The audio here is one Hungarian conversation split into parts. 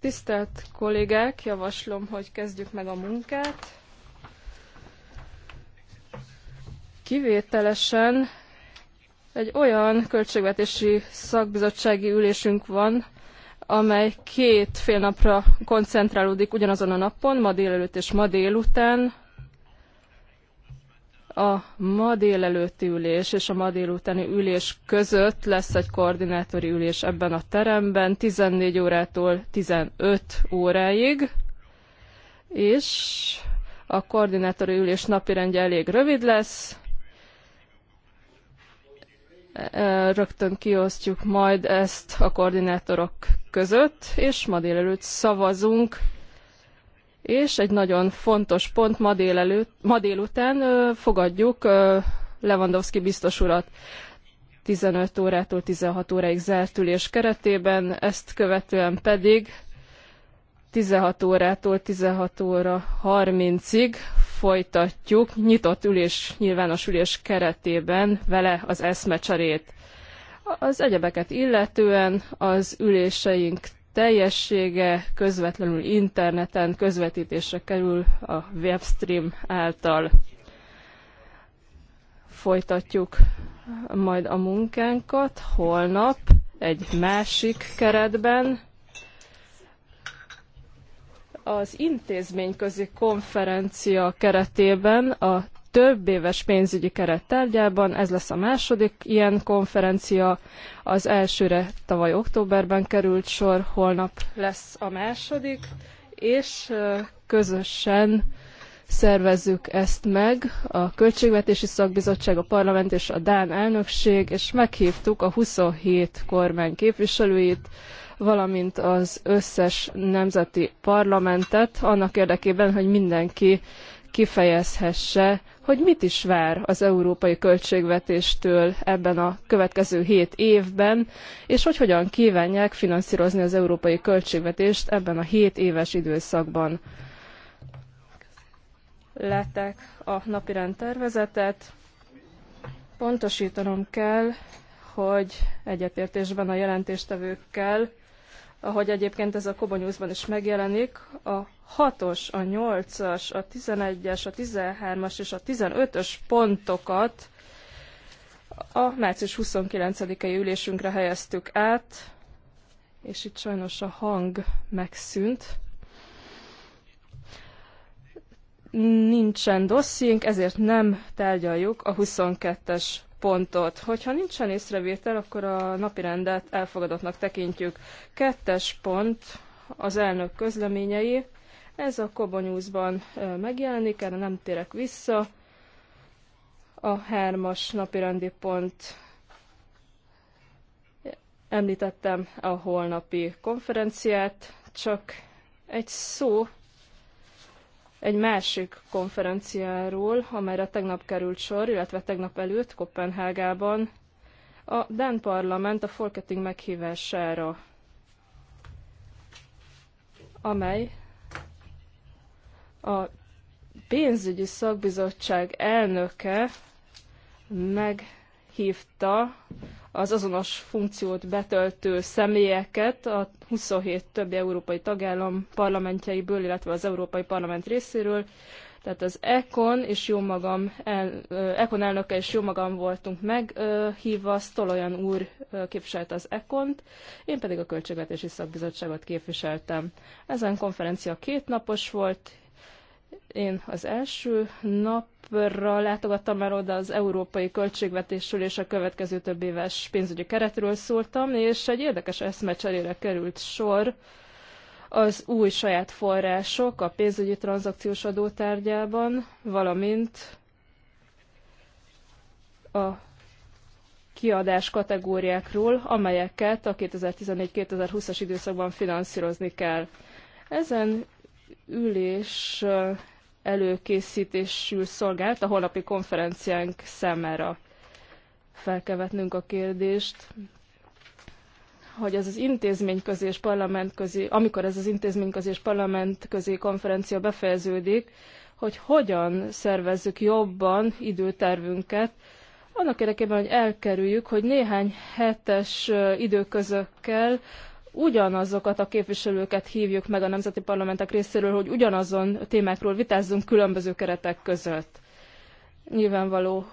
Tisztelt kollégák, javaslom, hogy kezdjük meg a munkát. Kivételesen egy olyan költségvetési szakbizottsági ülésünk van, amely két fél napra koncentrálódik ugyanazon a napon, ma délelőtt és ma délután, a ma délelőtti ülés és a ma délutáni ülés között lesz egy koordinátori ülés ebben a teremben 14 órától 15 óráig, és a koordinátori ülés napirendje elég rövid lesz, e, rögtön kiosztjuk majd ezt a koordinátorok között, és ma délelőtt szavazunk és egy nagyon fontos pont ma, délelőtt, ma délután fogadjuk Lewandowski biztos urat. 15 órától 16 óráig zárt ülés keretében, ezt követően pedig 16 órától 16 óra 30-ig folytatjuk nyitott ülés, nyilvános ülés keretében vele az eszmecserét. Az egyebeket illetően az üléseink teljessége közvetlenül interneten közvetítésre kerül a webstream által. Folytatjuk majd a munkánkat holnap egy másik keretben. Az intézményközi konferencia keretében a több éves pénzügyi keret tárgyában. Ez lesz a második ilyen konferencia. Az elsőre tavaly októberben került sor, holnap lesz a második, és közösen szervezzük ezt meg, a Költségvetési Szakbizottság, a Parlament és a Dán elnökség, és meghívtuk a 27 kormány képviselőit, valamint az összes nemzeti parlamentet annak érdekében, hogy mindenki kifejezhesse, hogy mit is vár az európai költségvetéstől ebben a következő hét évben, és hogy hogyan kívánják finanszírozni az európai költségvetést ebben a hét éves időszakban. Látták a napirend tervezetet. Pontosítanom kell, hogy egyetértésben a jelentéstevőkkel ahogy egyébként ez a Kobonyuszban is megjelenik, a 6-os, a 8-as, a 11-es, a 13-as és a 15-ös pontokat a március 29-i ülésünkre helyeztük át, és itt sajnos a hang megszűnt. Nincsen dossziénk, ezért nem tárgyaljuk a 22-es pontot. Hogyha nincsen észrevétel, akkor a napirendet elfogadottnak tekintjük. Kettes pont az elnök közleményei. Ez a Kobonyúzban megjelenik, erre nem térek vissza. A hármas napirendi pont említettem a holnapi konferenciát, csak egy szó egy másik konferenciáról, amelyre tegnap került sor, illetve tegnap előtt Kopenhágában, a Dán Parlament a Folketing meghívására, amely a pénzügyi szakbizottság elnöke meghívta az azonos funkciót betöltő személyeket a 27 többi európai tagállam parlamentjeiből, illetve az Európai Parlament részéről. Tehát az Econ és jó magam, el, Econ elnöke és jó magam voltunk meghívva, Stolojan úr képviselte az Econt, én pedig a Költségvetési Szakbizottságot képviseltem. Ezen konferencia kétnapos volt, én az első napra látogattam már oda az európai költségvetésről és a következő több éves pénzügyi keretről szóltam, és egy érdekes eszmecserére került sor az új saját források a pénzügyi tranzakciós adótárgyában, valamint a kiadás kategóriákról, amelyeket a 2014-2020-as időszakban finanszírozni kell. Ezen ülés előkészítésül szolgált a holnapi konferenciánk számára. Fel kell vetnünk a kérdést, hogy ez az intézményközi és parlamentközi, amikor ez az intézményközi és parlamentközi konferencia befejeződik, hogy hogyan szervezzük jobban időtervünket, annak érdekében, hogy elkerüljük, hogy néhány hetes időközökkel ugyanazokat a képviselőket hívjuk meg a nemzeti parlamentek részéről, hogy ugyanazon témákról vitázzunk különböző keretek között. Nyilvánvaló,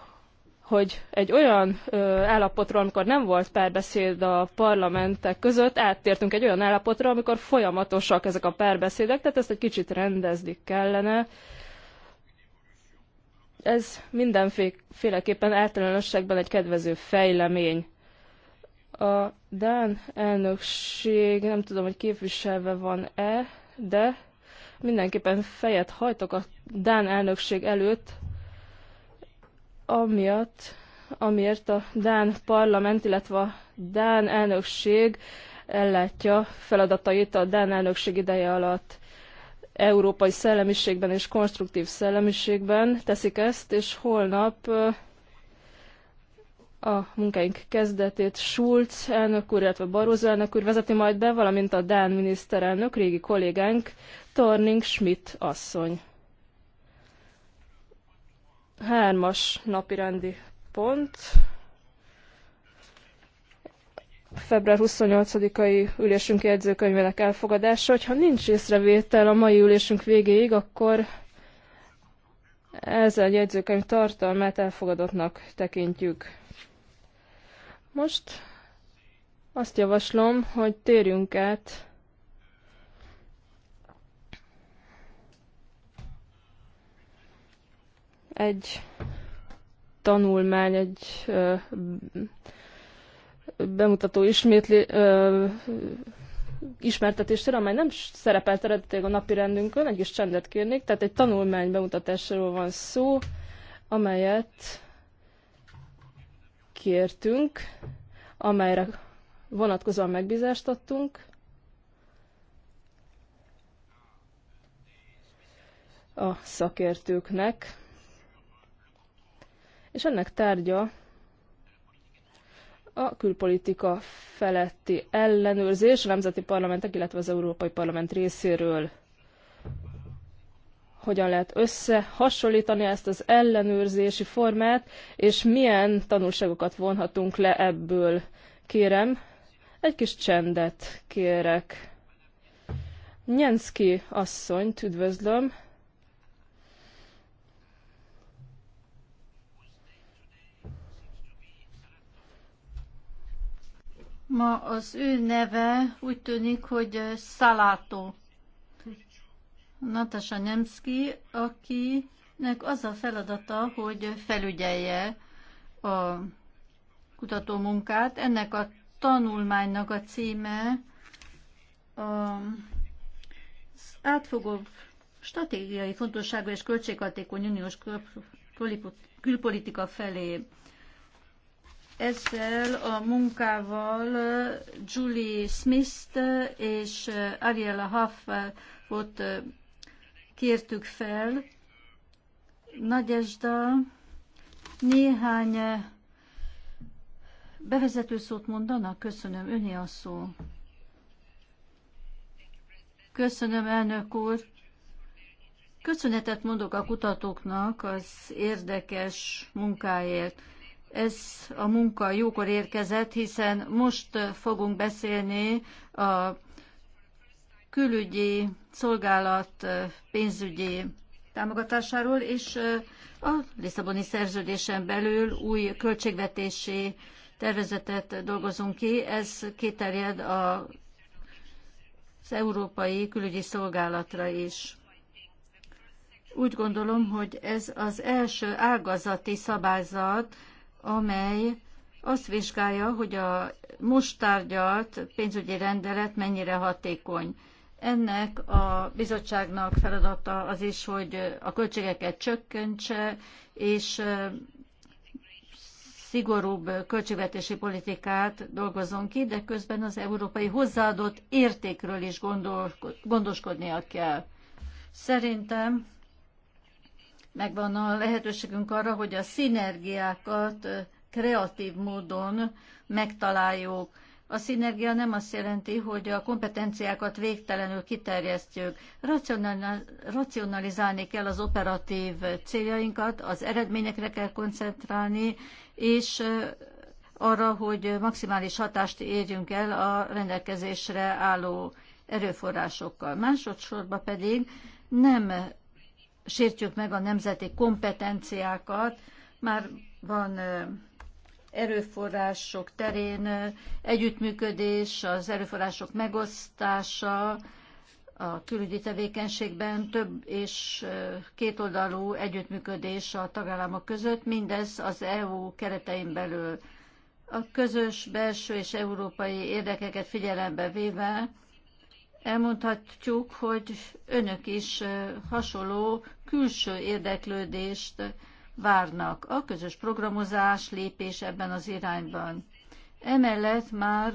hogy egy olyan ö, állapotról, amikor nem volt párbeszéd a parlamentek között, áttértünk egy olyan állapotra, amikor folyamatosak ezek a párbeszédek, tehát ezt egy kicsit rendezni kellene. Ez mindenféleképpen általánosságban egy kedvező fejlemény. A Dán elnökség, nem tudom, hogy képviselve van-e, de mindenképpen fejet hajtok a Dán elnökség előtt, amiatt, amiért a Dán parlament, illetve a Dán elnökség ellátja feladatait a Dán elnökség ideje alatt európai szellemiségben és konstruktív szellemiségben teszik ezt, és holnap a munkáink kezdetét Schulz elnök úr, illetve Barózó elnök úr vezeti majd be, valamint a Dán miniszterelnök, régi kollégánk, Torning Schmidt asszony. Hármas napirendi pont. Február 28-ai ülésünk jegyzőkönyvének elfogadása. Hogyha nincs észrevétel a mai ülésünk végéig, akkor ezzel a jegyzőkönyv tartalmát elfogadottnak tekintjük. Most azt javaslom, hogy térjünk át egy tanulmány, egy ö, bemutató ismétli, ö, ismertetésre, amely nem szerepelt eredetileg a napi rendünkön, egy is csendet kérnék, tehát egy tanulmány bemutatásról van szó, amelyet kértünk, amelyre vonatkozóan megbízást adtunk. a szakértőknek, és ennek tárgya a külpolitika feletti ellenőrzés a nemzeti parlamentek, illetve az Európai Parlament részéről hogyan lehet összehasonlítani ezt az ellenőrzési formát, és milyen tanulságokat vonhatunk le ebből. Kérem, egy kis csendet kérek. Nyenszki asszonyt üdvözlöm. Ma az ő neve úgy tűnik, hogy Szalátó. Natasha Nemski, akinek az a feladata, hogy felügyelje a kutatómunkát. Ennek a tanulmánynak a címe az átfogó stratégiai fontosságú és költséghatékony uniós külpolitika felé. Ezzel a munkával uh, Julie Smith-t és uh, Ariella Huff-ot uh, kértük fel. Nagyesda néhány eh, bevezető szót mondanak? Köszönöm, öné a szó. Köszönöm, elnök úr. Köszönetet mondok a kutatóknak az érdekes munkáért. Ez a munka jókor érkezett, hiszen most fogunk beszélni a külügyi szolgálat pénzügyi támogatásáról, és a Lisszaboni szerződésen belül új költségvetési tervezetet dolgozunk ki. Ez kiterjed a, az Európai Külügyi Szolgálatra is. Úgy gondolom, hogy ez az első ágazati szabályzat, amely azt vizsgálja, hogy a most tárgyalt pénzügyi rendelet mennyire hatékony. Ennek a bizottságnak feladata az is, hogy a költségeket csökkentse, és szigorúbb költségvetési politikát dolgozzon ki, de közben az európai hozzáadott értékről is gondoskodnia kell. Szerintem megvan a lehetőségünk arra, hogy a szinergiákat kreatív módon megtaláljuk a szinergia nem azt jelenti, hogy a kompetenciákat végtelenül kiterjesztjük. Racionalizálni kell az operatív céljainkat, az eredményekre kell koncentrálni, és arra, hogy maximális hatást érjünk el a rendelkezésre álló erőforrásokkal. Másodszorban pedig nem sértjük meg a nemzeti kompetenciákat, már van erőforrások terén, együttműködés, az erőforrások megosztása, a külügyi tevékenységben több és kétoldalú együttműködés a tagállamok között, mindez az EU keretein belül. A közös belső és európai érdekeket figyelembe véve elmondhatjuk, hogy önök is hasonló külső érdeklődést várnak. A közös programozás lépés ebben az irányban. Emellett már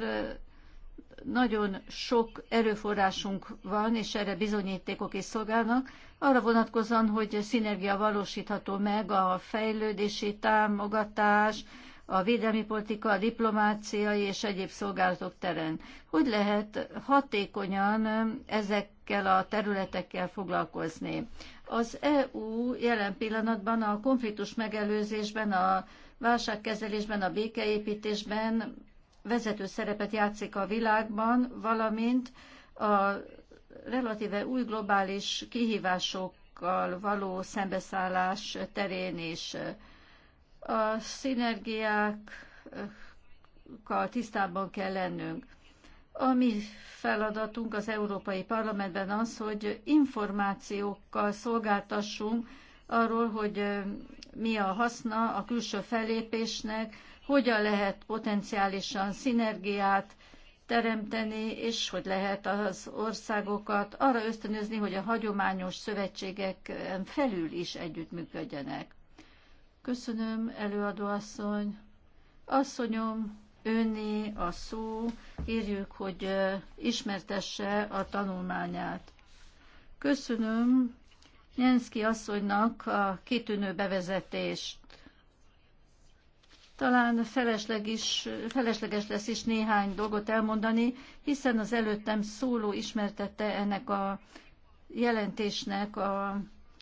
nagyon sok erőforrásunk van, és erre bizonyítékok is szolgálnak, arra vonatkozóan, hogy szinergia valósítható meg a fejlődési támogatás, a védelmi politika, a diplomáciai és egyéb szolgálatok terén. Hogy lehet hatékonyan ezekkel a területekkel foglalkozni? Az EU jelen pillanatban a konfliktus megelőzésben, a válságkezelésben, a békeépítésben vezető szerepet játszik a világban, valamint a relatíve új globális kihívásokkal való szembeszállás terén is. A szinergiákkal tisztában kell lennünk. A mi feladatunk az Európai Parlamentben az, hogy információkkal szolgáltassunk arról, hogy mi a haszna a külső fellépésnek, hogyan lehet potenciálisan szinergiát teremteni, és hogy lehet az országokat arra ösztönözni, hogy a hagyományos szövetségek felül is együttműködjenek. Köszönöm, előadóasszony. Asszonyom, öné a szó, kérjük, hogy ismertesse a tanulmányát. Köszönöm Jenszki asszonynak a kitűnő bevezetést. Talán felesleg is, felesleges lesz is néhány dolgot elmondani, hiszen az előttem szóló ismertette ennek a jelentésnek a,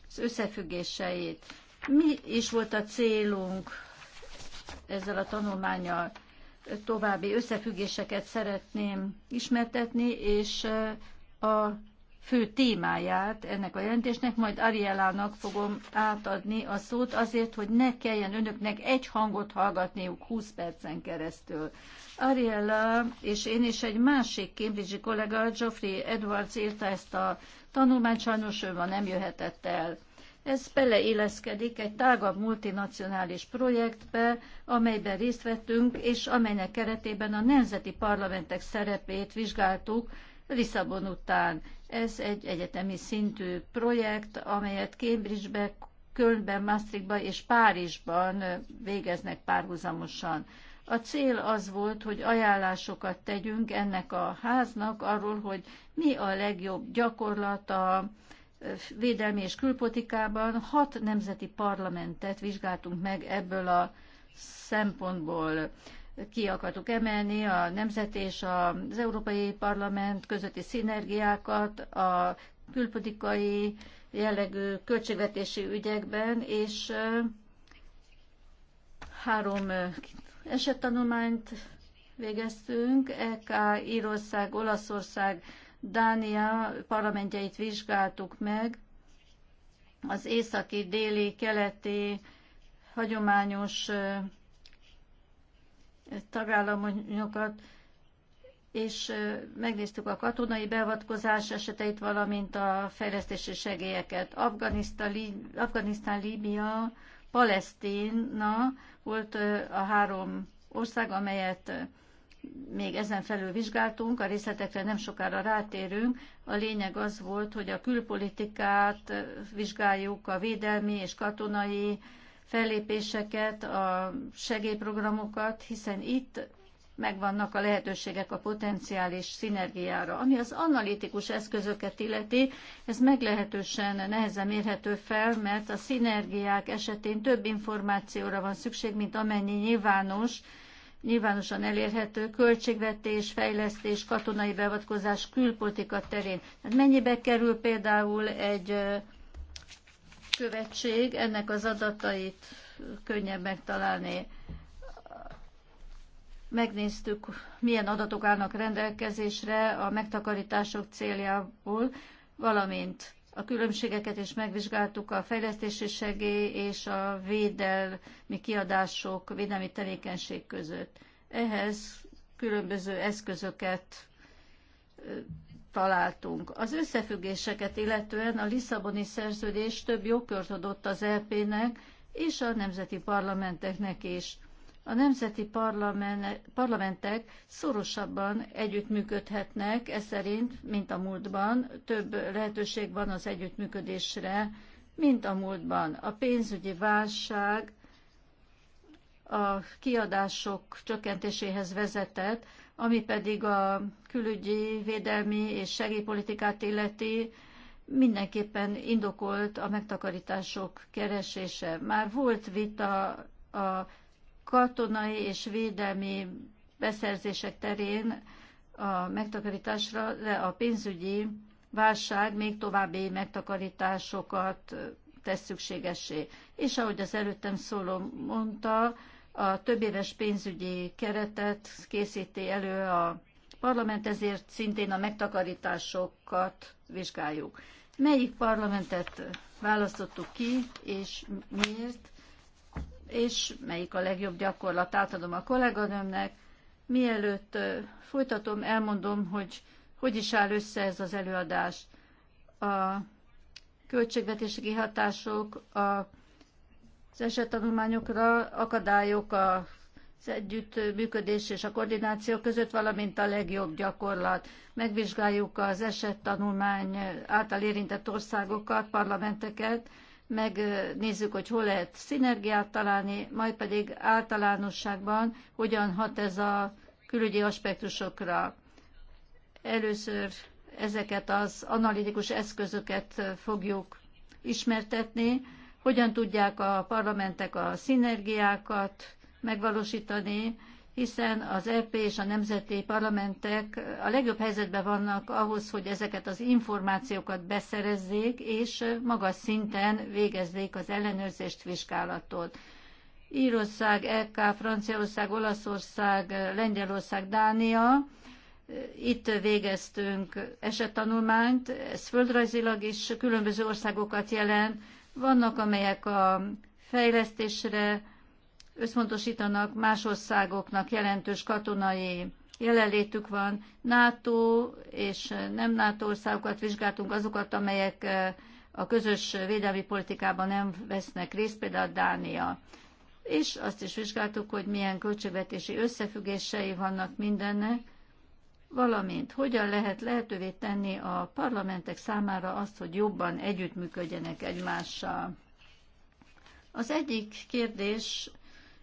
az összefüggéseit. Mi is volt a célunk ezzel a tanulmányjal? további összefüggéseket szeretném ismertetni, és eh, a fő témáját ennek a jelentésnek, majd Arielának fogom átadni a szót azért, hogy ne kelljen önöknek egy hangot hallgatniuk 20 percen keresztül. Ariella és én és egy másik Cambridge-i kollega, Geoffrey Edwards írta ezt a tanulmányt, sajnos ő van, nem jöhetett el. Ez beleilleszkedik egy tágabb multinacionális projektbe, amelyben részt vettünk, és amelynek keretében a nemzeti parlamentek szerepét vizsgáltuk Lisszabon után. Ez egy egyetemi szintű projekt, amelyet Cambridgebe, Kölnben, Maastrichtban és Párizsban végeznek párhuzamosan. A cél az volt, hogy ajánlásokat tegyünk ennek a háznak arról, hogy mi a legjobb gyakorlata védelmi és külpolitikában hat nemzeti parlamentet vizsgáltunk meg ebből a szempontból. Ki akartuk emelni a nemzet és az Európai Parlament közötti szinergiákat, a külpolitikai jellegű költségvetési ügyekben, és három esettanulmányt végeztünk, EK, Írország, Olaszország, Dánia parlamentjeit vizsgáltuk meg, az északi, déli, keleti hagyományos tagállamokat, és megnéztük a katonai beavatkozás eseteit, valamint a fejlesztési segélyeket. Afganisztán, Afganisztán Líbia, Palesztina volt a három ország, amelyet még ezen felül vizsgáltunk, a részletekre nem sokára rátérünk. A lényeg az volt, hogy a külpolitikát vizsgáljuk, a védelmi és katonai fellépéseket, a segélyprogramokat, hiszen itt megvannak a lehetőségek a potenciális szinergiára. Ami az analitikus eszközöket illeti, ez meglehetősen nehezen mérhető fel, mert a szinergiák esetén több információra van szükség, mint amennyi nyilvános, nyilvánosan elérhető költségvetés, fejlesztés, katonai beavatkozás, külpolitika terén. Hát mennyibe kerül például egy követség, ennek az adatait könnyebb megtalálni. Megnéztük, milyen adatok állnak rendelkezésre a megtakarítások céljából, valamint a különbségeket, és megvizsgáltuk a fejlesztési segély és a védelmi kiadások, védelmi tevékenység között. Ehhez különböző eszközöket találtunk. Az összefüggéseket illetően a Lisszaboni szerződés több jogkört adott az EP-nek és a nemzeti parlamenteknek is a nemzeti parlamentek szorosabban együttműködhetnek, ez szerint, mint a múltban, több lehetőség van az együttműködésre, mint a múltban. A pénzügyi válság a kiadások csökkentéséhez vezetett, ami pedig a külügyi, védelmi és segélypolitikát illeti, mindenképpen indokolt a megtakarítások keresése. Már volt vita a katonai és védelmi beszerzések terén a megtakarításra, de a pénzügyi válság még további megtakarításokat tesz szükségessé. És ahogy az előttem szóló mondta, a többéves pénzügyi keretet készíti elő a parlament, ezért szintén a megtakarításokat vizsgáljuk. Melyik parlamentet választottuk ki, és miért? és melyik a legjobb gyakorlat, átadom a kolléganőmnek. Mielőtt folytatom, elmondom, hogy hogy is áll össze ez az előadás. A költségvetési hatások, a, az esettanulmányokra akadályok a az együttműködés és a koordináció között, valamint a legjobb gyakorlat. Megvizsgáljuk az esettanulmány által érintett országokat, parlamenteket, megnézzük, hogy hol lehet szinergiát találni, majd pedig általánosságban hogyan hat ez a külügyi aspektusokra. Először ezeket az analitikus eszközöket fogjuk ismertetni, hogyan tudják a parlamentek a szinergiákat megvalósítani, hiszen az EP és a nemzeti parlamentek a legjobb helyzetben vannak ahhoz, hogy ezeket az információkat beszerezzék, és magas szinten végezzék az ellenőrzést, vizsgálatot. Írország, EK, Franciaország, Olaszország, Lengyelország, Dánia, itt végeztünk esettanulmányt, ez földrajzilag is különböző országokat jelent, vannak, amelyek a fejlesztésre, összpontosítanak, más országoknak jelentős katonai jelenlétük van. NATO és nem NATO országokat vizsgáltunk, azokat, amelyek eh, a közös védelmi politikában nem vesznek részt, például Dánia. És azt is vizsgáltuk, hogy milyen költségvetési összefüggései vannak mindennek, valamint hogyan lehet lehetővé tenni a parlamentek számára azt, hogy jobban együttműködjenek egymással. Az egyik kérdés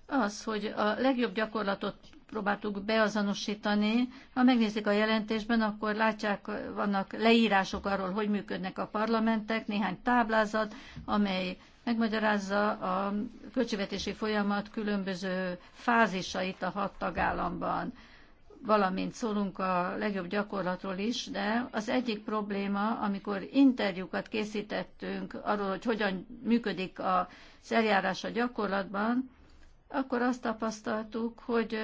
az, hogy a legjobb gyakorlatot próbáltuk beazonosítani. Ha megnézik a jelentésben, akkor látják, vannak leírások arról, hogy működnek a parlamentek, néhány táblázat, amely megmagyarázza a költségvetési folyamat különböző fázisait a hat tagállamban. Valamint szólunk a legjobb gyakorlatról is, de az egyik probléma, amikor interjúkat készítettünk arról, hogy hogyan működik az eljárás a gyakorlatban, akkor azt tapasztaltuk, hogy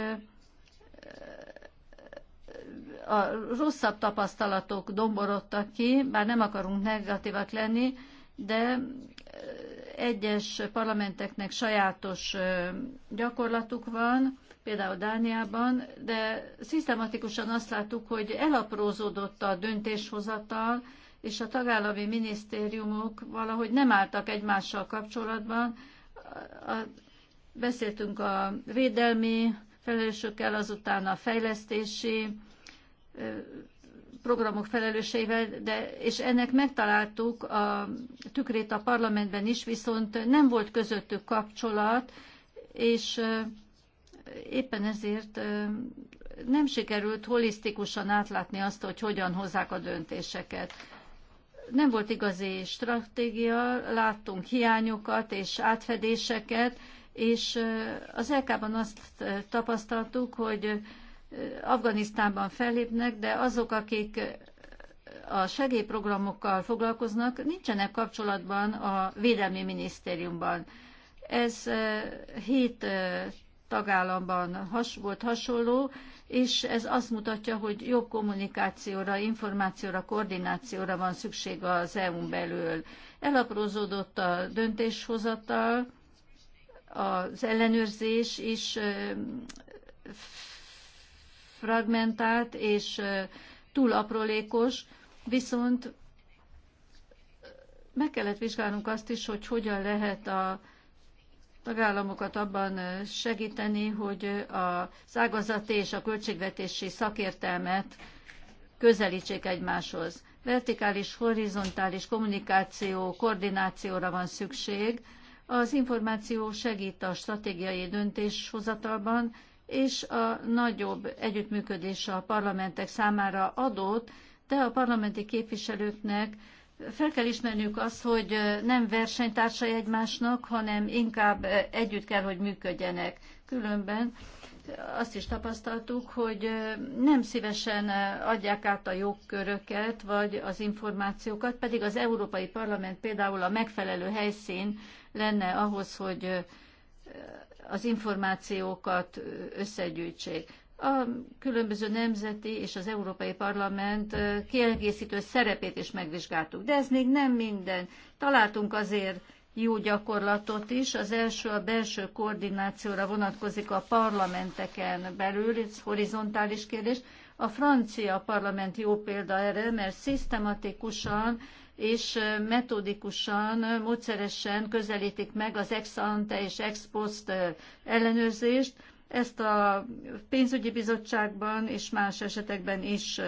a rosszabb tapasztalatok domborodtak ki, bár nem akarunk negatívak lenni, de egyes parlamenteknek sajátos gyakorlatuk van, például Dániában, de szisztematikusan azt láttuk, hogy elaprózódott a döntéshozatal, és a tagállami minisztériumok valahogy nem álltak egymással kapcsolatban, Beszéltünk a védelmi felelősökkel, azután a fejlesztési programok felelőseivel, de, és ennek megtaláltuk a tükrét a parlamentben is, viszont nem volt közöttük kapcsolat, és éppen ezért nem sikerült holisztikusan átlátni azt, hogy hogyan hozzák a döntéseket. Nem volt igazi stratégia, láttunk hiányokat és átfedéseket, és az LK-ban azt tapasztaltuk, hogy Afganisztánban fellépnek, de azok, akik a segélyprogramokkal foglalkoznak, nincsenek kapcsolatban a Védelmi Minisztériumban. Ez hét tagállamban has, volt hasonló, és ez azt mutatja, hogy jobb kommunikációra, információra, koordinációra van szükség az EU-n belül. Elaprózódott a döntéshozatal, az ellenőrzés is fragmentált és túl aprólékos, viszont meg kellett vizsgálnunk azt is, hogy hogyan lehet a tagállamokat abban segíteni, hogy az ágazati és a költségvetési szakértelmet közelítsék egymáshoz. Vertikális, horizontális kommunikáció, koordinációra van szükség, az információ segít a stratégiai döntéshozatalban, és a nagyobb együttműködés a parlamentek számára adott, de a parlamenti képviselőknek fel kell ismerniük azt, hogy nem versenytársai egymásnak, hanem inkább együtt kell, hogy működjenek. Különben azt is tapasztaltuk, hogy nem szívesen adják át a jogköröket, vagy az információkat, pedig az Európai Parlament például a megfelelő helyszín lenne ahhoz, hogy az információkat összegyűjtsék. A különböző nemzeti és az Európai Parlament kiegészítő szerepét is megvizsgáltuk, de ez még nem minden. Találtunk azért jó gyakorlatot is. Az első a belső koordinációra vonatkozik a parlamenteken belül, ez horizontális kérdés. A francia parlament jó példa erre, mert szisztematikusan és metodikusan, módszeresen közelítik meg az ex ante és ex post ellenőrzést. Ezt a pénzügyi bizottságban és más esetekben is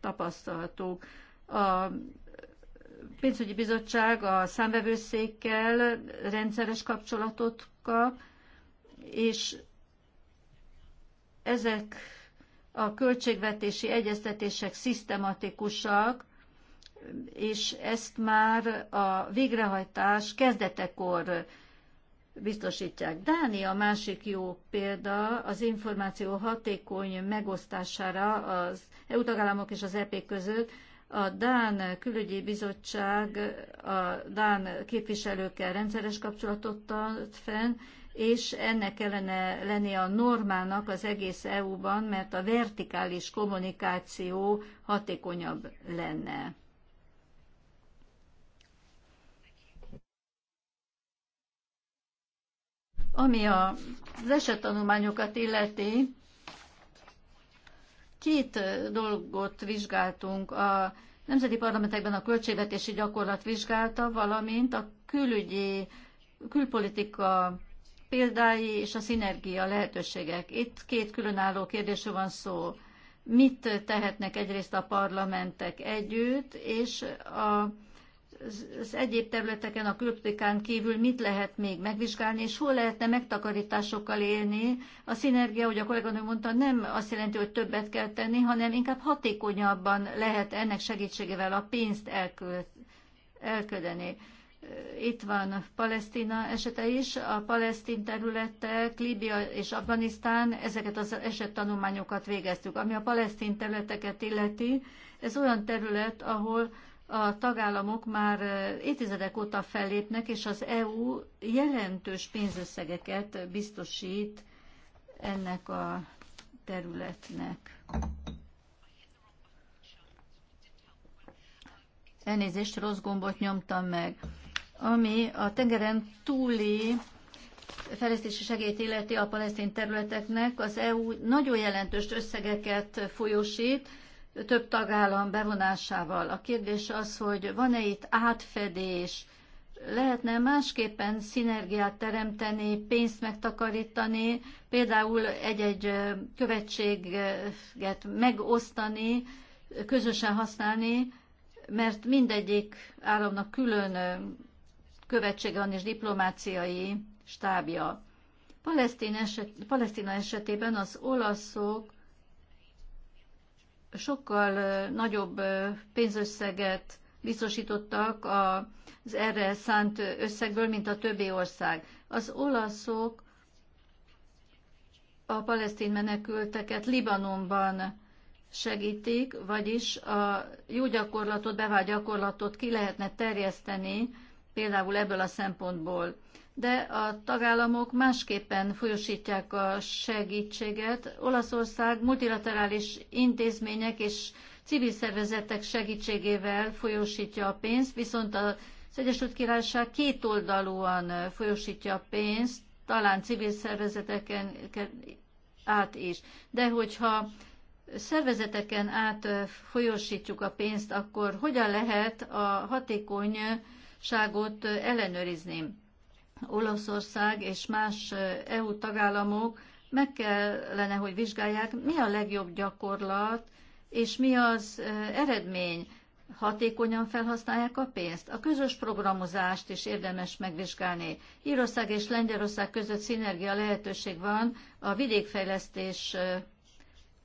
tapasztaltuk. A pénzügyi bizottság a számvevőszékkel rendszeres kapcsolatot kap, és ezek a költségvetési egyeztetések szisztematikusak, és ezt már a végrehajtás kezdetekor biztosítják. Dánia a másik jó példa az információ hatékony megosztására az EU tagállamok és az EP között. A Dán külügyi bizottság a Dán képviselőkkel rendszeres kapcsolatot tart fenn, és ennek kellene lenni a normának az egész EU-ban, mert a vertikális kommunikáció hatékonyabb lenne. Ami az esettanulmányokat illeti, két dolgot vizsgáltunk. A nemzeti parlamentekben a költségvetési gyakorlat vizsgálta, valamint a külügyi, külpolitika példái és a szinergia lehetőségek. Itt két különálló kérdésről van szó. Mit tehetnek egyrészt a parlamentek együtt, és a az egyéb területeken, a külpikán kívül mit lehet még megvizsgálni, és hol lehetne megtakarításokkal élni. A szinergia, ahogy a kolléganő mondta, nem azt jelenti, hogy többet kell tenni, hanem inkább hatékonyabban lehet ennek segítségével a pénzt elködeni. Itt van Palesztina esete is, a palesztin területek, Líbia és Afganisztán, ezeket az esettanulmányokat végeztük. Ami a palesztin területeket illeti, ez olyan terület, ahol a tagállamok már évtizedek óta fellépnek, és az EU jelentős pénzösszegeket biztosít ennek a területnek. Elnézést, rossz gombot nyomtam meg. Ami a tengeren túli fejlesztési segélyt illeti a palesztin területeknek, az EU nagyon jelentős összegeket folyosít, több tagállam bevonásával. A kérdés az, hogy van-e itt átfedés, lehetne másképpen szinergiát teremteni, pénzt megtakarítani, például egy-egy követséget megosztani, közösen használni, mert mindegyik államnak külön követsége van és diplomáciai stábja. Palesztina esetében az olaszok sokkal nagyobb pénzösszeget biztosítottak az erre szánt összegből, mint a többi ország. Az olaszok a palesztin menekülteket Libanonban segítik, vagyis a jó gyakorlatot, bevált gyakorlatot ki lehetne terjeszteni, például ebből a szempontból de a tagállamok másképpen folyosítják a segítséget. Olaszország multilaterális intézmények és civil szervezetek segítségével folyosítja a pénzt, viszont az Egyesült Királyság kétoldalúan folyosítja a pénzt, talán civil szervezeteken át is. De hogyha szervezeteken át folyosítjuk a pénzt, akkor hogyan lehet a hatékonyságot ellenőrizni? Olaszország és más EU tagállamok meg kellene, hogy vizsgálják, mi a legjobb gyakorlat, és mi az eredmény. Hatékonyan felhasználják a pénzt. A közös programozást is érdemes megvizsgálni. Írország és Lengyelország között szinergia lehetőség van a vidékfejlesztés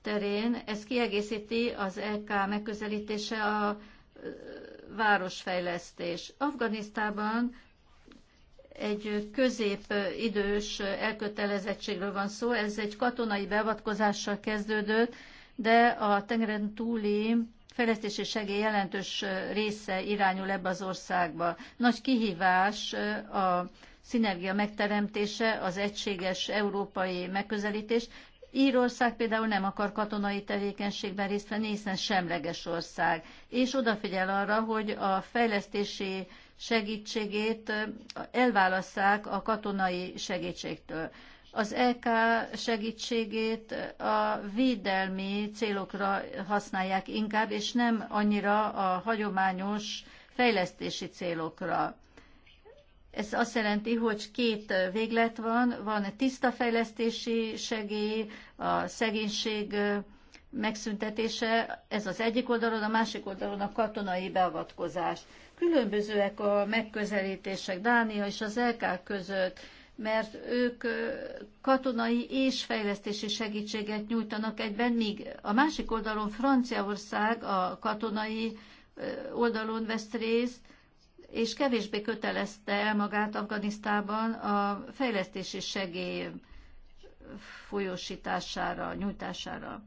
terén. Ez kiegészíti az EK megközelítése a városfejlesztés. Afganisztában egy középidős elkötelezettségről van szó. Ez egy katonai beavatkozással kezdődött, de a tengeren túli fejlesztési segély jelentős része irányul ebbe az országba. Nagy kihívás a szinergia megteremtése, az egységes európai megközelítés. Írország például nem akar katonai tevékenységben részt venni, hiszen semleges ország. És odafigyel arra, hogy a fejlesztési segítségét elválasszák a katonai segítségtől. Az EK segítségét a védelmi célokra használják inkább, és nem annyira a hagyományos fejlesztési célokra. Ez azt jelenti, hogy két véglet van, van tiszta fejlesztési segély, a szegénység megszüntetése, ez az egyik oldalon, a másik oldalon a katonai beavatkozás. Különbözőek a megközelítések Dánia és az LK között, mert ők katonai és fejlesztési segítséget nyújtanak egyben, míg a másik oldalon Franciaország a katonai oldalon vesz részt, és kevésbé kötelezte el magát Afganisztában a fejlesztési segély folyósítására, nyújtására.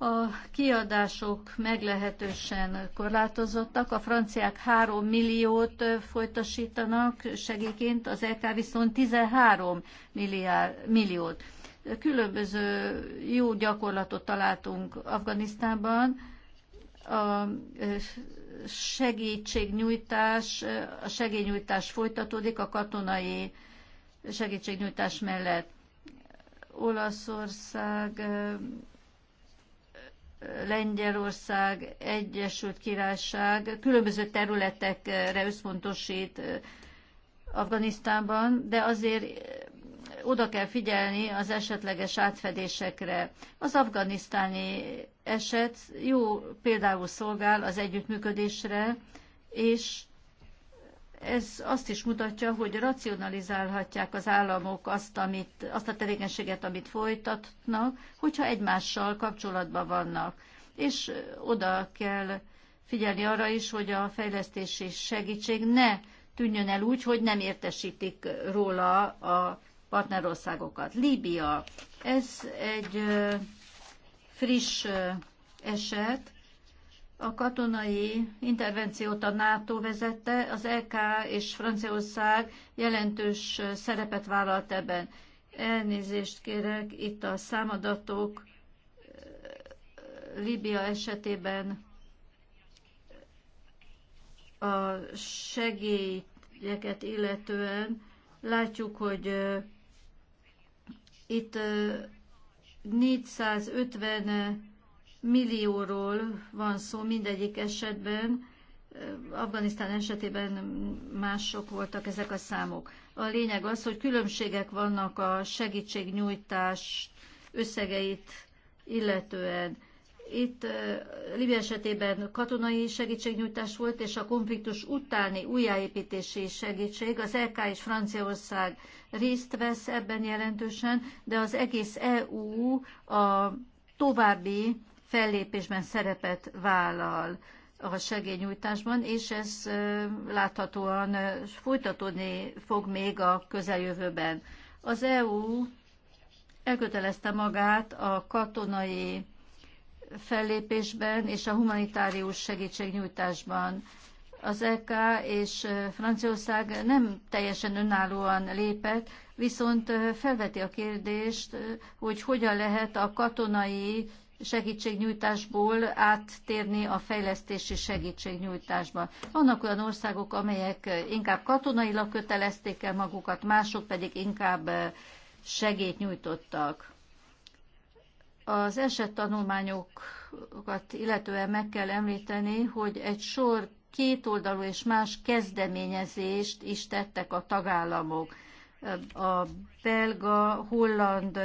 A kiadások meglehetősen korlátozottak. A franciák 3 milliót folytasítanak segélyként, az EK viszont 13 milliárd, milliót. Különböző jó gyakorlatot találtunk Afganisztánban. A segítségnyújtás, a segélynyújtás folytatódik a katonai segítségnyújtás mellett. Olaszország Lengyelország, Egyesült Királyság különböző területekre összpontosít Afganisztánban, de azért oda kell figyelni az esetleges átfedésekre. Az afganisztáni eset jó például szolgál az együttműködésre, és ez azt is mutatja, hogy racionalizálhatják az államok azt, amit, azt a tevékenységet, amit folytatnak, hogyha egymással kapcsolatban vannak. És oda kell figyelni arra is, hogy a fejlesztési segítség ne tűnjön el úgy, hogy nem értesítik róla a partnerországokat. Líbia, ez egy friss eset, a katonai intervenciót a NATO vezette, az EK és Franciaország jelentős szerepet vállalt ebben. Elnézést kérek, itt a számadatok Libia esetében a segélyeket illetően látjuk, hogy itt 450 millióról van szó mindegyik esetben, Afganisztán esetében mások voltak ezek a számok. A lényeg az, hogy különbségek vannak a segítségnyújtás összegeit illetően. Itt Libia esetében katonai segítségnyújtás volt, és a konfliktus utáni újjáépítési segítség. Az EK és Franciaország részt vesz ebben jelentősen, de az egész EU a további fellépésben szerepet vállal a segélynyújtásban, és ez láthatóan folytatódni fog még a közeljövőben. Az EU elkötelezte magát a katonai fellépésben és a humanitárius segítségnyújtásban. Az EK és Franciaország nem teljesen önállóan lépett, viszont felveti a kérdést, hogy hogyan lehet a katonai segítségnyújtásból áttérni a fejlesztési segítségnyújtásba. Vannak olyan országok, amelyek inkább katonailag kötelezték el magukat, mások pedig inkább eh, segét nyújtottak. Az esettanulmányokat illetően meg kell említeni, hogy egy sor kétoldalú és más kezdeményezést is tettek a tagállamok. A belga, holland,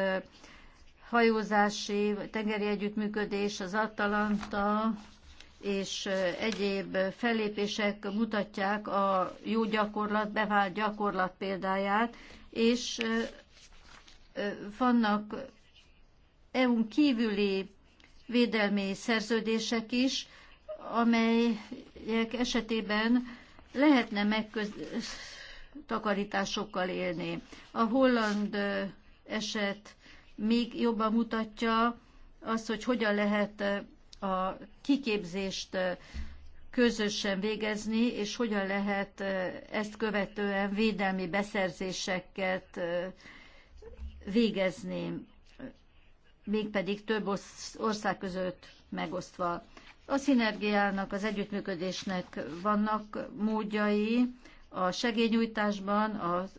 hajózási, tengeri együttműködés, az Atalanta és egyéb fellépések mutatják a jó gyakorlat, bevált gyakorlat példáját, és vannak EU-n kívüli védelmi szerződések is, amelyek esetében lehetne megtakarításokkal élni. A holland eset még jobban mutatja azt, hogy hogyan lehet eh, a kiképzést eh, közösen végezni, és hogyan lehet eh, ezt követően védelmi beszerzéseket végezni, mégpedig több ország között megosztva. A szinergiának, az együttműködésnek vannak módjai a segélynyújtásban, az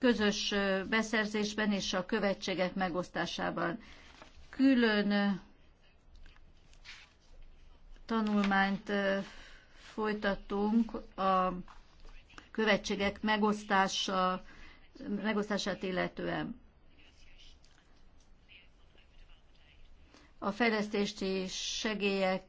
közös beszerzésben és a követségek megosztásában. Külön tanulmányt folytattunk a követségek megosztása, megosztását illetően. A fejlesztési segélyek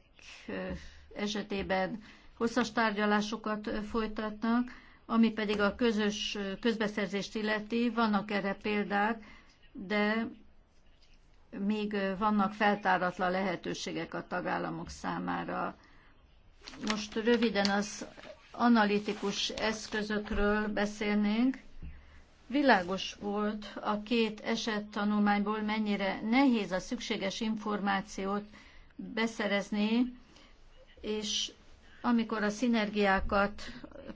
esetében hosszas tárgyalásokat folytatnak, ami pedig a közös közbeszerzést illeti, vannak erre példák, de még vannak feltáratlan lehetőségek a tagállamok számára. Most röviden az analitikus eszközökről beszélnénk. Világos volt a két eset tanulmányból mennyire nehéz a szükséges információt beszerezni, és amikor a szinergiákat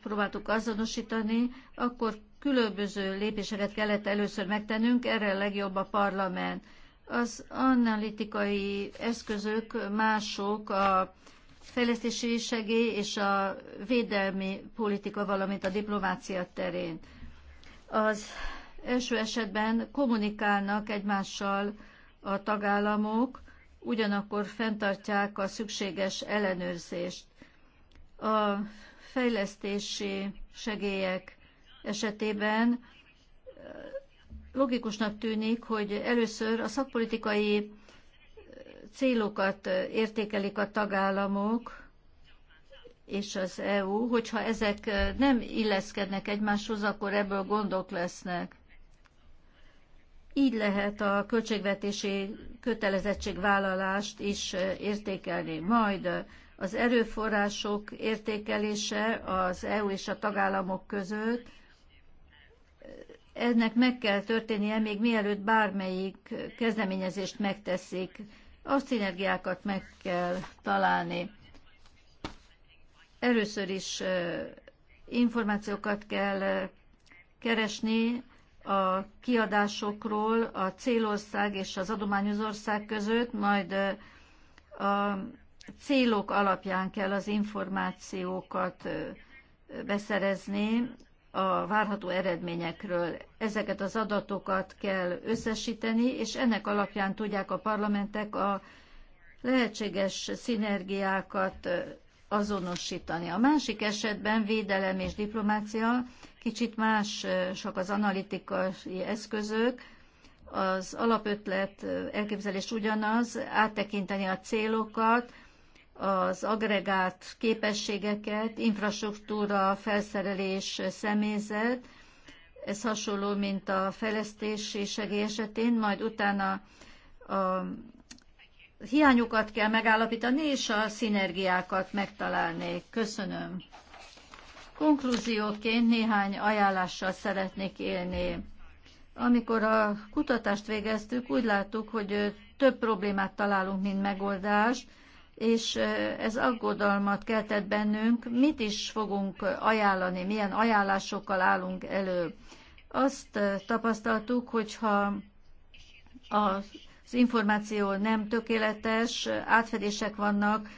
próbáltuk azonosítani, akkor különböző lépéseket kellett először megtennünk, erre a legjobb a parlament. Az analitikai eszközök mások a fejlesztési segély és a védelmi politika, valamint a diplomácia terén. Az első esetben kommunikálnak egymással a tagállamok, ugyanakkor fenntartják a szükséges ellenőrzést. A fejlesztési segélyek esetében logikusnak tűnik, hogy először a szakpolitikai célokat értékelik a tagállamok és az EU, hogyha ezek nem illeszkednek egymáshoz, akkor ebből gondok lesznek. Így lehet a költségvetési kötelezettségvállalást is értékelni. Majd az erőforrások értékelése az EU és a tagállamok között, ennek meg kell történnie még mielőtt bármelyik kezdeményezést megteszik. A szinergiákat meg kell találni. Először is információkat kell keresni a kiadásokról a célország és az adományozország között, majd a célok alapján kell az információkat beszerezni a várható eredményekről. Ezeket az adatokat kell összesíteni, és ennek alapján tudják a parlamentek a lehetséges szinergiákat azonosítani. A másik esetben védelem és diplomácia, kicsit más sok az analitikai eszközök, az alapötlet elképzelés ugyanaz, áttekinteni a célokat, az agregát képességeket, infrastruktúra, felszerelés, személyzet, ez hasonló, mint a fejlesztési segély esetén, majd utána a hiányokat kell megállapítani, és a szinergiákat megtalálni. Köszönöm. Konklúzióként néhány ajánlással szeretnék élni. Amikor a kutatást végeztük, úgy láttuk, hogy több problémát találunk, mint megoldást, és ez aggodalmat keltett bennünk, mit is fogunk ajánlani, milyen ajánlásokkal állunk elő. Azt tapasztaltuk, hogyha az információ nem tökéletes, átfedések vannak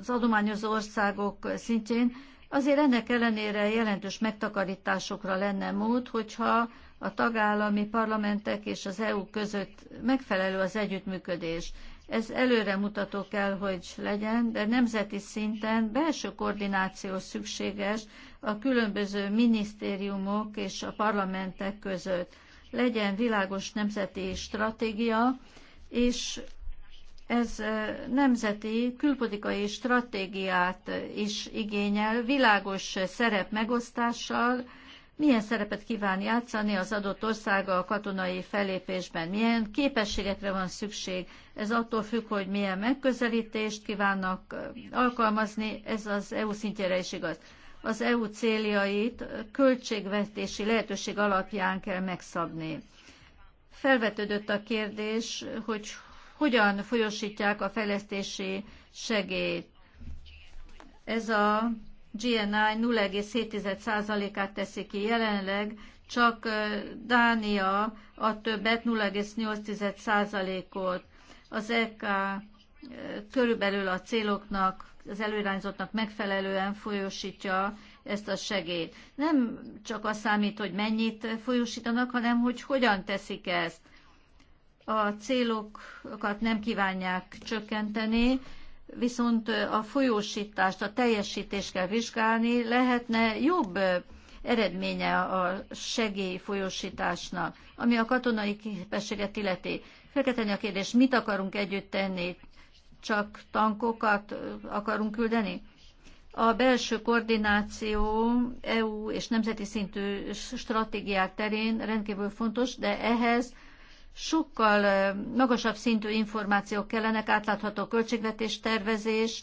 az adományozó országok szintjén, azért ennek ellenére jelentős megtakarításokra lenne mód, hogyha a tagállami parlamentek és az EU között megfelelő az együttműködés ez mutató kell, hogy legyen, de nemzeti szinten belső koordináció szükséges a különböző minisztériumok és a parlamentek között. Legyen világos nemzeti stratégia, és ez nemzeti külpolitikai stratégiát is igényel, világos szerep megosztással, milyen szerepet kíván játszani az adott országa a katonai fellépésben, milyen képességekre van szükség. Ez attól függ, hogy milyen megközelítést kívánnak alkalmazni, ez az EU szintjére is igaz. Az EU céljait költségvetési lehetőség alapján kell megszabni. Felvetődött a kérdés, hogy hogyan folyosítják a fejlesztési segélyt. Ez a GNI 0,7%-át teszi ki. Jelenleg csak Dánia a többet 0,8%-ot. Az EK körülbelül a céloknak, az előirányzottnak megfelelően folyósítja ezt a segélyt. Nem csak az számít, hogy mennyit folyósítanak, hanem hogy hogyan teszik ezt. A célokat nem kívánják csökkenteni, viszont a folyósítást, a teljesítést kell vizsgálni, lehetne jobb eredménye a folyósításnak, ami a katonai képességet illeti. Fel a kérdés, mit akarunk együtt tenni? Csak tankokat akarunk küldeni? A belső koordináció EU és nemzeti szintű stratégiák terén rendkívül fontos, de ehhez sokkal magasabb szintű információk kellenek, átlátható költségvetés tervezés,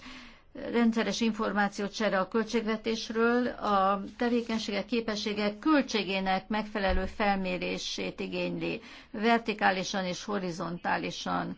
rendszeres információt csere a költségvetésről, a tevékenységek, képességek költségének megfelelő felmérését igényli, vertikálisan és horizontálisan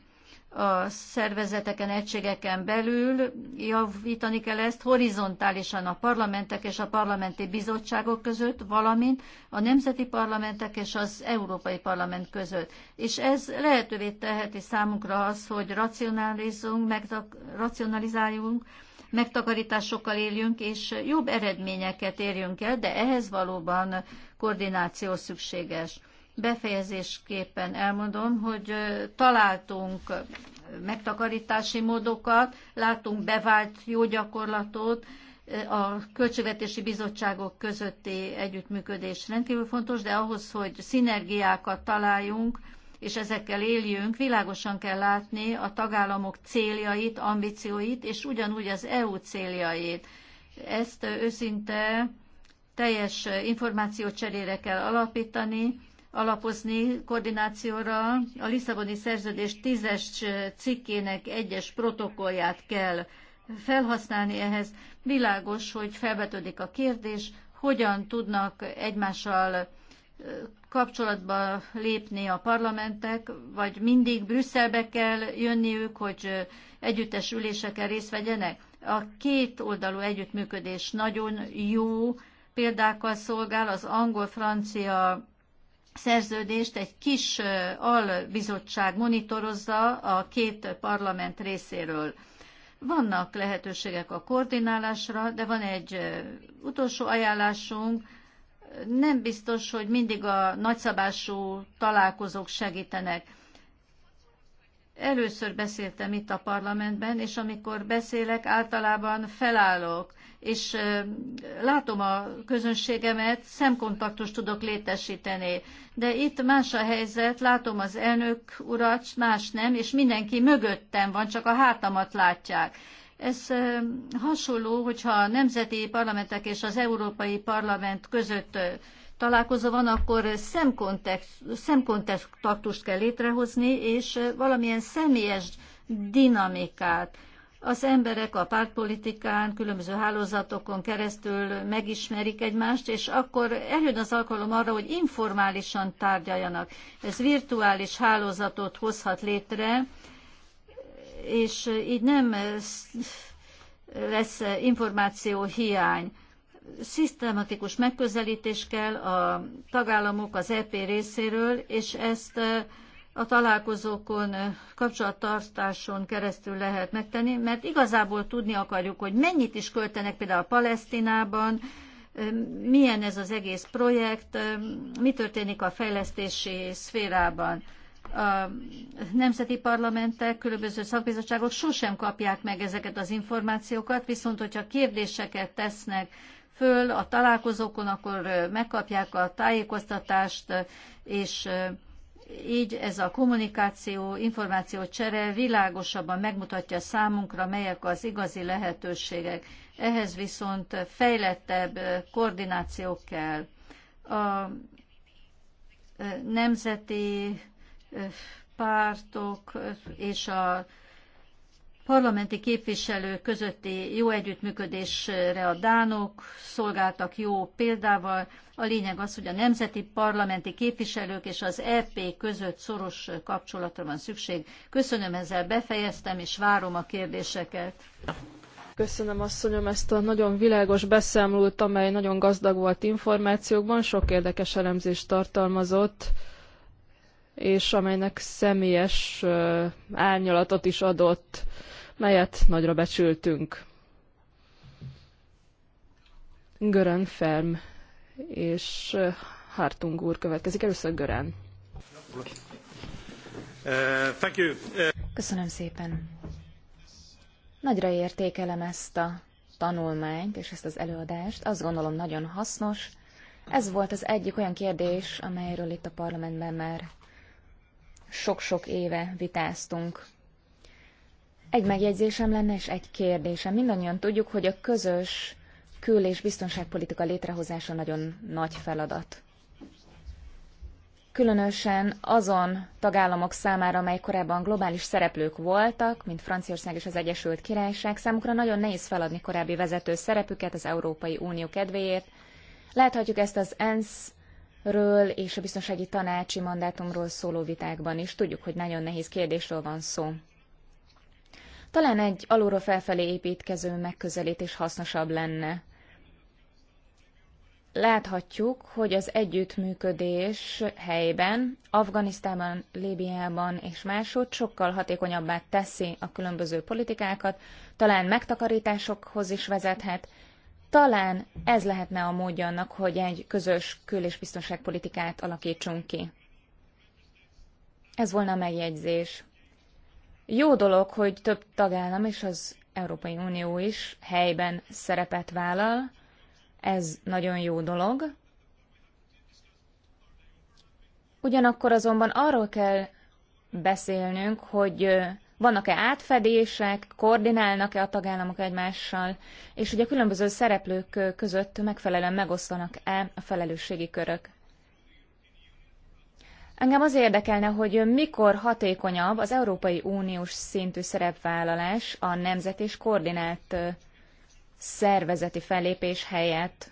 a szervezeteken, egységeken belül, javítani kell ezt horizontálisan a parlamentek és a parlamenti bizottságok között, valamint a nemzeti parlamentek és az Európai Parlament között. És ez lehetővé teheti számunkra az, hogy racionalizunk, megtak- racionalizáljunk, megtakarításokkal éljünk, és jobb eredményeket érjünk el, de ehhez valóban koordináció szükséges. Befejezésképpen elmondom, hogy találtunk megtakarítási módokat, látunk bevált jó gyakorlatot, a költségvetési bizottságok közötti együttműködés rendkívül fontos, de ahhoz, hogy szinergiákat találjunk, és ezekkel éljünk, világosan kell látni a tagállamok céljait, ambícióit, és ugyanúgy az EU céljait. Ezt őszinte teljes információcserére kell alapítani, alapozni koordinációra. A Lisszaboni szerződés tízes cikkének egyes protokollját kell felhasználni ehhez. Világos, hogy felvetődik a kérdés, hogyan tudnak egymással kapcsolatba lépni a parlamentek, vagy mindig Brüsszelbe kell jönniük, hogy együttes üléseken részt vegyenek. A két oldalú együttműködés nagyon jó példákkal szolgál, az angol-francia szerződést egy kis albizottság monitorozza a két parlament részéről. Vannak lehetőségek a koordinálásra, de van egy utolsó ajánlásunk, nem biztos, hogy mindig a nagyszabású találkozók segítenek. Először beszéltem itt a parlamentben, és amikor beszélek, általában felállok és látom a közönségemet, szemkontaktust tudok létesíteni. De itt más a helyzet, látom az elnök urat, más nem, és mindenki mögöttem van, csak a hátamat látják. Ez hasonló, hogyha a nemzeti parlamentek és az Európai Parlament között találkozó van, akkor szemkontaktust kell létrehozni, és valamilyen személyes dinamikát az emberek a pártpolitikán, különböző hálózatokon keresztül megismerik egymást, és akkor eljön az alkalom arra, hogy informálisan tárgyaljanak. Ez virtuális hálózatot hozhat létre, és így nem lesz információ hiány. Szisztematikus megközelítés kell a tagállamok az EP részéről, és ezt a találkozókon, eh, kapcsolattartáson keresztül lehet megtenni, mert igazából tudni akarjuk, hogy mennyit is költenek például a Palesztinában, eh, milyen ez az egész projekt, eh, mi történik a fejlesztési szférában. A nemzeti parlamentek, különböző szakbizottságok sosem kapják meg ezeket az információkat, viszont hogyha kérdéseket tesznek föl a találkozókon, akkor megkapják a tájékoztatást, és így ez a kommunikáció, információ csere világosabban megmutatja számunkra, melyek az igazi lehetőségek. Ehhez viszont fejlettebb koordináció kell. A nemzeti pártok és a parlamenti képviselők közötti jó együttműködésre a dánok szolgáltak jó példával. A lényeg az, hogy a nemzeti parlamenti képviselők és az EP között szoros kapcsolatra van szükség. Köszönöm, ezzel befejeztem, és várom a kérdéseket. Köszönöm asszonyom ezt a nagyon világos beszámolót, amely nagyon gazdag volt információkban, sok érdekes elemzést tartalmazott és amelynek személyes árnyalatot is adott melyet nagyra becsültünk. Görön Ferm és Hartung úr következik. Először Görön. Uh, uh, Köszönöm szépen. Nagyra értékelem ezt a tanulmányt és ezt az előadást. Azt gondolom nagyon hasznos. Ez volt az egyik olyan kérdés, amelyről itt a parlamentben már sok-sok éve vitáztunk. Egy megjegyzésem lenne, és egy kérdésem. Mindannyian tudjuk, hogy a közös kül- és biztonságpolitika létrehozása nagyon nagy feladat. Különösen azon tagállamok számára, amely korábban globális szereplők voltak, mint Franciaország és az Egyesült Királyság, számukra nagyon nehéz feladni korábbi vezető szerepüket az Európai Unió kedvéért. Láthatjuk ezt az ENSZ ről és a biztonsági tanácsi mandátumról szóló vitákban is. Tudjuk, hogy nagyon nehéz kérdésről van szó. Talán egy alulról felfelé építkező megközelítés hasznosabb lenne. Láthatjuk, hogy az együttműködés helyben, Afganisztánban, Líbiában és máshogy sokkal hatékonyabbá teszi a különböző politikákat, talán megtakarításokhoz is vezethet, talán ez lehetne a módja annak, hogy egy közös kül- és biztonságpolitikát alakítsunk ki. Ez volna a megjegyzés. Jó dolog, hogy több tagállam és az Európai Unió is helyben szerepet vállal, ez nagyon jó dolog. Ugyanakkor azonban arról kell beszélnünk, hogy vannak-e átfedések, koordinálnak-e a tagállamok egymással, és hogy a különböző szereplők között megfelelően megosztanak-e a felelősségi körök. Engem az érdekelne, hogy mikor hatékonyabb az Európai Uniós szintű szerepvállalás a nemzet és koordinált szervezeti fellépés helyett.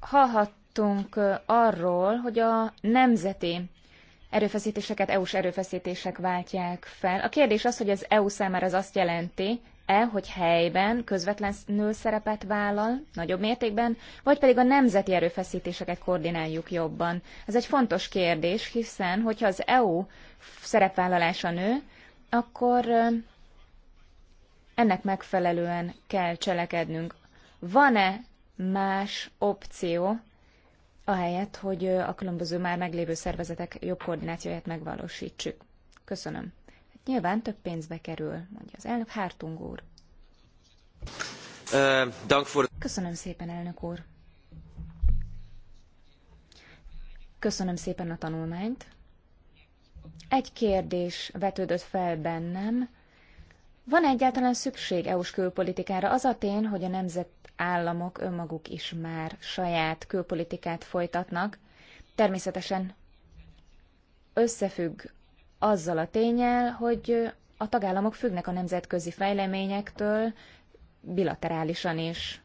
Hallhattunk arról, hogy a nemzeti erőfeszítéseket EU-s erőfeszítések váltják fel. A kérdés az, hogy az EU számára ez azt jelenti, e, hogy helyben közvetlenül szerepet vállal, nagyobb mértékben, vagy pedig a nemzeti erőfeszítéseket koordináljuk jobban. Ez egy fontos kérdés, hiszen hogyha az EU szerepvállalása nő, akkor ennek megfelelően kell cselekednünk. Van-e más opció, ahelyett, hogy a különböző már meglévő szervezetek jobb koordinációját megvalósítsuk? Köszönöm. Nyilván több pénzbe kerül, mondja az elnök Hártung úr. Köszönöm szépen, elnök úr. Köszönöm szépen a tanulmányt. Egy kérdés vetődött fel bennem. Van -e egyáltalán szükség EU-s külpolitikára? Az a tény, hogy a nemzetállamok önmaguk is már saját külpolitikát folytatnak. Természetesen összefügg azzal a tényel, hogy a tagállamok függnek a nemzetközi fejleményektől bilaterálisan is.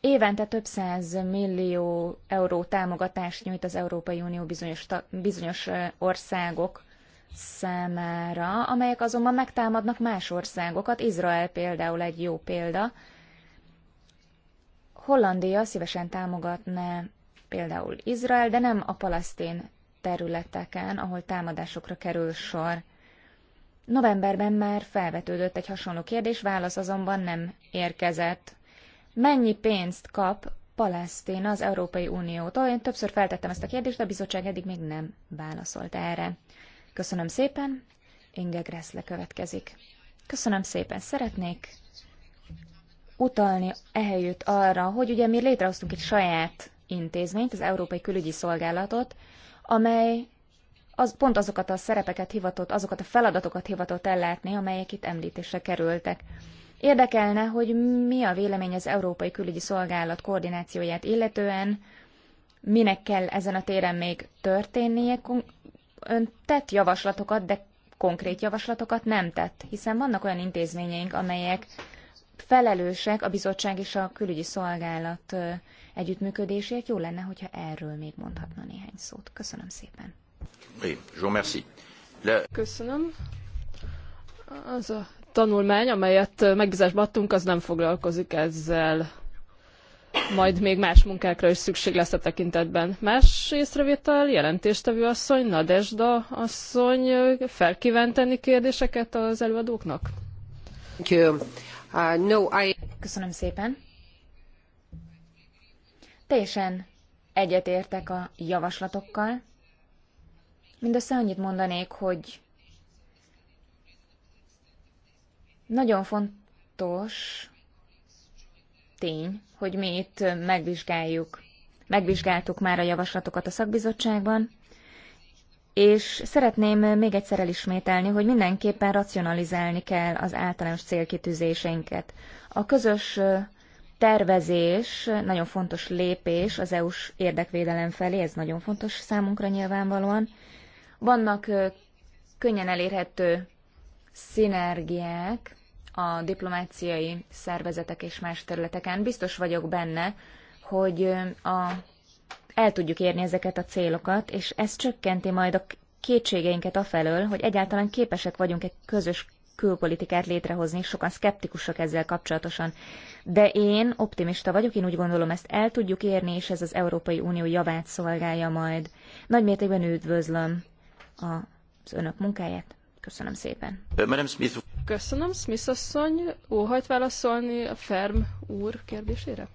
Évente több száz millió euró támogatást nyújt az Európai Unió bizonyos, bizonyos országok számára, amelyek azonban megtámadnak más országokat, Izrael például egy jó példa. Hollandia szívesen támogatná például Izrael, de nem a palasztin területeken, ahol támadásokra kerül sor. Novemberben már felvetődött egy hasonló kérdés, válasz azonban nem érkezett. Mennyi pénzt kap Palesztin az Európai Uniótól? Én többször feltettem ezt a kérdést, de a bizottság eddig még nem válaszolt erre. Köszönöm szépen, Inge Gressle következik. Köszönöm szépen, szeretnék utalni ehelyütt arra, hogy ugye mi létrehoztunk egy saját intézményt, az Európai Külügyi Szolgálatot, amely az pont azokat a szerepeket hivatott, azokat a feladatokat hivatott ellátni, amelyek itt említésre kerültek. Érdekelne, hogy mi a vélemény az Európai Külügyi Szolgálat koordinációját illetően, minek kell ezen a téren még történnie. Ön tett javaslatokat, de konkrét javaslatokat nem tett, hiszen vannak olyan intézményeink, amelyek felelősek a bizottság és a külügyi szolgálat együttműködésért. Jó lenne, hogyha erről még mondhatna néhány szót. Köszönöm szépen. merci. Le... Köszönöm. Az a tanulmány, amelyet megbízásba adtunk, az nem foglalkozik ezzel. Majd még más munkákra is szükség lesz a tekintetben. Más észrevétel, jelentéstevő asszony, Nadesda asszony, felkíván kérdéseket az előadóknak? Uh, Köszönöm szépen. Teljesen egyetértek a javaslatokkal. Mindössze annyit mondanék, hogy nagyon fontos tény, hogy mi itt megvizsgáljuk, megvizsgáltuk már a javaslatokat a szakbizottságban, és szeretném még egyszer elismételni, hogy mindenképpen racionalizálni kell az általános célkitűzéseinket. A közös tervezés nagyon fontos lépés az EU-s érdekvédelem felé, ez nagyon fontos számunkra nyilvánvalóan. Vannak könnyen elérhető szinergiák a diplomáciai szervezetek és más területeken. Biztos vagyok benne, hogy a, el tudjuk érni ezeket a célokat, és ez csökkenti majd a kétségeinket afelől, hogy egyáltalán képesek vagyunk egy közös külpolitikát létrehozni, sokan szkeptikusak ezzel kapcsolatosan. De én optimista vagyok, én úgy gondolom, ezt el tudjuk érni, és ez az Európai Unió javát szolgálja majd. Nagy mértékben üdvözlöm az önök munkáját. Köszönöm szépen. Smith. Köszönöm, Smith asszony. Óhajt válaszolni a Ferm úr kérdésére?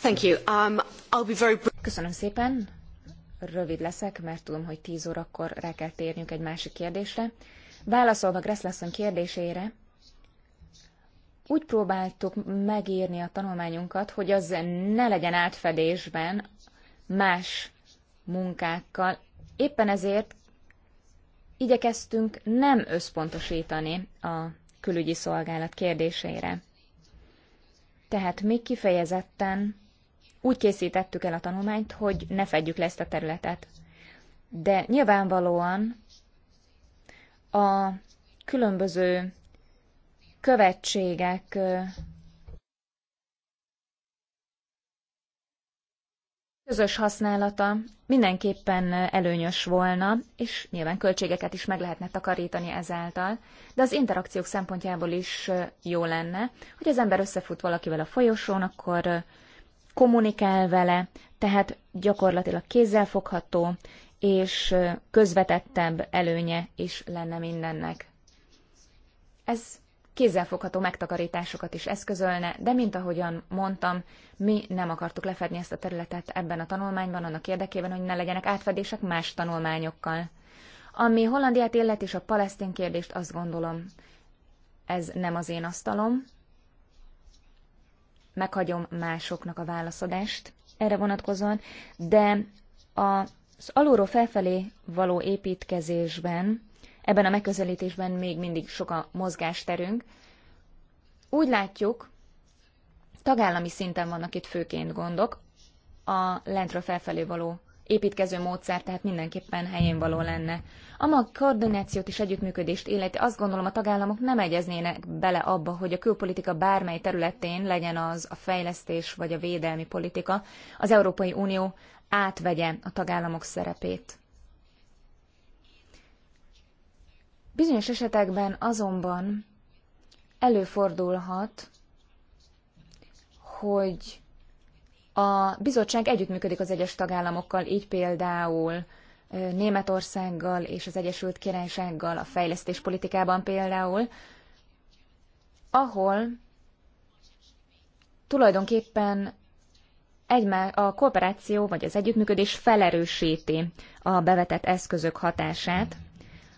Thank you. Um, I'll be very... Köszönöm szépen. Rövid leszek, mert tudom, hogy 10 órakor rá kell térnünk egy másik kérdésre. Válaszolva Gresslasson kérdésére, úgy próbáltuk megírni a tanulmányunkat, hogy az ne legyen átfedésben más munkákkal. Éppen ezért igyekeztünk nem összpontosítani a külügyi szolgálat kérdésére. Tehát mi kifejezetten úgy készítettük el a tanulmányt, hogy ne fedjük le ezt a területet. De nyilvánvalóan a különböző követségek közös használata mindenképpen előnyös volna, és nyilván költségeket is meg lehetne takarítani ezáltal, de az interakciók szempontjából is jó lenne, hogy az ember összefut valakivel a folyosón, akkor kommunikál vele, tehát gyakorlatilag kézzelfogható és közvetettebb előnye is lenne mindennek. Ez kézzelfogható megtakarításokat is eszközölne, de mint ahogyan mondtam, mi nem akartuk lefedni ezt a területet ebben a tanulmányban, annak érdekében, hogy ne legyenek átfedések más tanulmányokkal. Ami Hollandiát illet és a palesztin kérdést, azt gondolom, ez nem az én asztalom. Meghagyom másoknak a válaszadást erre vonatkozóan, de a az alulról felfelé való építkezésben, ebben a megközelítésben még mindig sok a mozgásterünk. Úgy látjuk, tagállami szinten vannak itt főként gondok, a lentről felfelé való építkező módszer, tehát mindenképpen helyén való lenne. A mag koordinációt és együttműködést illeti, azt gondolom a tagállamok nem egyeznének bele abba, hogy a külpolitika bármely területén legyen az a fejlesztés vagy a védelmi politika, az Európai Unió átvegye a tagállamok szerepét. Bizonyos esetekben azonban előfordulhat, hogy a bizottság együttműködik az egyes tagállamokkal, így például Németországgal és az Egyesült Királysággal a fejlesztéspolitikában például, ahol tulajdonképpen egymás, a kooperáció vagy az együttműködés felerősíti a bevetett eszközök hatását.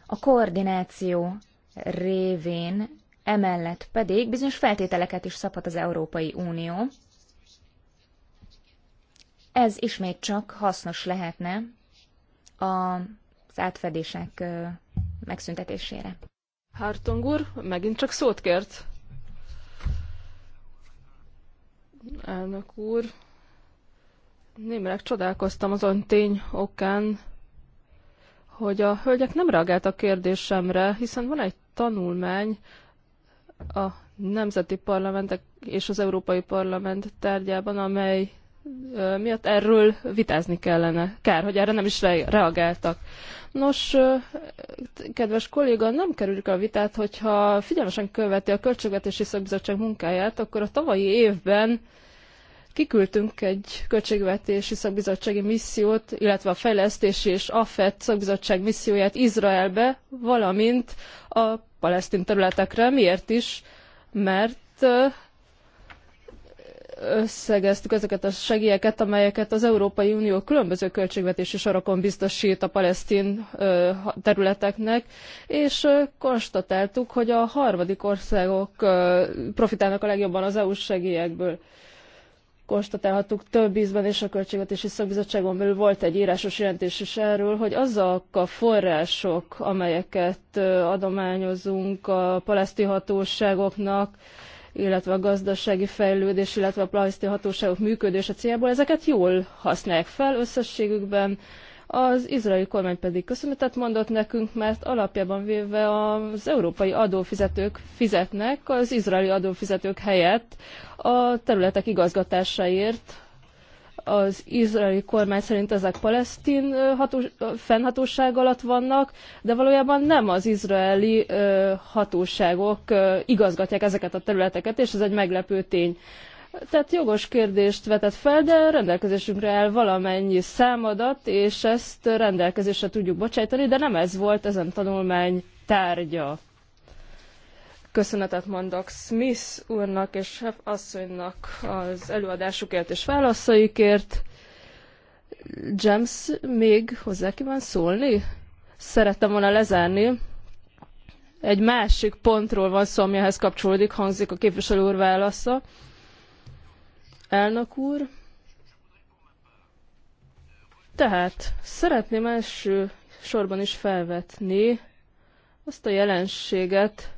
A koordináció révén emellett pedig bizonyos feltételeket is szabhat az Európai Unió. Ez ismét csak hasznos lehetne az átfedések megszüntetésére. Hartung úr, megint csak szót kért. Elnök úr, Némileg csodálkoztam azon tény okán, hogy a hölgyek nem reagáltak kérdésemre, hiszen van egy tanulmány a nemzeti parlamentek és az Európai Parlament tárgyában, amely miatt erről vitázni kellene. Kár, hogy erre nem is reagáltak. Nos, kedves kolléga, nem kerüljük a vitát, hogyha figyelmesen követi a Költségvetési Szakbizottság munkáját, akkor a tavalyi évben Kiküldtünk egy költségvetési szakbizottsági missziót, illetve a fejlesztési és AFET szakbizottság misszióját Izraelbe, valamint a palesztin területekre. Miért is? Mert összegeztük ezeket a segélyeket, amelyeket az Európai Unió különböző költségvetési sorokon biztosít a palesztin területeknek, és konstatáltuk, hogy a harmadik országok profitálnak a legjobban az EU-s segélyekből konstatálhattuk több ízben, és a Költségvetési Szakbizottságon belül volt egy írásos jelentés is erről, hogy azok a források, amelyeket adományozunk a palesztin hatóságoknak, illetve a gazdasági fejlődés, illetve a palesztin hatóságok működése céljából, ezeket jól használják fel összességükben, az izraeli kormány pedig köszönetet mondott nekünk, mert alapjában véve az európai adófizetők fizetnek az izraeli adófizetők helyett a területek igazgatásáért. Az izraeli kormány szerint ezek palesztin fennhatóság alatt vannak, de valójában nem az izraeli hatóságok igazgatják ezeket a területeket, és ez egy meglepő tény. Tehát jogos kérdést vetett fel, de rendelkezésünkre áll valamennyi számadat, és ezt rendelkezésre tudjuk bocsájtani, de nem ez volt ezen tanulmány tárgya. Köszönetet mondok Smith úrnak és Hef asszonynak az előadásukért és válaszaikért. James még hozzá van szólni? Szerettem volna lezárni. Egy másik pontról van szó, amihez kapcsolódik, hangzik a képviselő úr válasza. Elnök úr, tehát szeretném első sorban is felvetni azt a jelenséget,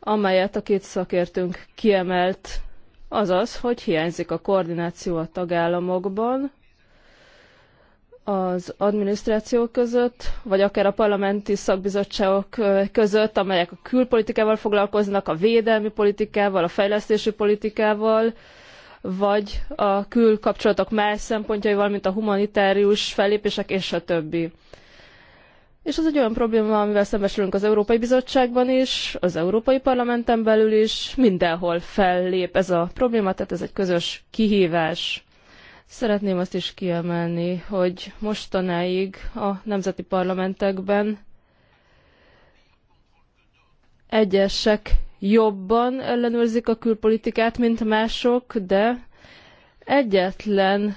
amelyet a két szakértőnk kiemelt, azaz, hogy hiányzik a koordináció a tagállamokban, az adminisztráció között, vagy akár a parlamenti szakbizottságok között, amelyek a külpolitikával foglalkoznak, a védelmi politikával, a fejlesztési politikával, vagy a külkapcsolatok más szempontjai, valamint a humanitárius fellépések és a többi. És ez egy olyan probléma, amivel szembesülünk az Európai Bizottságban is, az Európai Parlamenten belül is, mindenhol fellép ez a probléma, tehát ez egy közös kihívás. Szeretném azt is kiemelni, hogy mostanáig a nemzeti parlamentekben egyesek jobban ellenőrzik a külpolitikát, mint mások, de egyetlen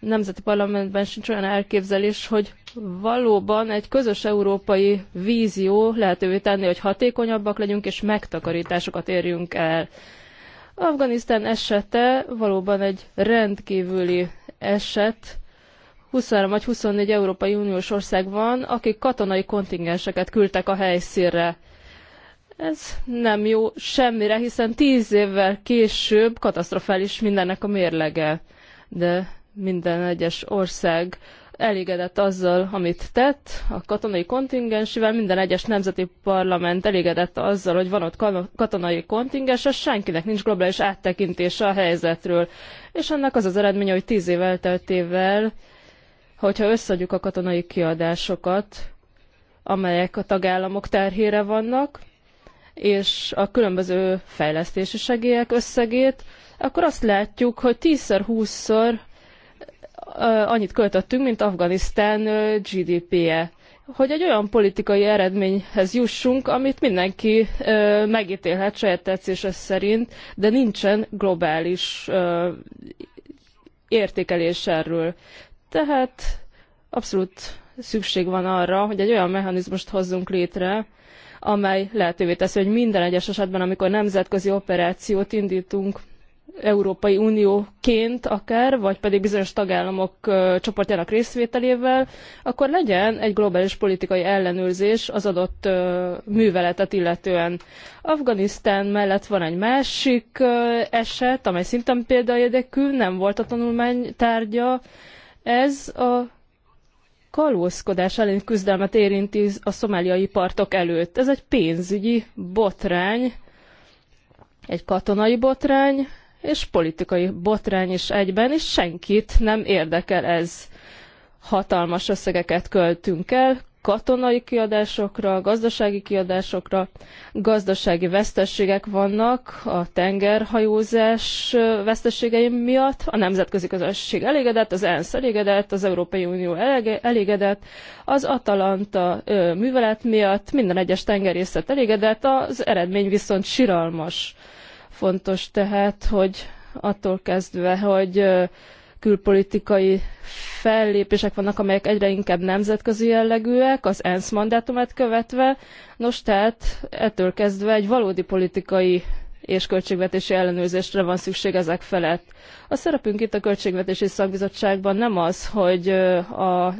nemzeti parlamentben sincs olyan elképzelés, hogy valóban egy közös európai vízió lehetővé tenni, hogy hatékonyabbak legyünk és megtakarításokat érjünk el. Afganisztán esete valóban egy rendkívüli eset. 23 vagy 24 Európai Uniós ország van, akik katonai kontingenseket küldtek a helyszínre. Ez nem jó semmire, hiszen tíz évvel később katasztrofális mindennek a mérlege. De minden egyes ország elégedett azzal, amit tett, a katonai kontingensével, minden egyes nemzeti parlament elégedett azzal, hogy van ott katonai kontingens, és senkinek nincs globális áttekintése a helyzetről. És ennek az az eredménye, hogy tíz év elteltével, hogyha összeadjuk a katonai kiadásokat, amelyek a tagállamok terhére vannak, és a különböző fejlesztési segélyek összegét, akkor azt látjuk, hogy 10-20-szor annyit költöttünk, mint Afganisztán GDP-je. Hogy egy olyan politikai eredményhez jussunk, amit mindenki ö, megítélhet saját tetszése szerint, de nincsen globális ö, értékelés erről. Tehát abszolút szükség van arra, hogy egy olyan mechanizmust hozzunk létre, amely lehetővé teszi, hogy minden egyes esetben, amikor nemzetközi operációt indítunk, Európai Unióként akár, vagy pedig bizonyos tagállamok csoportjának részvételével, akkor legyen egy globális politikai ellenőrzés az adott műveletet illetően. Afganisztán mellett van egy másik eset, amely szintén példaérdekű, nem volt a tanulmány tárgya. Ez a kalózkodás elleni küzdelmet érinti a szomáliai partok előtt. Ez egy pénzügyi botrány, egy katonai botrány, és politikai botrány is egyben, és senkit nem érdekel ez. Hatalmas összegeket költünk el, katonai kiadásokra, gazdasági kiadásokra, gazdasági vesztességek vannak a tengerhajózás vesztességeim miatt, a nemzetközi közösség elégedett, az ENSZ elégedett, az Európai Unió elégedett, az Atalanta művelet miatt minden egyes tengerészet elégedett, az eredmény viszont siralmas. Fontos tehát, hogy attól kezdve, hogy külpolitikai fellépések vannak, amelyek egyre inkább nemzetközi jellegűek, az ENSZ mandátumát követve. Nos, tehát ettől kezdve egy valódi politikai és költségvetési ellenőrzésre van szükség ezek felett. A szerepünk itt a Költségvetési Szakbizottságban nem az, hogy a,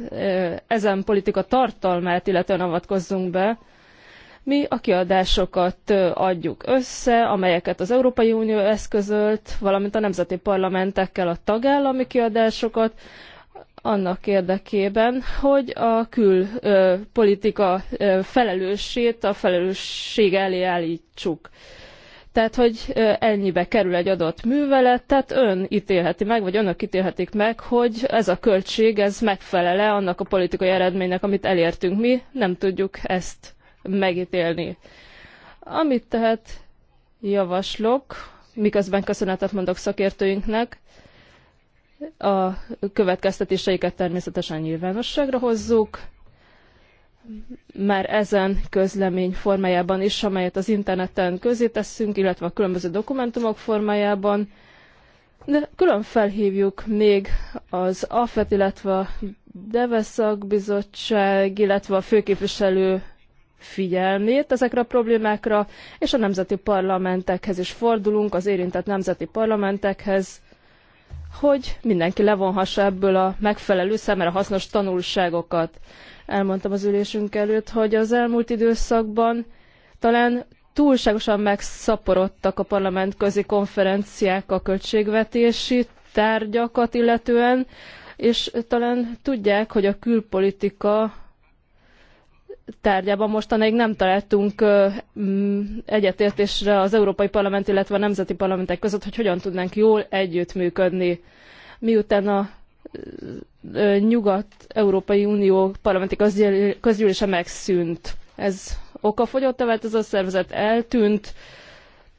ezen politika tartalmát illetően avatkozzunk be, mi a kiadásokat adjuk össze, amelyeket az Európai Unió eszközölt, valamint a nemzeti parlamentekkel a tagállami kiadásokat, annak érdekében, hogy a külpolitika felelősét a felelősség elé állítsuk. Tehát, hogy ennyibe kerül egy adott művelet, tehát ön ítélheti meg, vagy önök ítélhetik meg, hogy ez a költség, ez megfelele annak a politikai eredménynek, amit elértünk mi, nem tudjuk ezt megítélni. Amit tehát javaslok, miközben köszönetet mondok szakértőinknek, a következtetéseiket természetesen nyilvánosságra hozzuk, már ezen közlemény formájában is, amelyet az interneten közzétesszünk, illetve a különböző dokumentumok formájában, de külön felhívjuk még az AFET, illetve a Deveszak Bizottság, illetve a főképviselő figyelmét ezekre a problémákra, és a nemzeti parlamentekhez is fordulunk, az érintett nemzeti parlamentekhez, hogy mindenki levonhassa ebből a megfelelő számára hasznos tanulságokat. Elmondtam az ülésünk előtt, hogy az elmúlt időszakban talán túlságosan megszaporodtak a parlamentközi konferenciák a költségvetési tárgyakat illetően, és talán tudják, hogy a külpolitika tárgyában mostanáig nem találtunk mm, egyetértésre az Európai Parlament, illetve a nemzeti parlamentek között, hogy hogyan tudnánk jól együttműködni. Miután a Nyugat-Európai Unió parlamenti közgyűlése megszűnt. Ez okafogyott, tehát ez a szervezet eltűnt,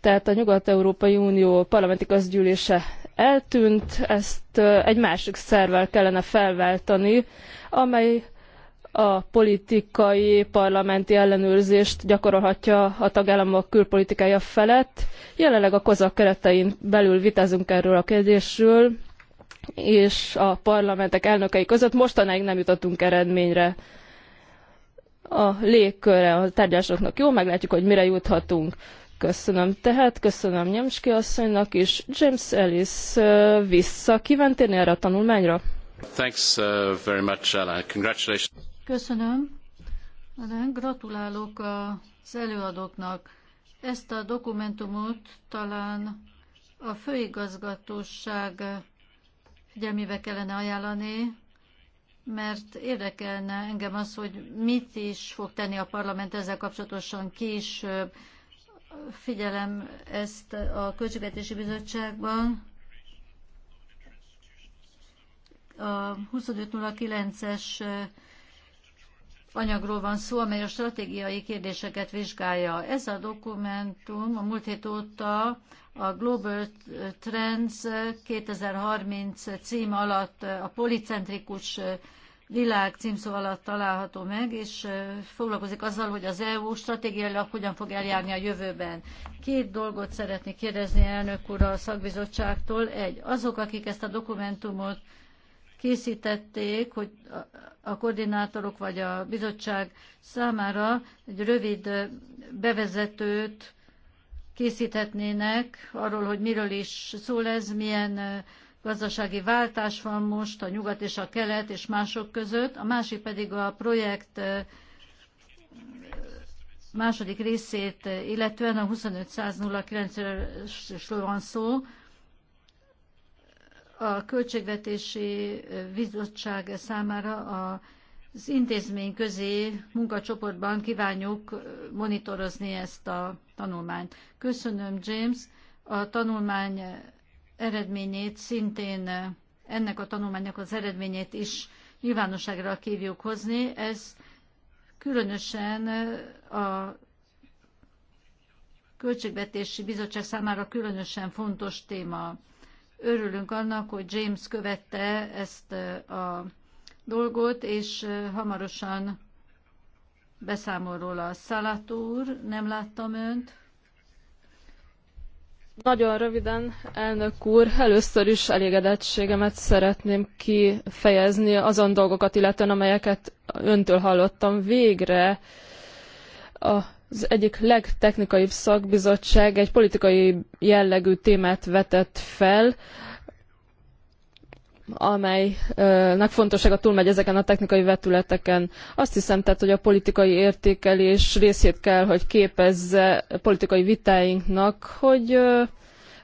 tehát a Nyugat-Európai Unió parlamenti közgyűlése eltűnt, ezt egy másik szervvel kellene felváltani, amely a politikai, parlamenti ellenőrzést gyakorolhatja a tagállamok külpolitikája felett. Jelenleg a kozak keretein belül vitázunk erről a kérdésről, és a parlamentek elnökei között mostanáig nem jutottunk eredményre. A légköre a tárgyalásoknak jó, meglátjuk, hogy mire juthatunk. Köszönöm tehát, köszönöm Nyemski asszonynak, és James Ellis vissza kívánt térni erre a tanulmányra? Thanks very much, Congratulations. Köszönöm. Gratulálok az előadóknak. Ezt a dokumentumot talán a főigazgatóság figyelmébe kellene ajánlani, mert érdekelne engem az, hogy mit is fog tenni a parlament ezzel kapcsolatosan később. Figyelem ezt a Költségvetési Bizottságban. A 2509-es anyagról van szó, amely a stratégiai kérdéseket vizsgálja. Ez a dokumentum a múlt hét óta a Global Trends 2030 cím alatt a policentrikus világ címszó alatt található meg, és foglalkozik azzal, hogy az EU stratégiailag hogyan fog eljárni a jövőben. Két dolgot szeretnék kérdezni elnök úr a szakbizottságtól. Egy, azok, akik ezt a dokumentumot készítették, hogy a koordinátorok vagy a bizottság számára egy rövid bevezetőt készíthetnének arról, hogy miről is szól ez, milyen gazdasági váltás van most a nyugat és a kelet és mások között, a másik pedig a projekt második részét, illetően a 25.09-ről van szó, a Költségvetési Bizottság számára az intézmény közé munkacsoportban kívánjuk monitorozni ezt a tanulmányt. Köszönöm, James. A tanulmány eredményét szintén, ennek a tanulmánynak az eredményét is nyilvánosságra kívjuk hozni. Ez különösen a Költségvetési Bizottság számára különösen fontos téma. Örülünk annak, hogy James követte ezt a dolgot, és hamarosan beszámol róla a Szalat úr, nem láttam önt. Nagyon röviden, elnök úr, először is elégedettségemet szeretném kifejezni azon dolgokat illetően, amelyeket öntől hallottam végre. A az egyik legtechnikaibb szakbizottság egy politikai jellegű témát vetett fel, amelynek fontossága túlmegy ezeken a technikai vetületeken. Azt hiszem tehát, hogy a politikai értékelés részét kell, hogy képezze politikai vitáinknak, hogy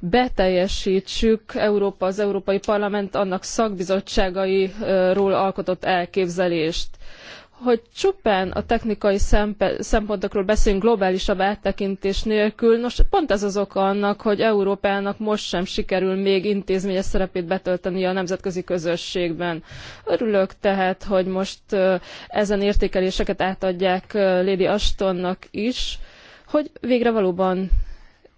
beteljesítsük Európa, az Európai Parlament annak szakbizottságairól alkotott elképzelést hogy csupán a technikai szempontokról beszélünk globálisabb áttekintés nélkül, nos pont ez az oka annak, hogy Európának most sem sikerül még intézményes szerepét betölteni a nemzetközi közösségben. Örülök tehát, hogy most ezen értékeléseket átadják Lady Ashtonnak is, hogy végre valóban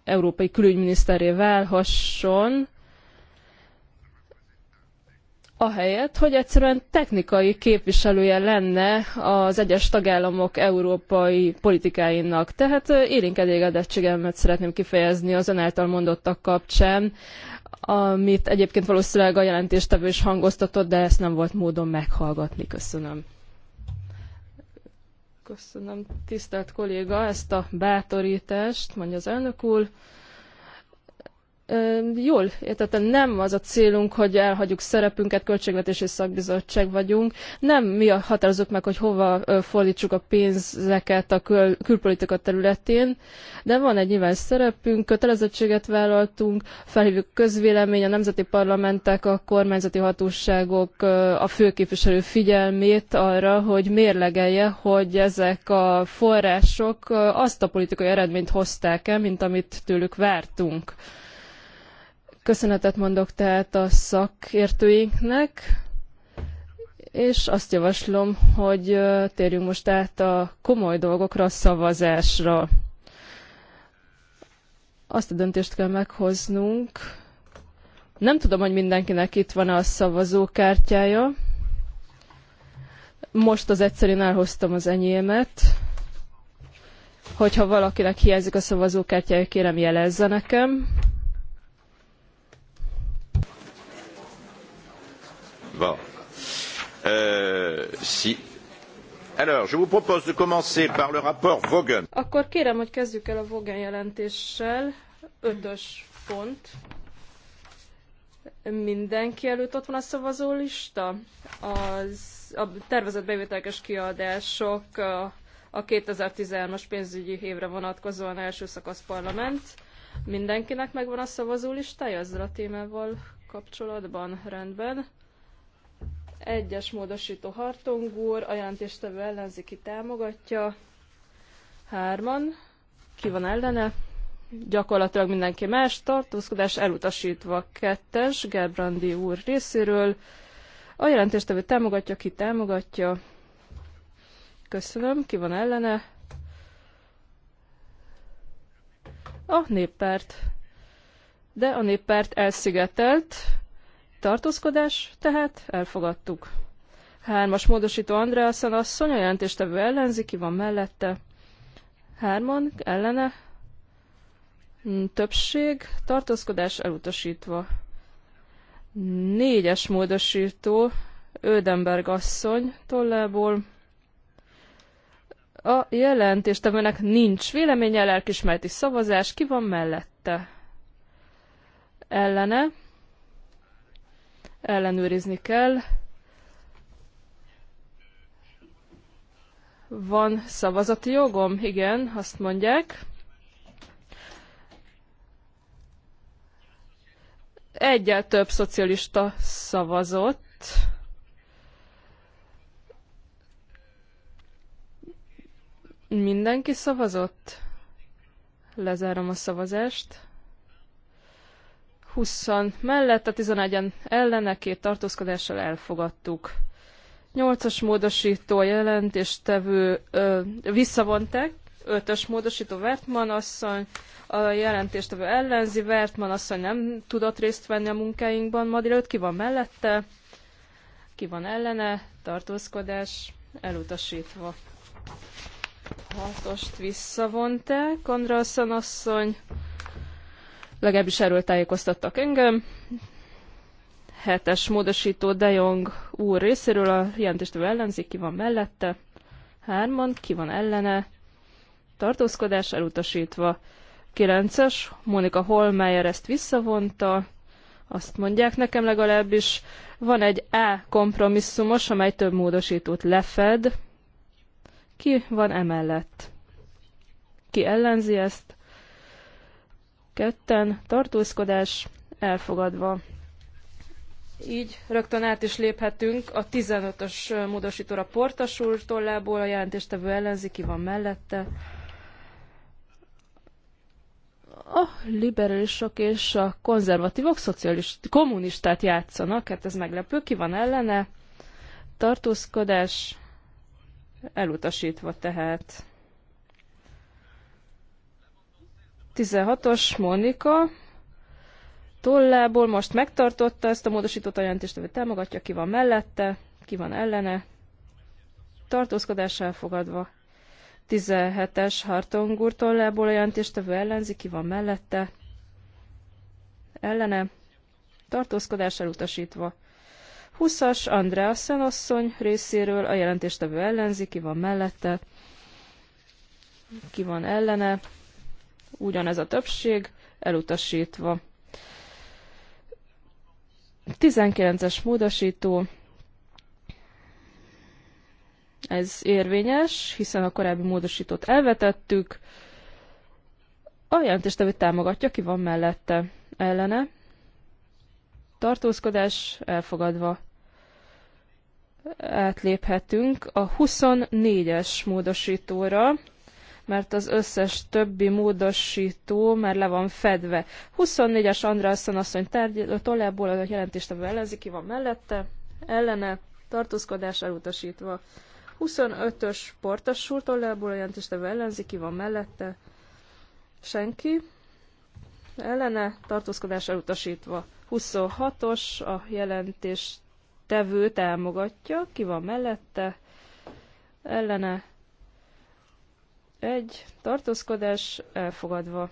európai külügyminiszteré válhasson, ahelyett, hogy egyszerűen technikai képviselője lenne az egyes tagállamok európai politikáinak. Tehát élénk elégedettségemet szeretném kifejezni az ön által mondottak kapcsán, amit egyébként valószínűleg a jelentéstevő is hangoztatott, de ezt nem volt módon meghallgatni. Köszönöm. Köszönöm, tisztelt kolléga, ezt a bátorítást, mondja az elnök úr jól értettem, nem az a célunk, hogy elhagyjuk szerepünket, költségvetési szakbizottság vagyunk. Nem mi határozunk meg, hogy hova fordítsuk a pénzeket a kül- külpolitika területén, de van egy nyilván szerepünk, kötelezettséget vállaltunk, felhívjuk közvélemény, a nemzeti parlamentek, a kormányzati hatóságok, a főképviselő figyelmét arra, hogy mérlegelje, hogy ezek a források azt a politikai eredményt hozták-e, mint amit tőlük vártunk. Köszönetet mondok tehát a szakértőinknek, és azt javaslom, hogy térjünk most át a komoly dolgokra, a szavazásra. Azt a döntést kell meghoznunk. Nem tudom, hogy mindenkinek itt van a szavazókártyája. Most az egyszerűen elhoztam az enyémet. Hogyha valakinek hiányzik a szavazókártyája, kérem jelezze nekem. Bon. Euh, si. Alors, je vous propose de commencer par le rapport Vaughan. Akkor kérem, hogy kezdjük el a Vaughan jelentéssel. Ötös pont. Mindenki előtt ott van a szavazólista. Az, a tervezett bevételkes kiadások a, a 2013-as pénzügyi évre vonatkozóan első szakasz parlament. Mindenkinek megvan a szavazólistája ezzel a témával kapcsolatban? Rendben. Egyes módosító Hartong úr, a ellenzéki támogatja. Hárman. Ki van ellene? Gyakorlatilag mindenki más. Tartózkodás elutasítva. Kettes, Gerbrandi úr részéről. A jelentéstevő támogatja, ki támogatja. Köszönöm. Ki van ellene? A néppárt. De a néppárt elszigetelt. Tartózkodás tehát elfogadtuk. Hármas módosító Andreasen asszony, a jelentéstevő ellenzi, ki van mellette. Hárman ellene. Hmm, többség, tartózkodás elutasítva. Négyes módosító Ödenberg asszony tollából. A jelentéstevőnek nincs véleménye, lelkismereti szavazás, ki van mellette. Ellene ellenőrizni kell. Van szavazati jogom? Igen, azt mondják. Egyel több szocialista szavazott. Mindenki szavazott? Lezárom a szavazást. 20 mellett, a 11-en ellene, két tartózkodással elfogadtuk. nyolcas as módosító jelentéstevő ö, visszavonták, ötös ös módosító Vertman asszony, a jelentéstevő ellenzi, Vertman asszony nem tudott részt venni a munkáinkban ma délőtt, ki van mellette, ki van ellene, tartózkodás elutasítva. Hatost visszavonták, Kondralszon asszony, legalábbis erről tájékoztattak engem. Hetes módosító De Jong úr részéről a jelentéstől ellenzik, ki van mellette. Hárman, ki van ellene. Tartózkodás elutasítva. Kilences, Monika Holmeyer ezt visszavonta. Azt mondják nekem legalábbis. Van egy A kompromisszumos, amely több módosítót lefed. Ki van emellett? Ki ellenzi ezt? ketten tartózkodás elfogadva. Így rögtön át is léphetünk a 15-ös módosítóra Portas úr tollából, a jelentéstevő ellenzéki van mellette. A liberálisok és a konzervatívok szocialist, kommunistát játszanak, hát ez meglepő, ki van ellene. Tartózkodás elutasítva tehát. 16-os Monika tollából most megtartotta ezt a módosított ajánlást, vagy támogatja, ki van mellette, ki van ellene. Tartózkodás elfogadva. 17-es Hartong úr tollából ajánlástevő ellenzi, ki van mellette, ellene. Tartózkodás elutasítva. 20-as Andreasen asszony részéről a jelentéstevő ellenzi, ki van mellette, ki van ellene ugyanez a többség elutasítva. 19-es módosító, ez érvényes, hiszen a korábbi módosítót elvetettük. A jelentéstevő támogatja, ki van mellette, ellene. Tartózkodás elfogadva. Átléphetünk a 24-es módosítóra mert az összes többi módosító már le van fedve. 24-es Andrásszon asszony tárgy, tollából a jelentéstevő ellenzi, ki van mellette, ellene, tartózkodás elutasítva. 25-ös portas úr tollából a a ellenzi, ki van mellette, senki, ellene, tartózkodás elutasítva. 26-os a jelentés tevő támogatja, ki van mellette, ellene, egy tartózkodás elfogadva.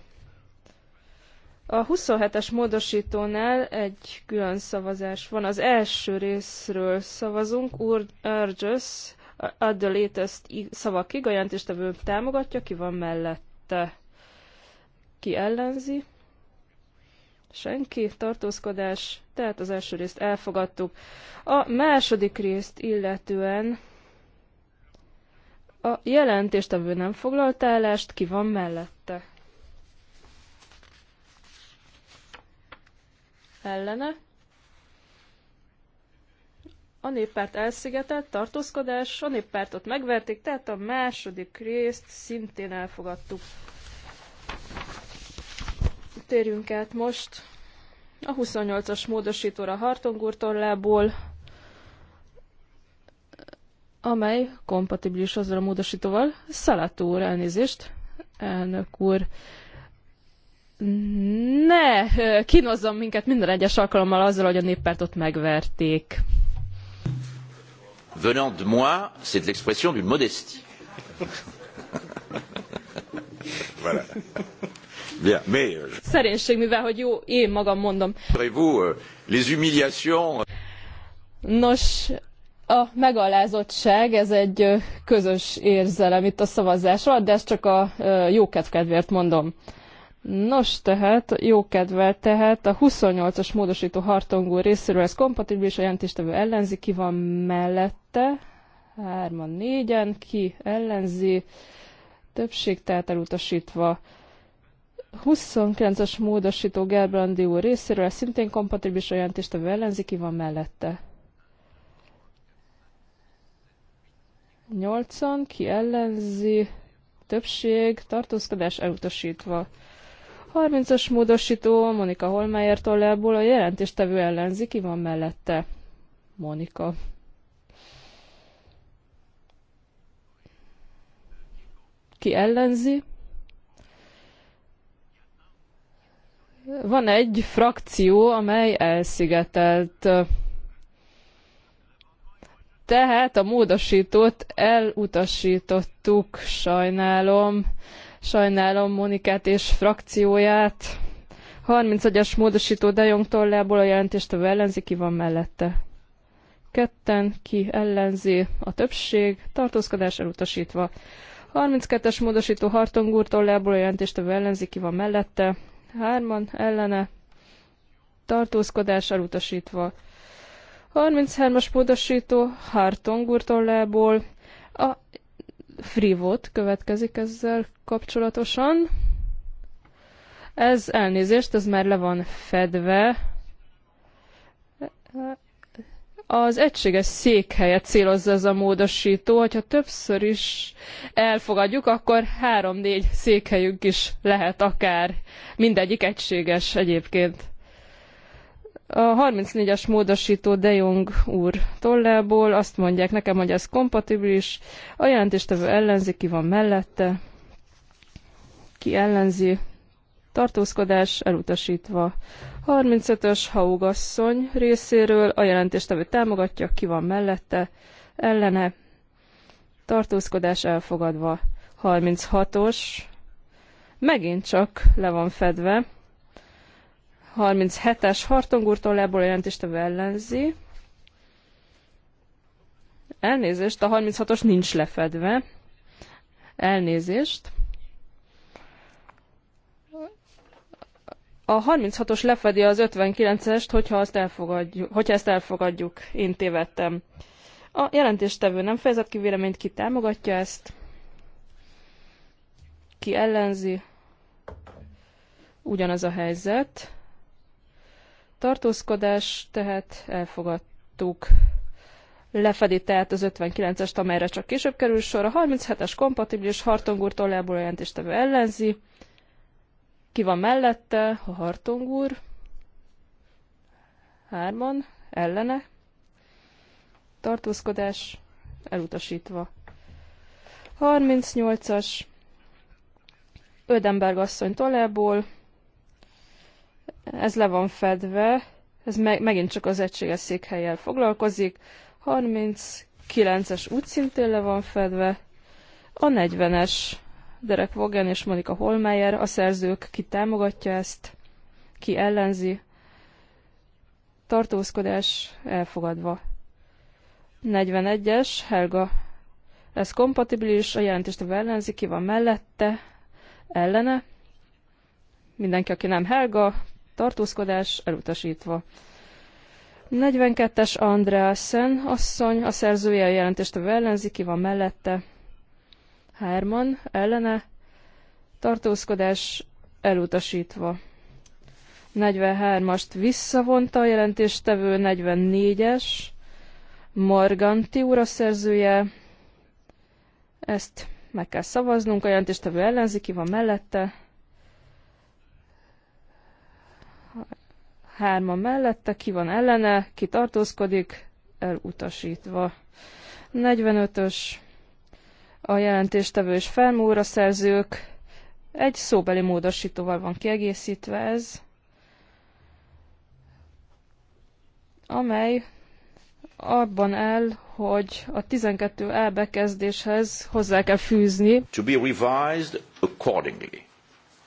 A 27-es módosítónál egy külön szavazás van. Az első részről szavazunk, urges, add the latest szavakig, a jelentéstevő támogatja, ki van mellette, ki ellenzi. Senki, tartózkodás, tehát az első részt elfogadtuk. A második részt illetően a jelentéstevő nem foglalt állást, ki van mellette? Ellene? A néppárt elszigetelt, tartózkodás, a néppártot megverték, tehát a második részt szintén elfogadtuk. Térjünk át most a 28-as módosítóra Hartongúr tollából amely kompatibilis azzal a módosítóval. Szalató úr, elnézést, elnök úr. Ne kínozzon minket minden egyes alkalommal azzal, hogy a néppártot megverték. Venant de moi, c'est l'expression d'une modestie. voilà. Bien, mais... Euh, Szerénység, mivel hogy jó, én magam mondom. Vous, euh, les humiliations... Euh, Nos, a megalázottság, ez egy közös érzelem itt a szavazásra, de ezt csak a jó kedvéért mondom. Nos, tehát jó kedvel, tehát a 28-as módosító hartongó részéről ez kompatibilis, a jelentéstevő ellenzi, ki van mellette, 3 négyen, ki ellenzi, többség tehát elutasítva. 29-as módosító Gerbrandi úr részéről, ez szintén kompatibilis, a jelentéstevő ellenzi, ki van mellette. nyolcan, ki ellenzi, többség, tartózkodás elutasítva. 30-as módosító Monika Holmeyer tollából a jelentéstevő ellenzi, ki van mellette? Monika. Ki ellenzi? Van egy frakció, amely elszigetelt tehát a módosítót elutasítottuk, sajnálom, sajnálom Monikát és frakcióját. 31-es módosító Dejong tollából a a ellenzi, ki van mellette. Ketten, ki ellenzi, a többség, tartózkodás elutasítva. 32-es módosító Hartong úr tollából a a ellenzi, ki van mellette. Hárman, ellene, tartózkodás elutasítva. 33-as módosító Harton gurtollából a frivot következik ezzel kapcsolatosan. Ez elnézést, ez már le van fedve. Az egységes székhelyet célozza ez a módosító, hogyha többször is elfogadjuk, akkor három-négy székhelyünk is lehet akár. Mindegyik egységes egyébként. A 34-es módosító De Jong úr tollából azt mondják nekem, hogy ez kompatibilis. A jelentéstevő ellenzi, ki van mellette, ki ellenzi, tartózkodás elutasítva. 35-ös Haugasszony részéről a jelentéstevő támogatja, ki van mellette, ellene, tartózkodás elfogadva. 36-os megint csak le van fedve, 37-es Hartong úr tollából jelentéstevő ellenzi. Elnézést, a 36-os nincs lefedve. Elnézést. A 36-os lefedi az 59-est, hogyha, azt elfogadjuk, hogyha ezt elfogadjuk. Én tévedtem. A jelentéstevő nem fejezett ki véleményt, ki támogatja ezt, ki ellenzi. Ugyanaz a helyzet tartózkodás, tehát elfogadtuk. Lefedi tehát az 59-est, amelyre csak később kerül sor. A 37-es kompatibilis Hartongúr tollából jelentéstevő ellenzi. Ki van mellette? A Hartongúr. Hárman. Ellene. Tartózkodás elutasítva. 38-as Ödenberg asszony tollából ez le van fedve, ez meg, megint csak az egységes székhelyjel foglalkozik. 39-es úgy szintén le van fedve. A 40-es Derek Vogan és Monika Holmeyer, a szerzők, ki támogatja ezt, ki ellenzi. Tartózkodás elfogadva. 41-es, Helga, ez kompatibilis, a a ellenzi, ki van mellette, ellene. Mindenki, aki nem Helga, tartózkodás elutasítva. 42-es Andreasen asszony, a szerzője a jelentéstevő ellenzi, ki van mellette. Herman, ellene, tartózkodás elutasítva. 43-ast visszavonta a jelentéstevő, 44-es, Morganti úr a szerzője, ezt meg kell szavaznunk, a jelentéstevő ellenzi, ki van mellette, hárman mellette, ki van ellene, ki tartózkodik, elutasítva. 45-ös a jelentéstevő és felmúra szerzők. Egy szóbeli módosítóval van kiegészítve ez, amely abban áll, hogy a 12 A bekezdéshez hozzá kell fűzni to be revised accordingly.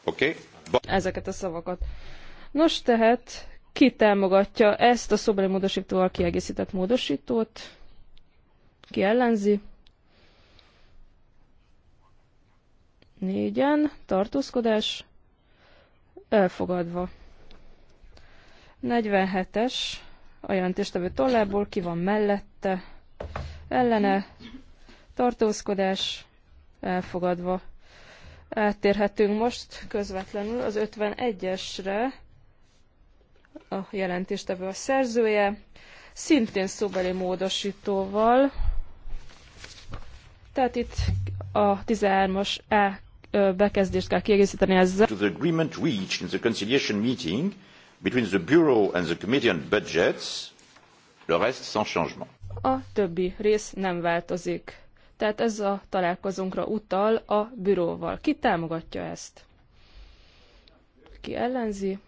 Okay? But... ezeket a szavakat. Nos, tehát ki támogatja ezt a szobeli módosítóval kiegészített módosítót? Ki ellenzi? Négyen. Tartózkodás. Elfogadva. 47-es. A jelentéstevő tollából ki van mellette? Ellene. Tartózkodás. Elfogadva. Áttérhetünk most közvetlenül az 51-esre a jelentéstevő a szerzője, szintén szóbeli módosítóval. Tehát itt a 13-as E bekezdést kell kiegészíteni ezzel. To the agreement reached in the conciliation meeting between the Bureau and the Committee on Budgets, le reste sans changement. A többi rész nem változik. Tehát ez a találkozónkra utal a büróval. Ki támogatja ezt? Ki ellenzi?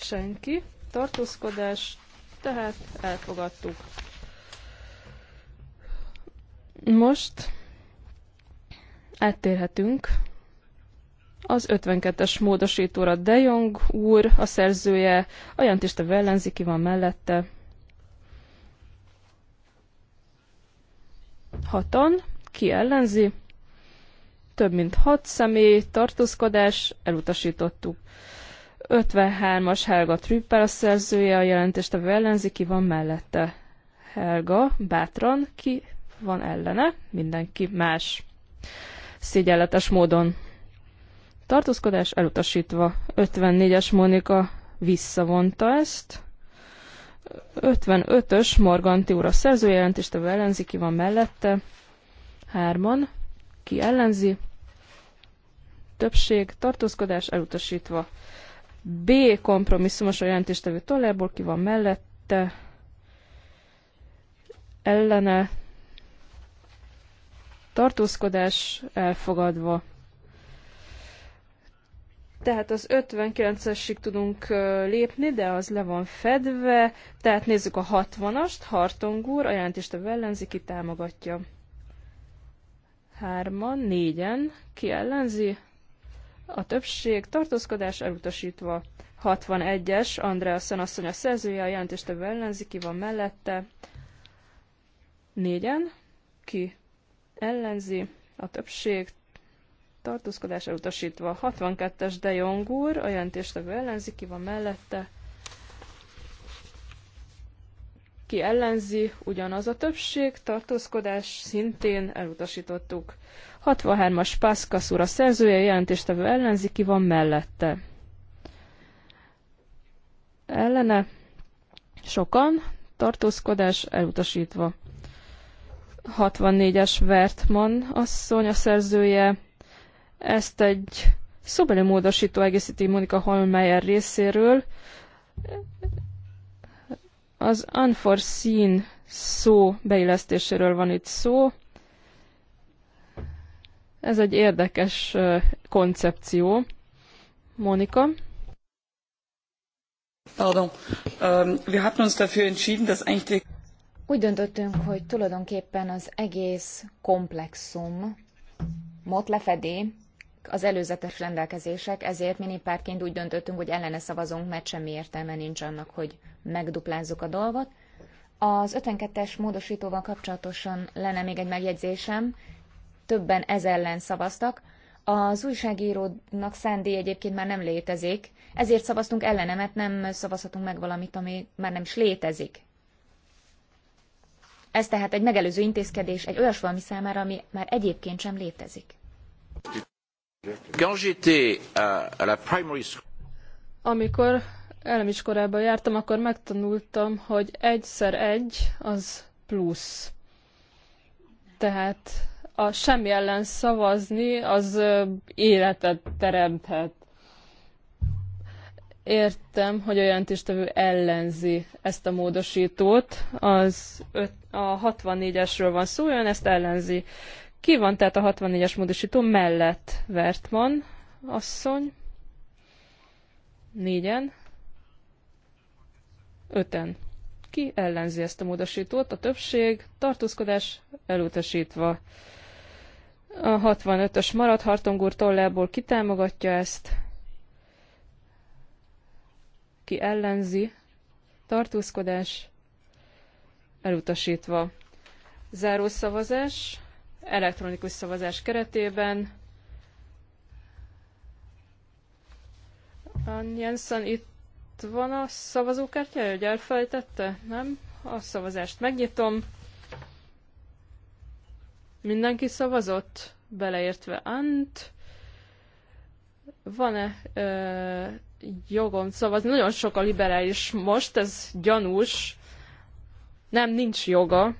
senki, tartózkodás, tehát elfogadtuk. Most áttérhetünk az 52-es módosítóra De Jong úr, a szerzője, a Jantista a van mellette. Hatan, ki ellenzi? Több mint hat személy, tartózkodás, elutasítottuk. 53-as Helga Trüppel a szerzője, a jelentéstevő ellenzi, ki van mellette. Helga, bátran, ki van ellene, mindenki más. Szégyenletes módon. Tartózkodás elutasítva. 54-es Monika visszavonta ezt. 55-ös Morganti úr a szerzőjelentéstevő ellenzi, ki van mellette. Hárman, ki ellenzi. Többség, tartózkodás elutasítva. B kompromisszumos a jelentéstevő tollából, ki van mellette, ellene, tartózkodás elfogadva. Tehát az 59-esig tudunk lépni, de az le van fedve. Tehát nézzük a 60-ast, Hartong úr, a jelentéstevő ki támogatja. Hárman, négyen, ki ellenzi? a többség tartózkodás elutasítva. 61-es, Andrea asszony a szerzője, a jelentéstevő ellenzi, ki van mellette. Négyen, ki ellenzi, a többség tartózkodás elutasítva. 62-es De Jong úr, a jelentéstevő ellenzi, ki van mellette. ki ellenzi, ugyanaz a többség, tartózkodás szintén elutasítottuk. 63-as Pászkasz úr a szerzője, jelentéstevő ellenzi, ki van mellette. Ellene sokan, tartózkodás elutasítva. 64-es Vertman asszony a szerzője. Ezt egy szóbeli módosító egészíti Monika Holmeyer részéről. Az unforeseen szó beillesztéséről van itt szó. Ez egy érdekes koncepció. Monika? Pardon. Ähm, wir hatten uns dafür entschieden, dass eigentlich úgy döntöttünk, hogy tulajdonképpen az egész komplexumot lefedi az előzetes rendelkezések, ezért mi néppártként úgy döntöttünk, hogy ellene szavazunk, mert semmi értelme nincs annak, hogy megduplázzuk a dolgot. Az 52-es módosítóval kapcsolatosan lenne még egy megjegyzésem. Többen ez ellen szavaztak. Az újságírónak szándé egyébként már nem létezik, ezért szavaztunk ellene, mert nem szavazhatunk meg valamit, ami már nem is létezik. Ez tehát egy megelőző intézkedés egy olyas valami számára, ami már egyébként sem létezik. Amikor elemiskorába jártam, akkor megtanultam, hogy egyszer egy az plusz. Tehát a semmi ellen szavazni, az életet teremthet. Értem, hogy a jelentéstevő ellenzi ezt a módosítót, az öt, a 64-esről van szó, ön ezt ellenzi. Ki van tehát a 64-es módosító mellett Vertman asszony? Négyen. Öten. Ki ellenzi ezt a módosítót? A többség, tartózkodás elutasítva. A 65-ös marad Hartongúr tollából kitámogatja ezt. Ki ellenzi? Tartózkodás elutasítva. Zárószavazás elektronikus szavazás keretében. Jensen itt van a szavazókártya, hogy elfelejtette? Nem? A szavazást megnyitom. Mindenki szavazott, beleértve Ant. Van-e ö, jogom szavazni? Nagyon sok a liberális most, ez gyanús. Nem, nincs joga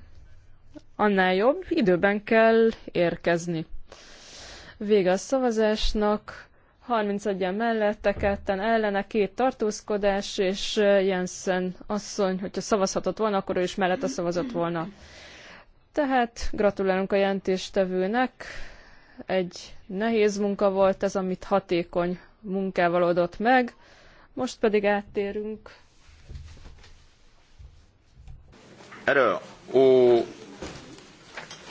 annál jobb, időben kell érkezni. Vége a szavazásnak, 31-en mellette, ketten ellene, két tartózkodás, és Jensen asszony, hogyha szavazhatott volna, akkor ő is mellette szavazott volna. Tehát gratulálunk a jelentéstevőnek, egy nehéz munka volt ez, amit hatékony munkával adott meg. Most pedig áttérünk. Erről, ó,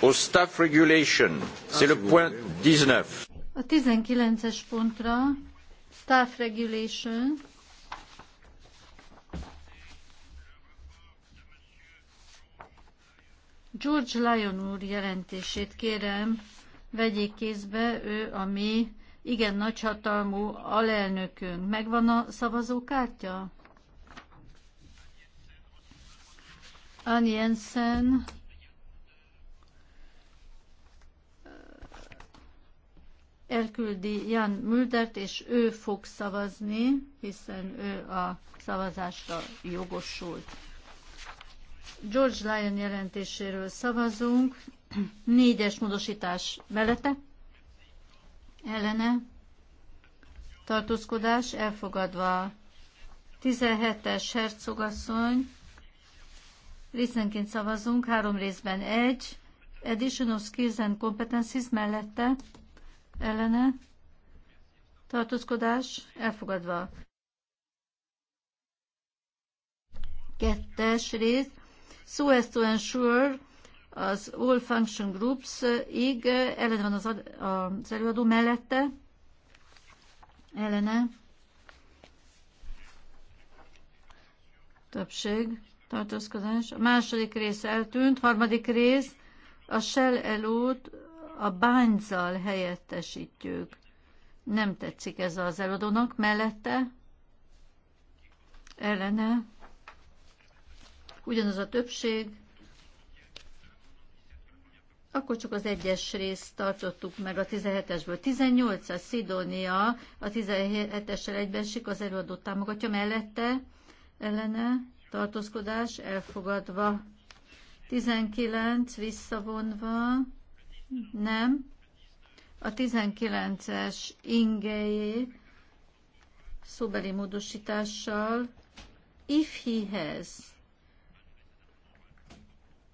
au staff regulation. C'est le point 19. A 19-es pontra staff regulation. George Lyon úr jelentését kérem, vegyék kézbe, ő a mi igen nagyhatalmú alelnökünk. Megvan a szavazókártya? Ann Jensen elküldi Jan Müldert, és ő fog szavazni, hiszen ő a szavazásra jogosult. George Lyon jelentéséről szavazunk. Négyes módosítás mellette, ellene, tartózkodás elfogadva. 17-es hercogasszony, részenként szavazunk, három részben egy, addition of skills and competencies mellette, ellene, tartózkodás elfogadva. Kettes rész, so as to ensure az all function groups ig ellen van az, az előadó mellette, ellene, többség, tartózkodás. A második rész eltűnt, harmadik rész, a shell elút a bányzal helyettesítjük. Nem tetszik ez az eladónak Mellette ellene ugyanaz a többség, akkor csak az egyes részt tartottuk meg a 17-esből. 18-as Szidónia a 17-essel egybesik, az előadót támogatja mellette, ellene, tartózkodás elfogadva. 19 visszavonva, nem. A 19-es ingejé szóbeli módosítással if he has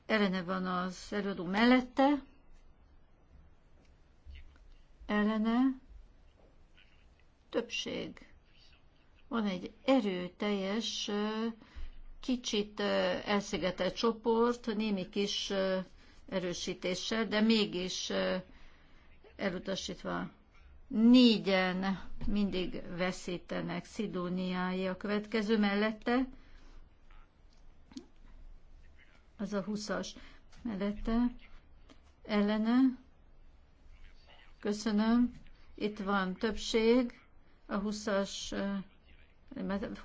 ellene van az előadó mellette, ellene többség. Van egy erőteljes, kicsit elszigetelt csoport, némi kis erősítése, de mégis elutasítva. Négyen mindig veszítenek Szidóniái a következő mellette. Az a 20-as mellette. Ellene. Köszönöm. Itt van többség. A 20-as,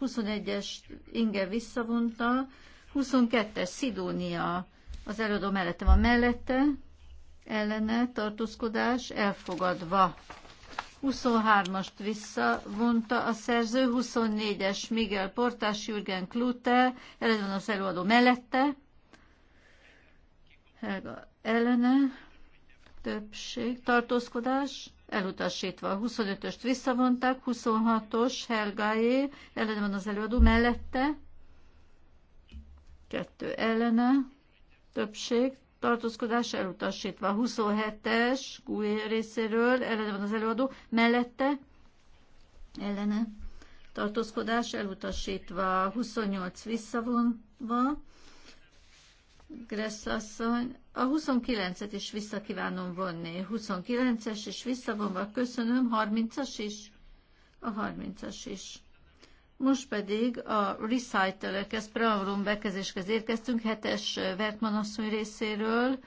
21-es Inge visszavonta. 22-es Szidónia az előadó mellette van mellette, ellene tartózkodás elfogadva. 23-ast visszavonta a szerző, 24-es Miguel Portás, Jürgen Klute, az előadó mellette, Helga ellene, többség, tartózkodás, elutasítva. 25-öst visszavonták, 26-os Helgáé, ellene van az előadó mellette, kettő ellene, többség, tartózkodás elutasítva. 27-es új részéről, ellene van az előadó, mellette, ellene, tartózkodás elutasítva. 28 visszavonva, Gressz asszony, a 29-et is visszakívánom vonni. 29-es is visszavonva, köszönöm, 30-as is, a 30-as is most pedig a recitalekhez, Pravrum bekezéshez érkeztünk, hetes Vertman asszony részéről.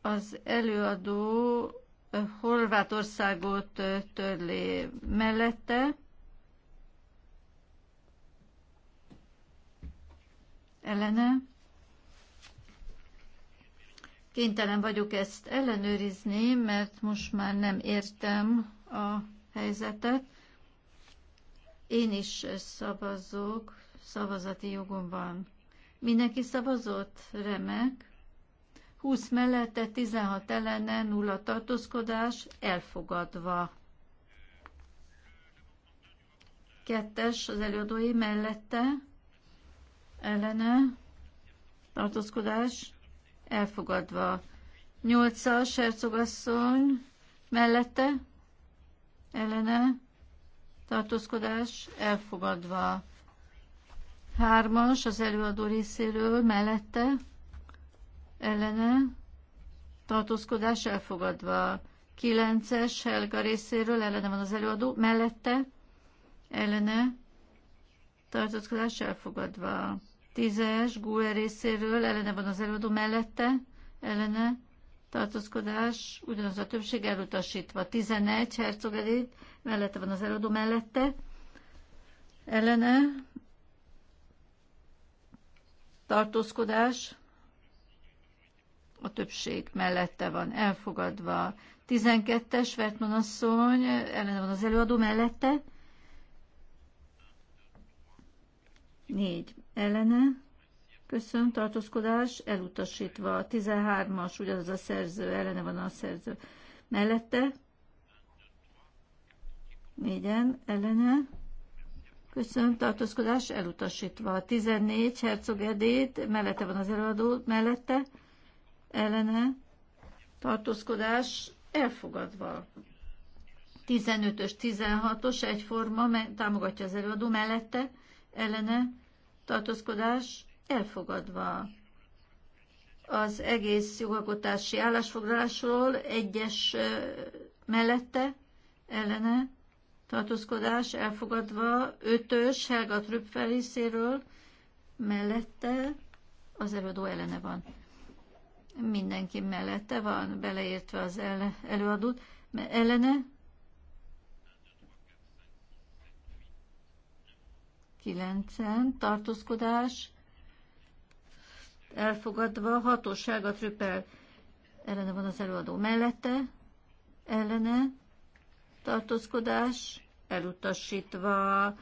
Az előadó Horvátországot törlé mellette. Ellene. Kénytelen vagyok ezt ellenőrizni, mert most már nem értem a helyzetet. Én is szavazok, szavazati jogom van. Mindenki szavazott? Remek. 20 mellette, 16 ellene, nulla tartózkodás, elfogadva. Kettes az előadói mellette, ellene, tartózkodás, elfogadva. Nyolcas, Hercogasszony, mellette, ellene tartózkodás elfogadva. Hármas az előadó részéről mellette ellene tartózkodás elfogadva. Kilences Helga részéről ellene van az előadó mellette ellene tartózkodás elfogadva. Tízes Gue részéről ellene van az előadó mellette ellene tartózkodás, ugyanaz a többség elutasítva. 11 Herzog mellette van az előadó mellette, ellene, tartózkodás, a többség mellette van elfogadva. 12-es Vertman asszony, ellene van az előadó mellette, 4 ellene, Köszönöm, tartózkodás elutasítva. 13-as, ugyanaz a szerző, ellene van a szerző. Mellette? Négyen, ellene. Köszönöm, tartózkodás elutasítva. 14, Herzog Edét, mellette van az előadó, mellette, ellene, tartózkodás elfogadva. 15-ös, 16-os egyforma, támogatja az előadó, mellette, ellene, tartózkodás elfogadva az egész jogalkotási állásfoglalásról, egyes mellette, ellene, tartózkodás elfogadva, ötös Helga Trüppel részéről, mellette, az előadó ellene van. Mindenki mellette van, beleértve az előadót, ellene, kilencen, tartózkodás, elfogadva, hatóság a trüppel ellene van az előadó mellette, ellene tartózkodás, elutasítva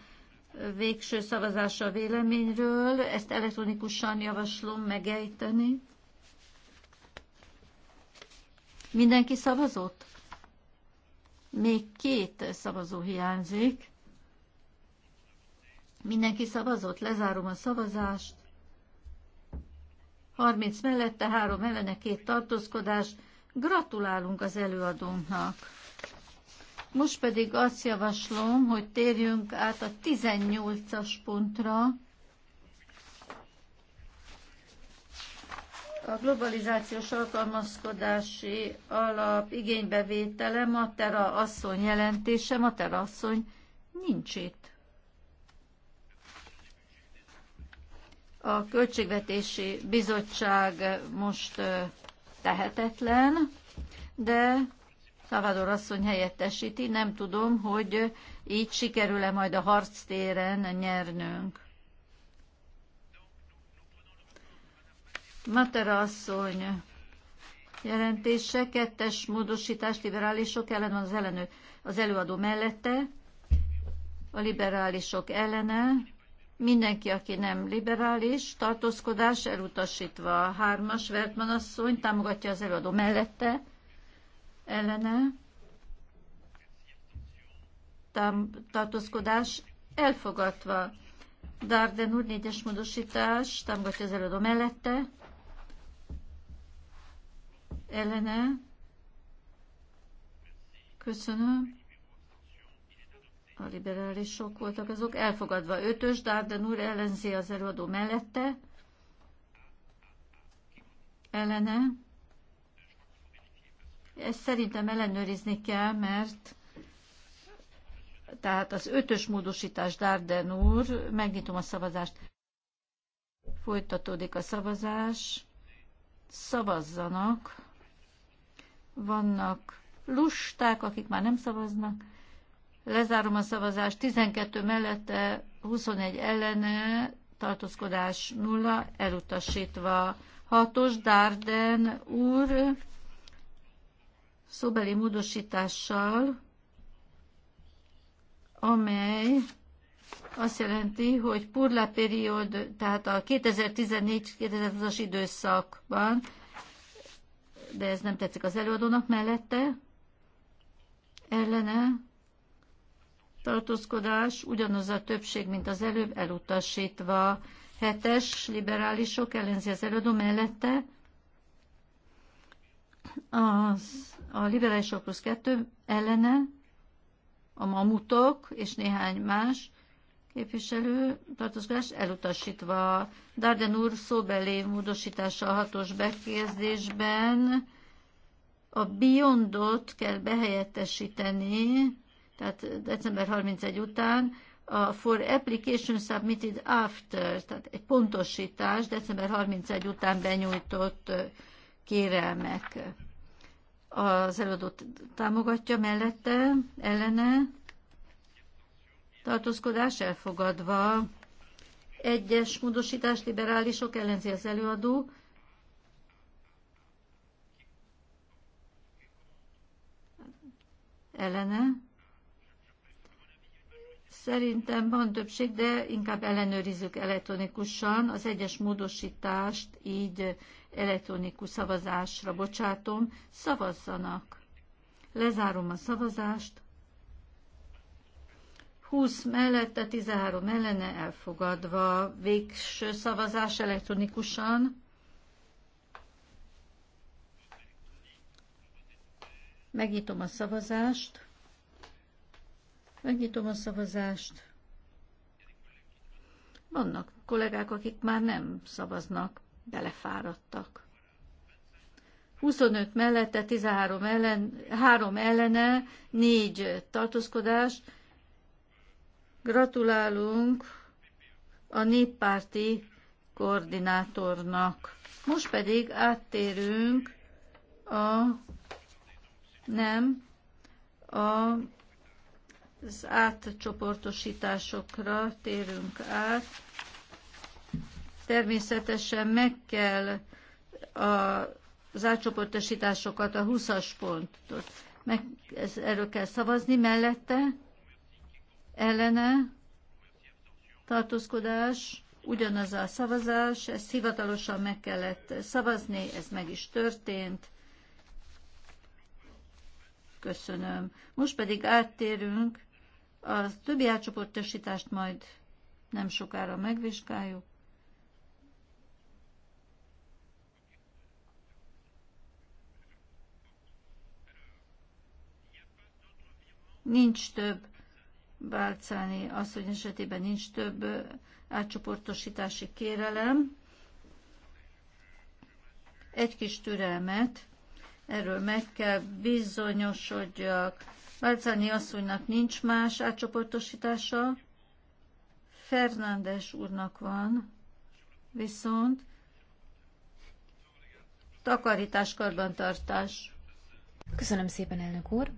végső szavazás a véleményről, ezt elektronikusan javaslom megejteni. Mindenki szavazott? Még két szavazó hiányzik. Mindenki szavazott? Lezárom a szavazást. 30 mellette, 3 ellene, 2 tartózkodás. Gratulálunk az előadónknak. Most pedig azt javaslom, hogy térjünk át a 18-as pontra. A globalizációs alkalmazkodási alap igénybevétele Matera asszony jelentése. Matera asszony nincs itt. A Költségvetési Bizottság most tehetetlen, de Szavador asszony helyettesíti. Nem tudom, hogy így sikerül-e majd a harctéren nyernünk. Matera asszony jelentése, kettes módosítás, liberálisok ellen van az, ellenő, az előadó mellette, a liberálisok ellene, mindenki, aki nem liberális, tartózkodás elutasítva. A hármas Vertman asszony támogatja az előadó mellette, ellene, Tám, tartózkodás elfogadva. Darden úr négyes módosítás, támogatja az előadó mellette, ellene, köszönöm, a liberálisok voltak azok, elfogadva ötös, Dárden úr ellenzi az előadó mellette, ellene. Ezt szerintem ellenőrizni kell, mert tehát az ötös módosítás Dárden úr, megnyitom a szavazást. Folytatódik a szavazás. Szavazzanak. Vannak lusták, akik már nem szavaznak. Lezárom a szavazást. 12 mellette, 21 ellene, tartózkodás nulla, elutasítva. Hatos Dárden úr szóbeli módosítással, amely azt jelenti, hogy purla period, tehát a 2014-2020-as időszakban, de ez nem tetszik az előadónak mellette, ellene tartózkodás, ugyanaz a többség, mint az előbb, elutasítva. Hetes liberálisok ellenzi az előadó mellette. Az, a liberálisok plusz kettő ellene, a mamutok és néhány más képviselő tartózkodás elutasítva. Darden úr szóbeli módosítása a hatos bekezdésben a biondot kell behelyettesíteni tehát december 31 után, a for application submitted after, tehát egy pontosítás december 31 után benyújtott kérelmek. Az előadót támogatja mellette, ellene, tartózkodás elfogadva, egyes módosítás liberálisok ellenzi az előadó, ellene, Szerintem van többség, de inkább ellenőrizzük elektronikusan. Az egyes módosítást így elektronikus szavazásra bocsátom. Szavazzanak. Lezárom a szavazást. 20 mellette, 13 ellene elfogadva. Végső szavazás elektronikusan. Megnyitom a szavazást. Megnyitom a szavazást. Vannak kollégák, akik már nem szavaznak, belefáradtak. 25 mellette, 13 ellen, 3 ellene, 4 tartózkodás. Gratulálunk a néppárti koordinátornak. Most pedig áttérünk a nem a az átcsoportosításokra térünk át. Természetesen meg kell a, az átcsoportosításokat, a 20-as pontot, meg, ez, erről kell szavazni mellette, ellene, tartózkodás, ugyanaz a szavazás, ezt hivatalosan meg kellett szavazni, ez meg is történt. Köszönöm. Most pedig áttérünk a többi átcsoportosítást majd nem sokára megvizsgáljuk. Nincs több Bálcáni asszony esetében nincs több átcsoportosítási kérelem. Egy kis türelmet, erről meg kell bizonyosodjak. Balcáni asszonynak nincs más átcsoportosítása, Fernándes úrnak van, viszont takarítás, karbantartás. Köszönöm szépen, elnök úr.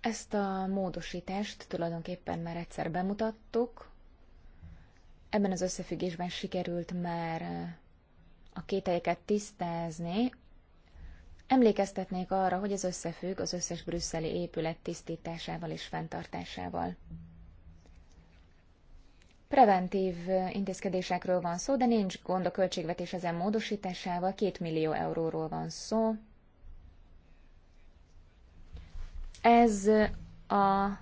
Ezt a módosítást tulajdonképpen már egyszer bemutattuk. Ebben az összefüggésben sikerült már a kételyeket tisztázni, Emlékeztetnék arra, hogy ez összefügg az összes brüsszeli épület tisztításával és fenntartásával. Preventív intézkedésekről van szó, de nincs gond a költségvetés ezen módosításával, két millió euróról van szó. Ez a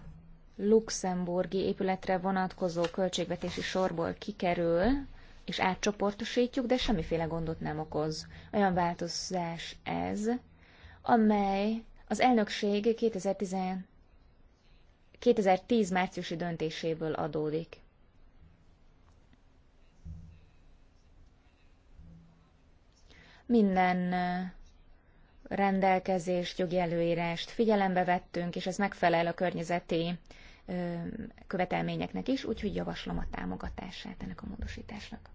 luxemburgi épületre vonatkozó költségvetési sorból kikerül, és átcsoportosítjuk, de semmiféle gondot nem okoz. Olyan változás ez, amely az elnökség 2010, 2010 márciusi döntéséből adódik. Minden rendelkezést, jogi előírást figyelembe vettünk, és ez megfelel a környezeti követelményeknek is, úgyhogy javaslom a támogatását ennek a módosításnak.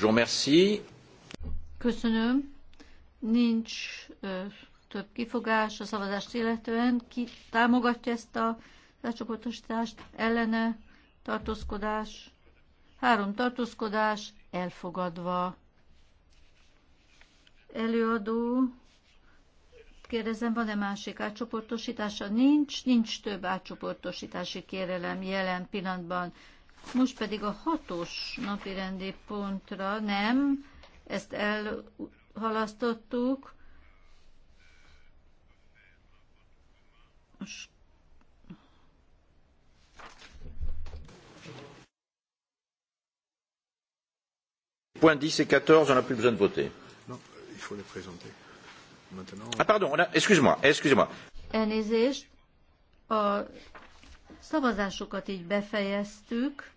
Jean merci. Köszönöm. Nincs ö, több kifogás a szavazást illetően. Ki támogatja ezt a lecsoportosítást? Ellene tartózkodás? Három tartózkodás elfogadva. Előadó kérdezem, van-e másik átcsoportosítása? Nincs, nincs több átcsoportosítási kérelem jelen pillanatban. Most pedig a hatos napirendi pontra nem, ezt elhalasztottuk. Most Point 10 et 14, on n'a plus besoin de voter. Non, il faut les présenter. Ah, pardon, excuse-moi, excuse-moi. Elnézést, a szavazásokat így befejeztük,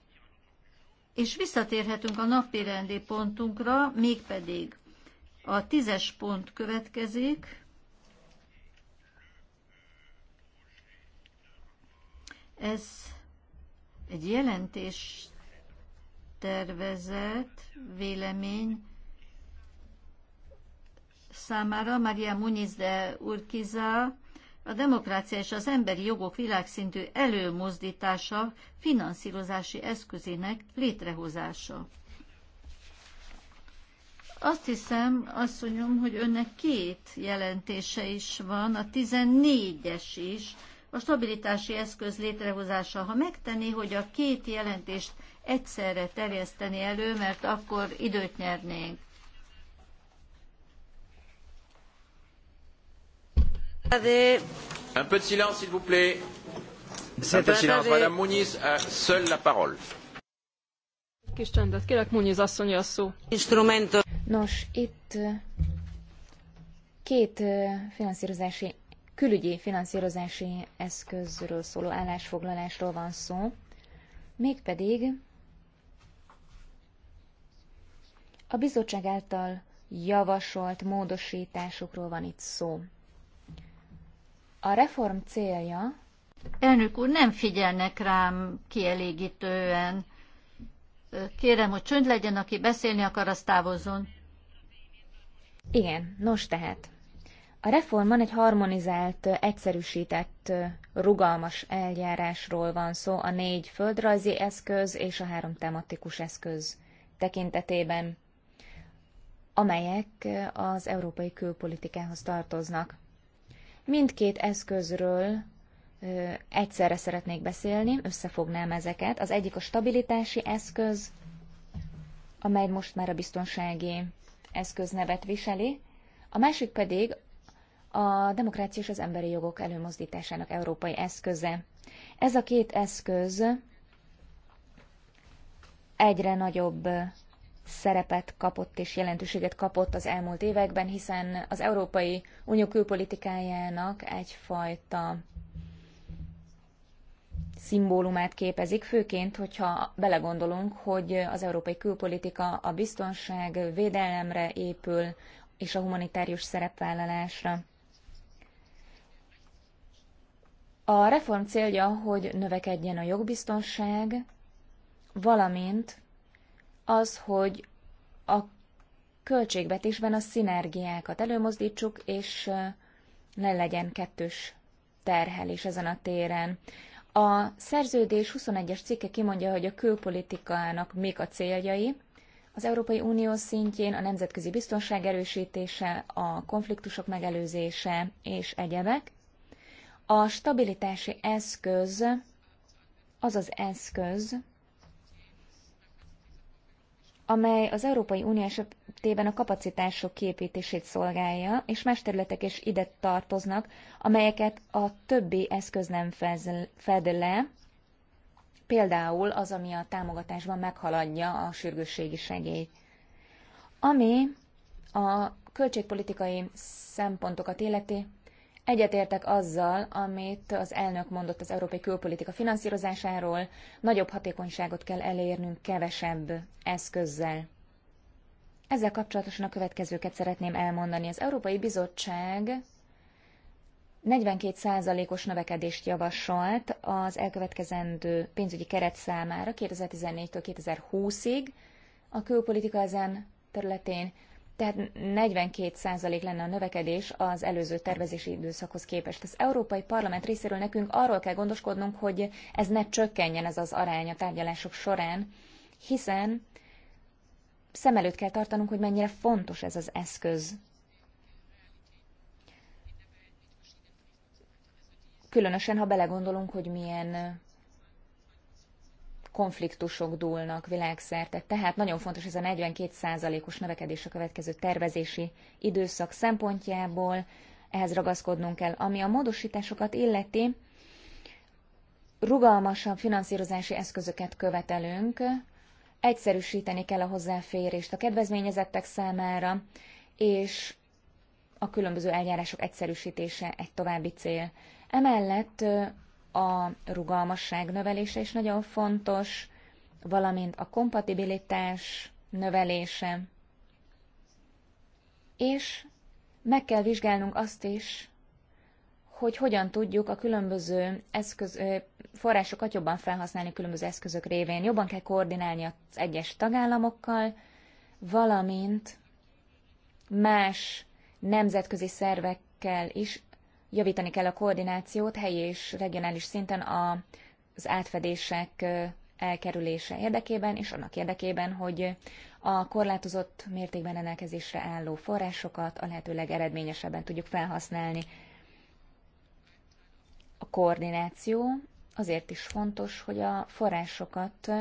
és visszatérhetünk a napi rendi pontunkra, mégpedig a tízes pont következik. Ez egy jelentés tervezett vélemény számára, Maria Muniz de Urquiza, a demokrácia és az emberi jogok világszintű előmozdítása finanszírozási eszközének létrehozása. Azt hiszem, asszonyom, hogy önnek két jelentése is van, a 14-es is, a stabilitási eszköz létrehozása. Ha megtenné, hogy a két jelentést egyszerre terjeszteni elő, mert akkor időt nyernénk. Un peu de silence, s'il vous plaît. Un peu de silence. Madame Muniz a seule la parole. a szó. Instrumento. Nos, itt két finanszírozási, külügyi finanszírozási eszközről szóló állásfoglalásról van szó, mégpedig a bizottság által javasolt módosításokról van itt szó. A reform célja... Elnök úr, nem figyelnek rám kielégítően. Kérem, hogy csönd legyen, aki beszélni akar, az távozzon. Igen, nos tehát. A reformban egy harmonizált, egyszerűsített, rugalmas eljárásról van szó a négy földrajzi eszköz és a három tematikus eszköz tekintetében, amelyek az európai külpolitikához tartoznak. Mindkét eszközről egyszerre szeretnék beszélni, összefognám ezeket. Az egyik a stabilitási eszköz, amely most már a biztonsági eszköznevet viseli, a másik pedig a demokrácia és az emberi jogok előmozdításának európai eszköze. Ez a két eszköz egyre nagyobb szerepet kapott és jelentőséget kapott az elmúlt években, hiszen az Európai Unió külpolitikájának egyfajta szimbólumát képezik, főként, hogyha belegondolunk, hogy az európai külpolitika a biztonság védelemre épül, és a humanitárius szerepvállalásra. A reform célja, hogy növekedjen a jogbiztonság, valamint az, hogy a költségvetésben a szinergiákat előmozdítsuk, és ne legyen kettős terhelés ezen a téren. A szerződés 21-es cikke kimondja, hogy a külpolitikának mik a céljai. Az Európai Unió szintjén a nemzetközi biztonság erősítése, a konfliktusok megelőzése és egyebek. A stabilitási eszköz az az eszköz, amely az Európai Unió esetében a kapacitások kiépítését szolgálja, és más területek is ide tartoznak, amelyeket a többi eszköz nem fed le, például az, ami a támogatásban meghaladja a sürgősségi segély. Ami a költségpolitikai szempontokat illeti, Egyetértek azzal, amit az elnök mondott az európai külpolitika finanszírozásáról, nagyobb hatékonyságot kell elérnünk kevesebb eszközzel. Ezzel kapcsolatosan a következőket szeretném elmondani. Az Európai Bizottság 42%-os növekedést javasolt az elkövetkezendő pénzügyi keret számára 2014-től 2020-ig a külpolitika ezen területén tehát 42% lenne a növekedés az előző tervezési időszakhoz képest. Az Európai Parlament részéről nekünk arról kell gondoskodnunk, hogy ez ne csökkenjen ez az arány a tárgyalások során, hiszen szem előtt kell tartanunk, hogy mennyire fontos ez az eszköz. Különösen, ha belegondolunk, hogy milyen konfliktusok dúlnak világszerte. Tehát nagyon fontos ez a 42%-os növekedés a következő tervezési időszak szempontjából, ehhez ragaszkodnunk kell. Ami a módosításokat illeti, rugalmasabb finanszírozási eszközöket követelünk, egyszerűsíteni kell a hozzáférést a kedvezményezettek számára, és a különböző eljárások egyszerűsítése egy további cél. Emellett a rugalmasság növelése is nagyon fontos, valamint a kompatibilitás növelése. És meg kell vizsgálnunk azt is, hogy hogyan tudjuk a különböző eszköz, forrásokat jobban felhasználni a különböző eszközök révén. Jobban kell koordinálni az egyes tagállamokkal, valamint más nemzetközi szervekkel is Javítani kell a koordinációt helyi és regionális szinten az átfedések elkerülése érdekében, és annak érdekében, hogy a korlátozott mértékben rendelkezésre álló forrásokat a lehető legeredményesebben tudjuk felhasználni. A koordináció azért is fontos, hogy a forrásokat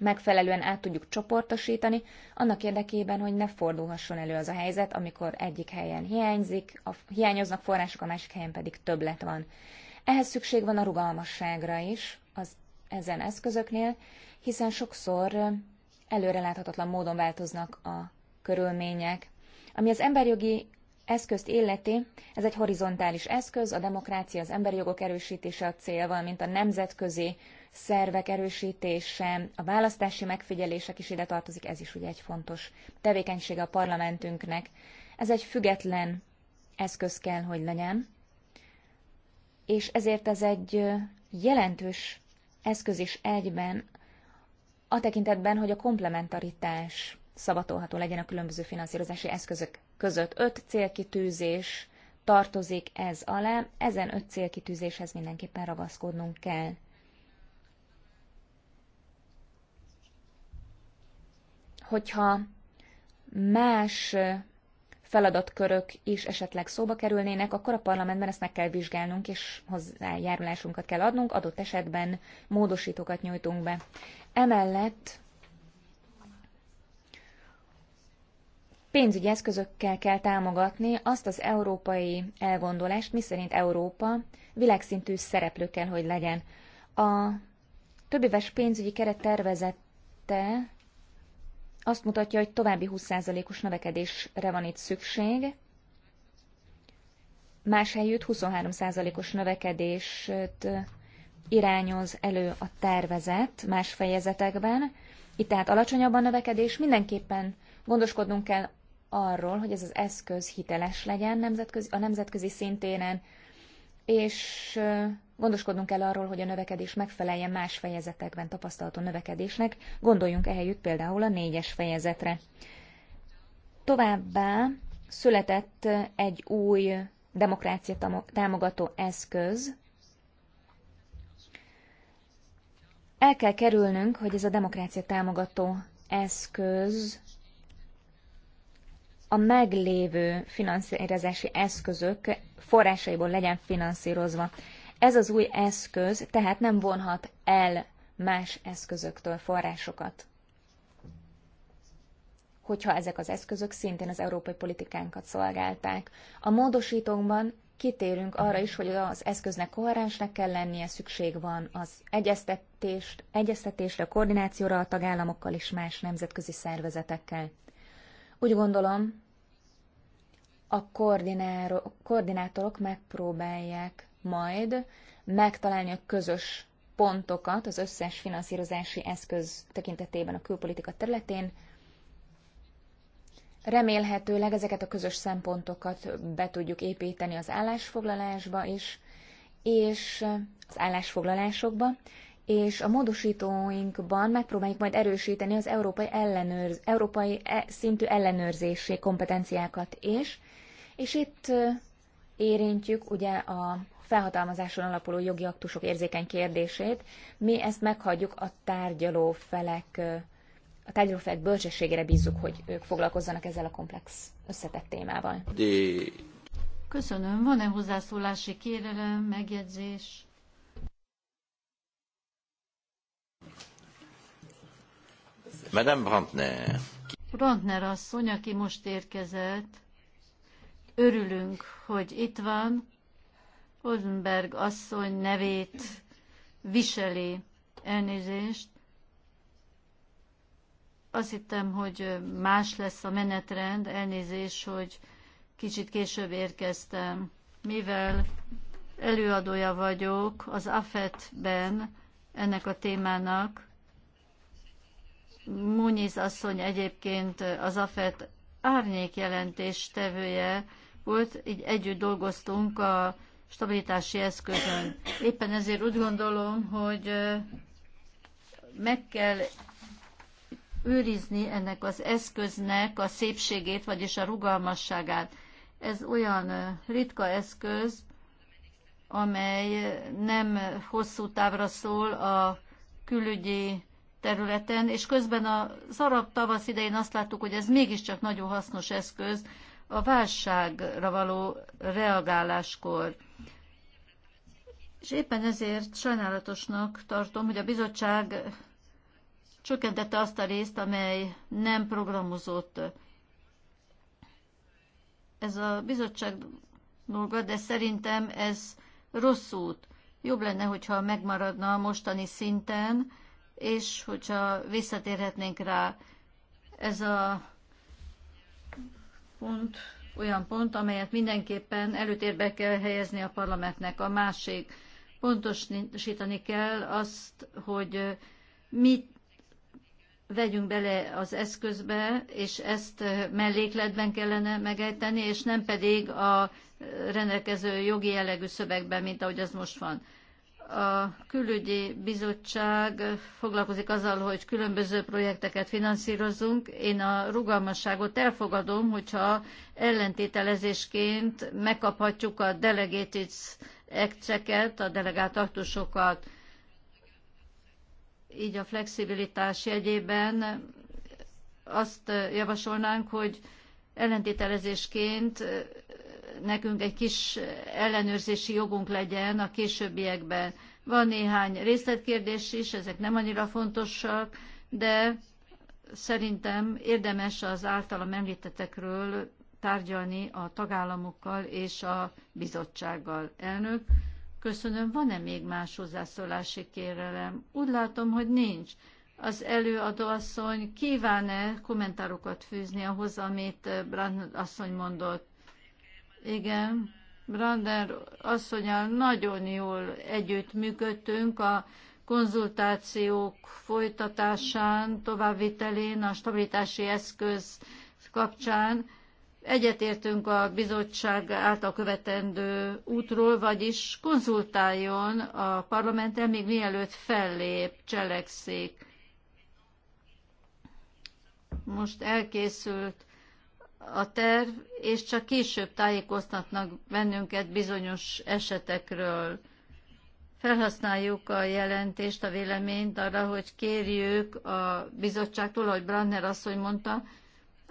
megfelelően át tudjuk csoportosítani, annak érdekében, hogy ne fordulhasson elő az a helyzet, amikor egyik helyen hiányzik, a, hiányoznak források, a másik helyen pedig többlet van. Ehhez szükség van a rugalmasságra is az ezen eszközöknél, hiszen sokszor előreláthatatlan módon változnak a körülmények. Ami az emberjogi eszközt illeti, ez egy horizontális eszköz, a demokrácia, az emberi jogok erősítése a cél, valamint a nemzetközi szervek erősítése, a választási megfigyelések is ide tartozik, ez is ugye egy fontos tevékenysége a parlamentünknek. Ez egy független eszköz kell, hogy legyen, és ezért ez egy jelentős eszköz is egyben, a tekintetben, hogy a komplementaritás szabatolható legyen a különböző finanszírozási eszközök között. Öt célkitűzés tartozik ez alá, ezen öt célkitűzéshez mindenképpen ragaszkodnunk kell. hogyha más feladatkörök is esetleg szóba kerülnének, akkor a parlamentben ezt meg kell vizsgálnunk, és hozzájárulásunkat kell adnunk, adott esetben módosítókat nyújtunk be. Emellett pénzügyi eszközökkel kell támogatni azt az európai elgondolást, miszerint Európa világszintű szereplő kell, hogy legyen. A többéves pénzügyi keret tervezette azt mutatja, hogy további 20%-os növekedésre van itt szükség, más helyütt 23%-os növekedést irányoz elő a tervezet más fejezetekben. Itt tehát alacsonyabb a növekedés, mindenképpen gondoskodnunk kell arról, hogy ez az eszköz hiteles legyen nemzetközi, a nemzetközi szintéren, és gondoskodnunk kell arról, hogy a növekedés megfeleljen más fejezetekben tapasztalható növekedésnek, gondoljunk ehelyütt például a négyes fejezetre. Továbbá született egy új demokrácia támogató eszköz. El kell kerülnünk, hogy ez a demokrácia támogató eszköz a meglévő finanszírozási eszközök forrásaiból legyen finanszírozva. Ez az új eszköz tehát nem vonhat el más eszközöktől forrásokat. Hogyha ezek az eszközök szintén az európai politikánkat szolgálták. A módosítókban kitérünk arra is, hogy az eszköznek koherensnek kell lennie, szükség van az egyeztetést, egyeztetésre, a koordinációra a tagállamokkal és más nemzetközi szervezetekkel. Úgy gondolom, a koordinátorok megpróbálják majd megtalálni a közös pontokat az összes finanszírozási eszköz tekintetében a külpolitika területén. Remélhetőleg ezeket a közös szempontokat be tudjuk építeni az állásfoglalásba is, és az állásfoglalásokba, és a módosítóinkban megpróbáljuk majd erősíteni az európai, ellenőrz, európai e, szintű ellenőrzési kompetenciákat is, és itt érintjük ugye a felhatalmazáson alapuló jogi aktusok érzékeny kérdését. Mi ezt meghagyjuk a tárgyaló felek, a tárgyaló felek bölcsességére bízzuk, hogy ők foglalkozzanak ezzel a komplex összetett témával. Köszönöm. Van-e hozzászólási kérelem, megjegyzés? Madame Brantner. Brantner asszony, aki most érkezett, örülünk, hogy itt van. Oldenberg asszony nevét viseli elnézést. Azt hittem, hogy más lesz a menetrend, elnézés, hogy kicsit később érkeztem. Mivel előadója vagyok az AFET-ben ennek a témának, Muniz asszony egyébként az AFET árnyék jelentés tevője volt, így együtt dolgoztunk a stabilitási eszközön. Éppen ezért úgy gondolom, hogy meg kell őrizni ennek az eszköznek a szépségét, vagyis a rugalmasságát. Ez olyan ritka eszköz, amely nem hosszú távra szól a külügyi területen, és közben az arab tavasz idején azt láttuk, hogy ez mégiscsak nagyon hasznos eszköz a válságra való reagáláskor. És éppen ezért sajnálatosnak tartom, hogy a bizottság csökkentette azt a részt, amely nem programozott. Ez a bizottság dolga, de szerintem ez rossz út. Jobb lenne, hogyha megmaradna a mostani szinten, és hogyha visszatérhetnénk rá, ez a pont olyan pont, amelyet mindenképpen előtérbe kell helyezni a parlamentnek. A másik pontosítani kell azt, hogy mit vegyünk bele az eszközbe, és ezt mellékletben kellene megejteni, és nem pedig a rendelkező jogi jellegű szövegben, mint ahogy az most van a külügyi bizottság foglalkozik azzal, hogy különböző projekteket finanszírozunk. Én a rugalmasságot elfogadom, hogyha ellentételezésként megkaphatjuk a delegated act a delegált aktusokat. Így a flexibilitás jegyében azt javasolnánk, hogy ellentételezésként nekünk egy kis ellenőrzési jogunk legyen a későbbiekben. Van néhány részletkérdés is, ezek nem annyira fontosak, de szerintem érdemes az általam említetekről tárgyalni a tagállamokkal és a bizottsággal. Elnök, köszönöm. Van-e még más hozzászólási kérelem? Úgy látom, hogy nincs. Az előadóasszony kíván-e kommentárokat fűzni ahhoz, amit Brand asszony mondott? Igen, Brander asszonyal nagyon jól együtt működtünk a konzultációk folytatásán, továbbvitelén, a stabilitási eszköz kapcsán. Egyetértünk a bizottság által követendő útról, vagyis konzultáljon a parlamenten, még mielőtt fellép, cselekszik. Most elkészült a terv, és csak később tájékoztatnak bennünket bizonyos esetekről. Felhasználjuk a jelentést, a véleményt arra, hogy kérjük a bizottságtól, ahogy Branner asszony mondta,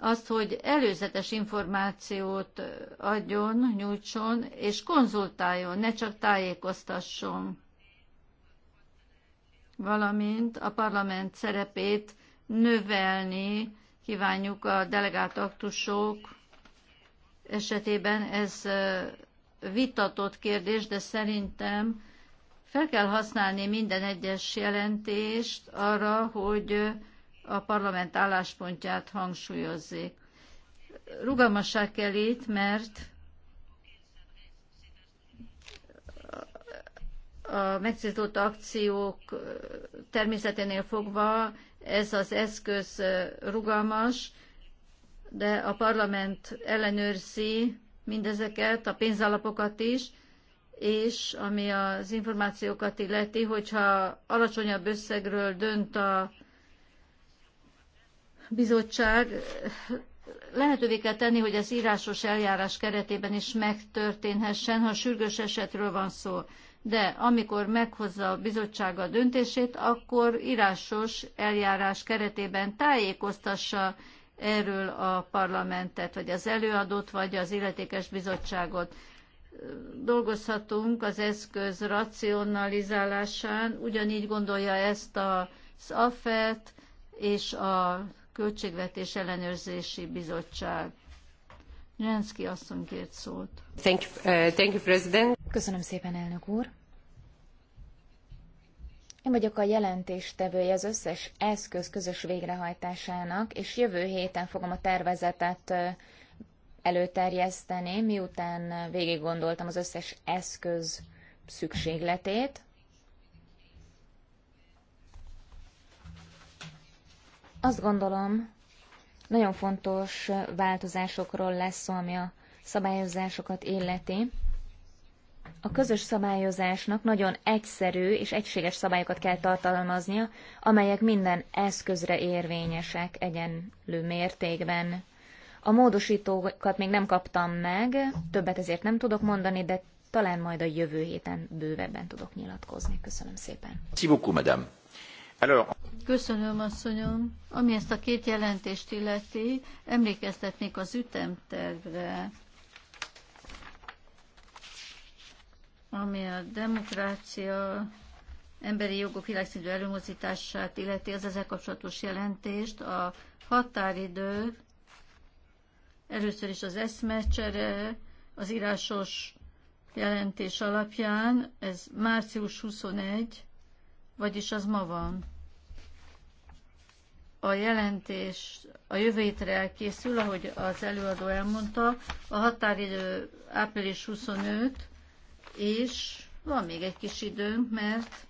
azt, hogy előzetes információt adjon, nyújtson, és konzultáljon, ne csak tájékoztasson. Valamint a parlament szerepét növelni kívánjuk a delegált aktusok esetében. Ez vitatott kérdés, de szerintem fel kell használni minden egyes jelentést arra, hogy a parlament álláspontját hangsúlyozzék. Rugalmasság kell itt, mert a megcélzott akciók természeténél fogva ez az eszköz rugalmas, de a parlament ellenőrzi mindezeket, a pénzalapokat is, és ami az információkat illeti, hogyha alacsonyabb összegről dönt a bizottság, lehetővé kell tenni, hogy az írásos eljárás keretében is megtörténhessen, ha sürgős esetről van szó de amikor meghozza a bizottság a döntését, akkor írásos eljárás keretében tájékoztassa erről a parlamentet, vagy az előadót, vagy az illetékes bizottságot. Dolgozhatunk az eszköz racionalizálásán, ugyanígy gondolja ezt a AFET és a Költségvetés Ellenőrzési Bizottság. Jenszki asszony kért szót. Thank you, uh, thank you, President. Köszönöm szépen, elnök úr. Én vagyok a jelentéstevője az összes eszköz közös végrehajtásának, és jövő héten fogom a tervezetet előterjeszteni, miután végig gondoltam az összes eszköz szükségletét. Azt gondolom, nagyon fontos változásokról lesz szó, ami a szabályozásokat illeti a közös szabályozásnak nagyon egyszerű és egységes szabályokat kell tartalmaznia, amelyek minden eszközre érvényesek egyenlő mértékben. A módosítókat még nem kaptam meg, többet ezért nem tudok mondani, de talán majd a jövő héten bővebben tudok nyilatkozni. Köszönöm szépen. Köszönöm, asszonyom. Ami ezt a két jelentést illeti, emlékeztetnék az ütemtervre. ami a demokrácia emberi jogok világszintű előmozítását illeti az ezzel kapcsolatos jelentést. A határidő először is az eszmecsere, az írásos jelentés alapján, ez március 21, vagyis az ma van. A jelentés a jövő hétre elkészül, ahogy az előadó elmondta. A határidő április 25, és van még egy kis időnk, mert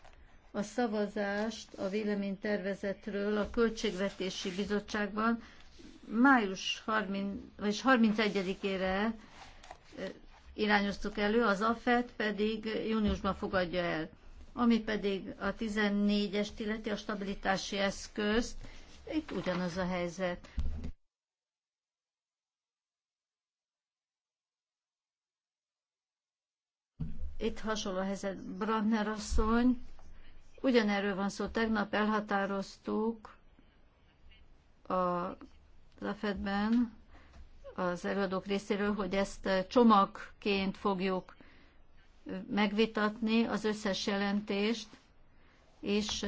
a szavazást a véleménytervezetről a Költségvetési Bizottságban május 30, vagy 31-ére irányoztuk elő, az AFET pedig júniusban fogadja el. Ami pedig a 14-est illeti a stabilitási eszközt, itt ugyanaz a helyzet. Itt hasonló a helyzet Brandner asszony. Ugyanerről van szó. Tegnap elhatároztuk a zafedben. az előadók részéről, hogy ezt csomagként fogjuk megvitatni az összes jelentést, és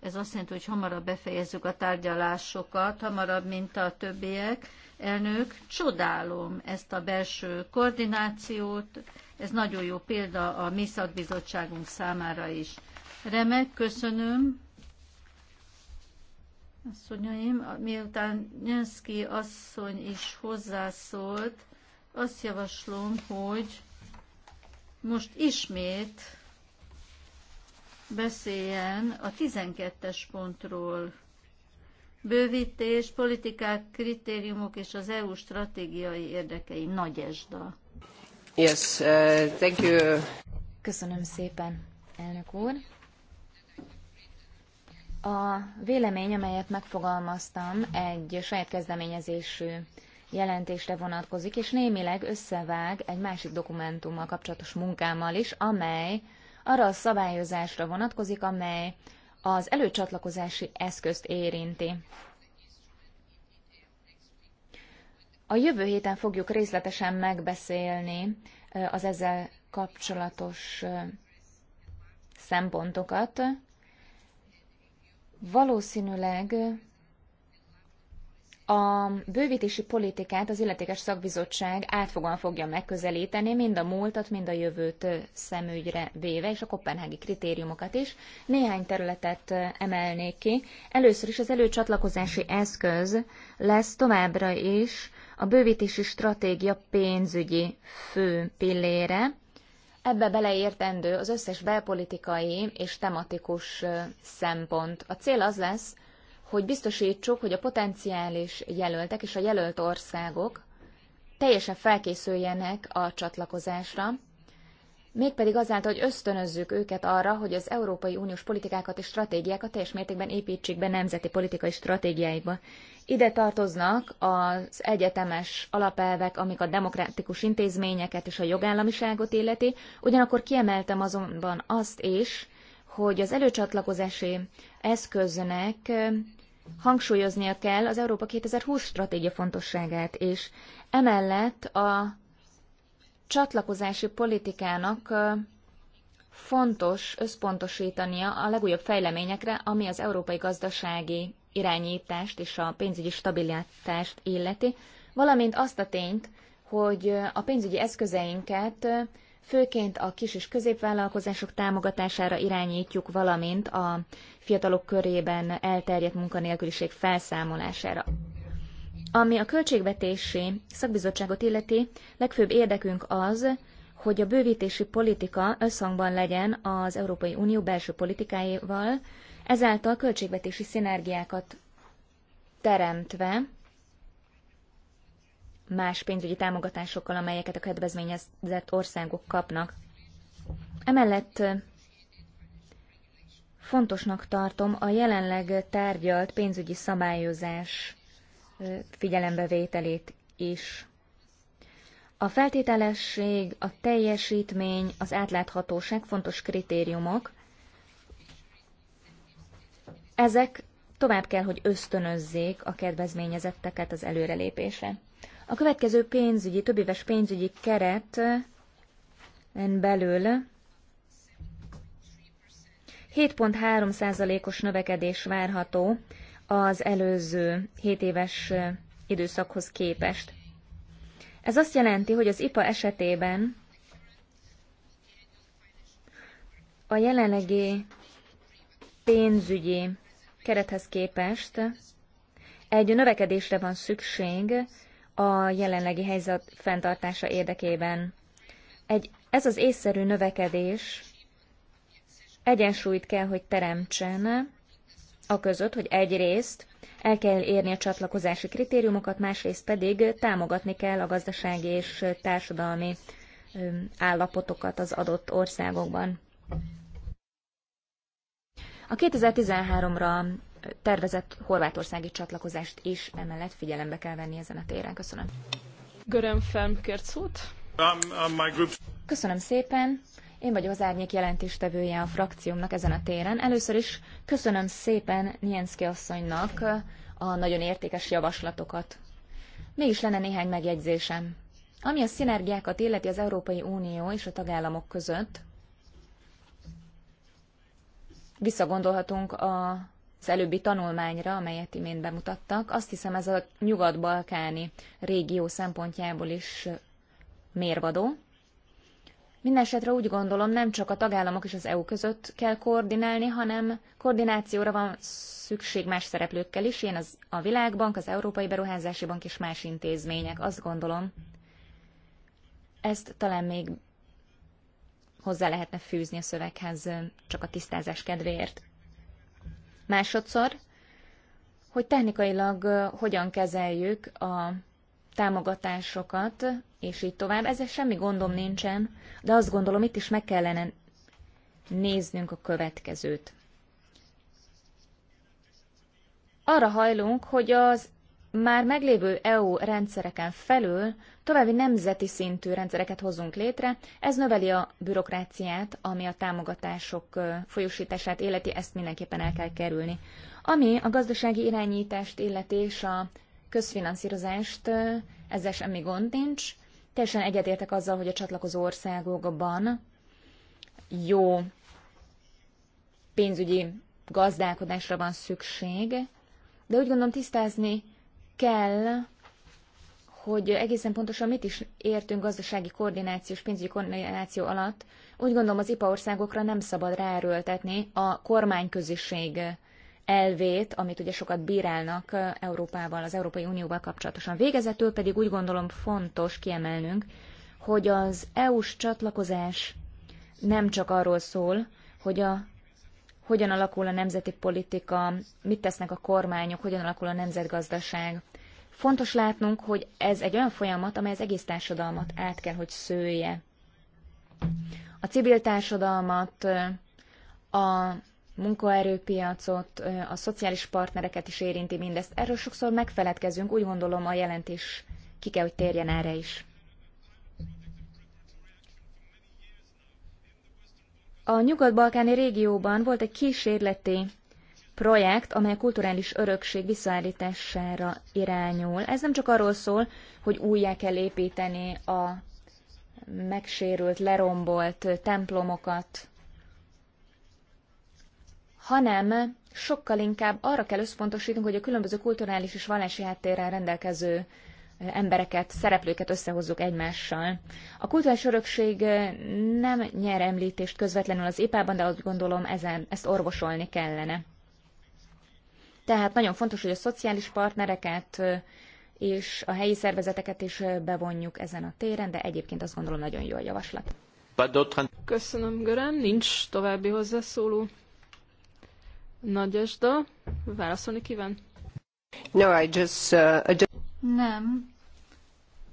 ez azt jelenti, hogy hamarabb befejezzük a tárgyalásokat, hamarabb, mint a többiek. Elnök, csodálom ezt a belső koordinációt, ez nagyon jó példa a mi szakbizottságunk számára is. Remek, köszönöm. Asszonyaim, miután Nyenszki asszony is hozzászólt, azt javaslom, hogy most ismét beszéljen a 12-es pontról. Bővítés, politikák, kritériumok és az EU stratégiai érdekei. Nagy esda. Yes, uh, thank you. Köszönöm szépen, elnök úr. A vélemény, amelyet megfogalmaztam, egy saját kezdeményezésű jelentésre vonatkozik, és némileg összevág egy másik dokumentummal kapcsolatos munkámmal is, amely arra a szabályozásra vonatkozik, amely az előcsatlakozási eszközt érinti. A jövő héten fogjuk részletesen megbeszélni az ezzel kapcsolatos szempontokat. Valószínűleg a bővítési politikát az illetékes szakbizottság átfogóan fogja megközelíteni, mind a múltat, mind a jövőt szemügyre véve, és a kopenhági kritériumokat is. Néhány területet emelnék ki. Először is az előcsatlakozási eszköz lesz továbbra is a bővítési stratégia pénzügyi fő pillére, Ebbe beleértendő az összes belpolitikai és tematikus szempont. A cél az lesz, hogy biztosítsuk, hogy a potenciális jelöltek és a jelölt országok teljesen felkészüljenek a csatlakozásra, mégpedig azáltal, hogy ösztönözzük őket arra, hogy az Európai Uniós politikákat és stratégiákat teljes mértékben építsék be nemzeti politikai stratégiáikba. Ide tartoznak az egyetemes alapelvek, amik a demokratikus intézményeket és a jogállamiságot illeti, ugyanakkor kiemeltem azonban azt is, hogy az előcsatlakozási eszköznek hangsúlyoznia kell az Európa 2020 stratégia fontosságát és Emellett a csatlakozási politikának fontos összpontosítania a legújabb fejleményekre, ami az európai gazdasági irányítást és a pénzügyi stabilitást illeti, valamint azt a tényt, hogy a pénzügyi eszközeinket főként a kis és középvállalkozások támogatására irányítjuk, valamint a fiatalok körében elterjedt munkanélküliség felszámolására. Ami a költségvetési szakbizottságot illeti, legfőbb érdekünk az, hogy a bővítési politika összhangban legyen az Európai Unió belső politikáival, ezáltal költségvetési szinergiákat teremtve más pénzügyi támogatásokkal, amelyeket a kedvezményezett országok kapnak. Emellett fontosnak tartom a jelenleg tárgyalt pénzügyi szabályozás figyelembevételét is. A feltételesség, a teljesítmény, az átláthatóság fontos kritériumok, ezek tovább kell, hogy ösztönözzék a kedvezményezetteket az előrelépésre. A következő pénzügyi, többéves pénzügyi keret belül 7.3%-os növekedés várható az előző 7 éves időszakhoz képest. Ez azt jelenti, hogy az IPA esetében a jelenlegi pénzügyi kerethez képest egy növekedésre van szükség a jelenlegi helyzet fenntartása érdekében. Egy, ez az észszerű növekedés egyensúlyt kell, hogy teremtsen a között, hogy egyrészt el kell érni a csatlakozási kritériumokat, másrészt pedig támogatni kell a gazdasági és társadalmi állapotokat az adott országokban. A 2013-ra tervezett horvátországi csatlakozást is emellett figyelembe kell venni ezen a téren. Köszönöm. Görön Fem kért szót. Um, um, köszönöm szépen. Én vagyok az árnyék jelentéstevője a frakciómnak ezen a téren. Először is köszönöm szépen Nienszki asszonynak a nagyon értékes javaslatokat. Mégis lenne néhány megjegyzésem. Ami a szinergiákat illeti az Európai Unió és a tagállamok között, visszagondolhatunk a az előbbi tanulmányra, amelyet imént bemutattak, azt hiszem ez a nyugat-balkáni régió szempontjából is mérvadó. Mindenesetre úgy gondolom, nem csak a tagállamok és az EU között kell koordinálni, hanem koordinációra van szükség más szereplőkkel is. Én az, a Világbank, az Európai Beruházási Bank és más intézmények. Azt gondolom, ezt talán még hozzá lehetne fűzni a szöveghez csak a tisztázás kedvéért. Másodszor, hogy technikailag hogyan kezeljük a támogatásokat, és így tovább. Ezzel semmi gondom nincsen, de azt gondolom, itt is meg kellene néznünk a következőt. Arra hajlunk, hogy az már meglévő EU rendszereken felül további nemzeti szintű rendszereket hozunk létre, ez növeli a bürokráciát, ami a támogatások folyósítását életi, ezt mindenképpen el kell kerülni. Ami a gazdasági irányítást illeti és a közfinanszírozást, ezzel semmi gond nincs. Teljesen egyetértek azzal, hogy a csatlakozó országokban jó pénzügyi gazdálkodásra van szükség, de úgy gondolom tisztázni kell, hogy egészen pontosan mit is értünk gazdasági koordinációs, pénzügyi koordináció alatt. Úgy gondolom az IPA országokra nem szabad ráerőltetni a kormányköziség elvét, amit ugye sokat bírálnak Európával, az Európai Unióval kapcsolatosan. Végezetül pedig úgy gondolom fontos kiemelnünk, hogy az EU-s csatlakozás nem csak arról szól, hogy a hogyan alakul a nemzeti politika, mit tesznek a kormányok, hogyan alakul a nemzetgazdaság. Fontos látnunk, hogy ez egy olyan folyamat, amely az egész társadalmat át kell, hogy szője. A civil társadalmat, a munkaerőpiacot, a szociális partnereket is érinti mindezt. Erről sokszor megfeledkezünk, úgy gondolom a jelentés ki kell, hogy térjen erre is. A nyugat-balkáni régióban volt egy kísérleti projekt, amely a kulturális örökség visszaállítására irányul. Ez nem csak arról szól, hogy újjá kell építeni a megsérült, lerombolt templomokat, hanem sokkal inkább arra kell összpontosítunk, hogy a különböző kulturális és vallási háttérrel rendelkező embereket, szereplőket összehozzuk egymással. A kulturális örökség nem nyer említést közvetlenül az épában de azt gondolom ezen, ezt orvosolni kellene. Tehát nagyon fontos, hogy a szociális partnereket és a helyi szervezeteket is bevonjuk ezen a téren, de egyébként azt gondolom nagyon jó a javaslat. Köszönöm, Görön. Nincs további hozzászóló. Nagy Esda, válaszolni kíván? No, I just, uh, I just... Nem.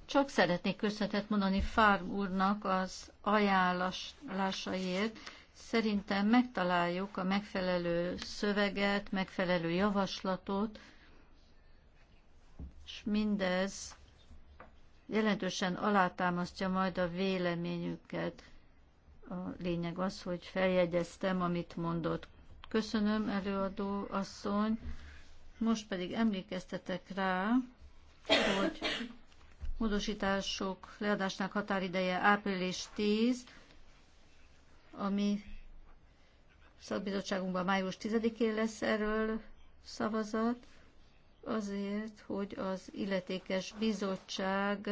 Csak szeretnék köszönetet mondani Fár úrnak az ajánlásaiért. Szerintem megtaláljuk a megfelelő szöveget, megfelelő javaslatot, és mindez jelentősen alátámasztja majd a véleményüket. A lényeg az, hogy feljegyeztem, amit mondott. Köszönöm, előadó asszony. Most pedig emlékeztetek rá, hogy módosítások leadásnak határideje április 10, ami szakbizottságunkban május 10-én lesz erről szavazat, azért, hogy az illetékes bizottság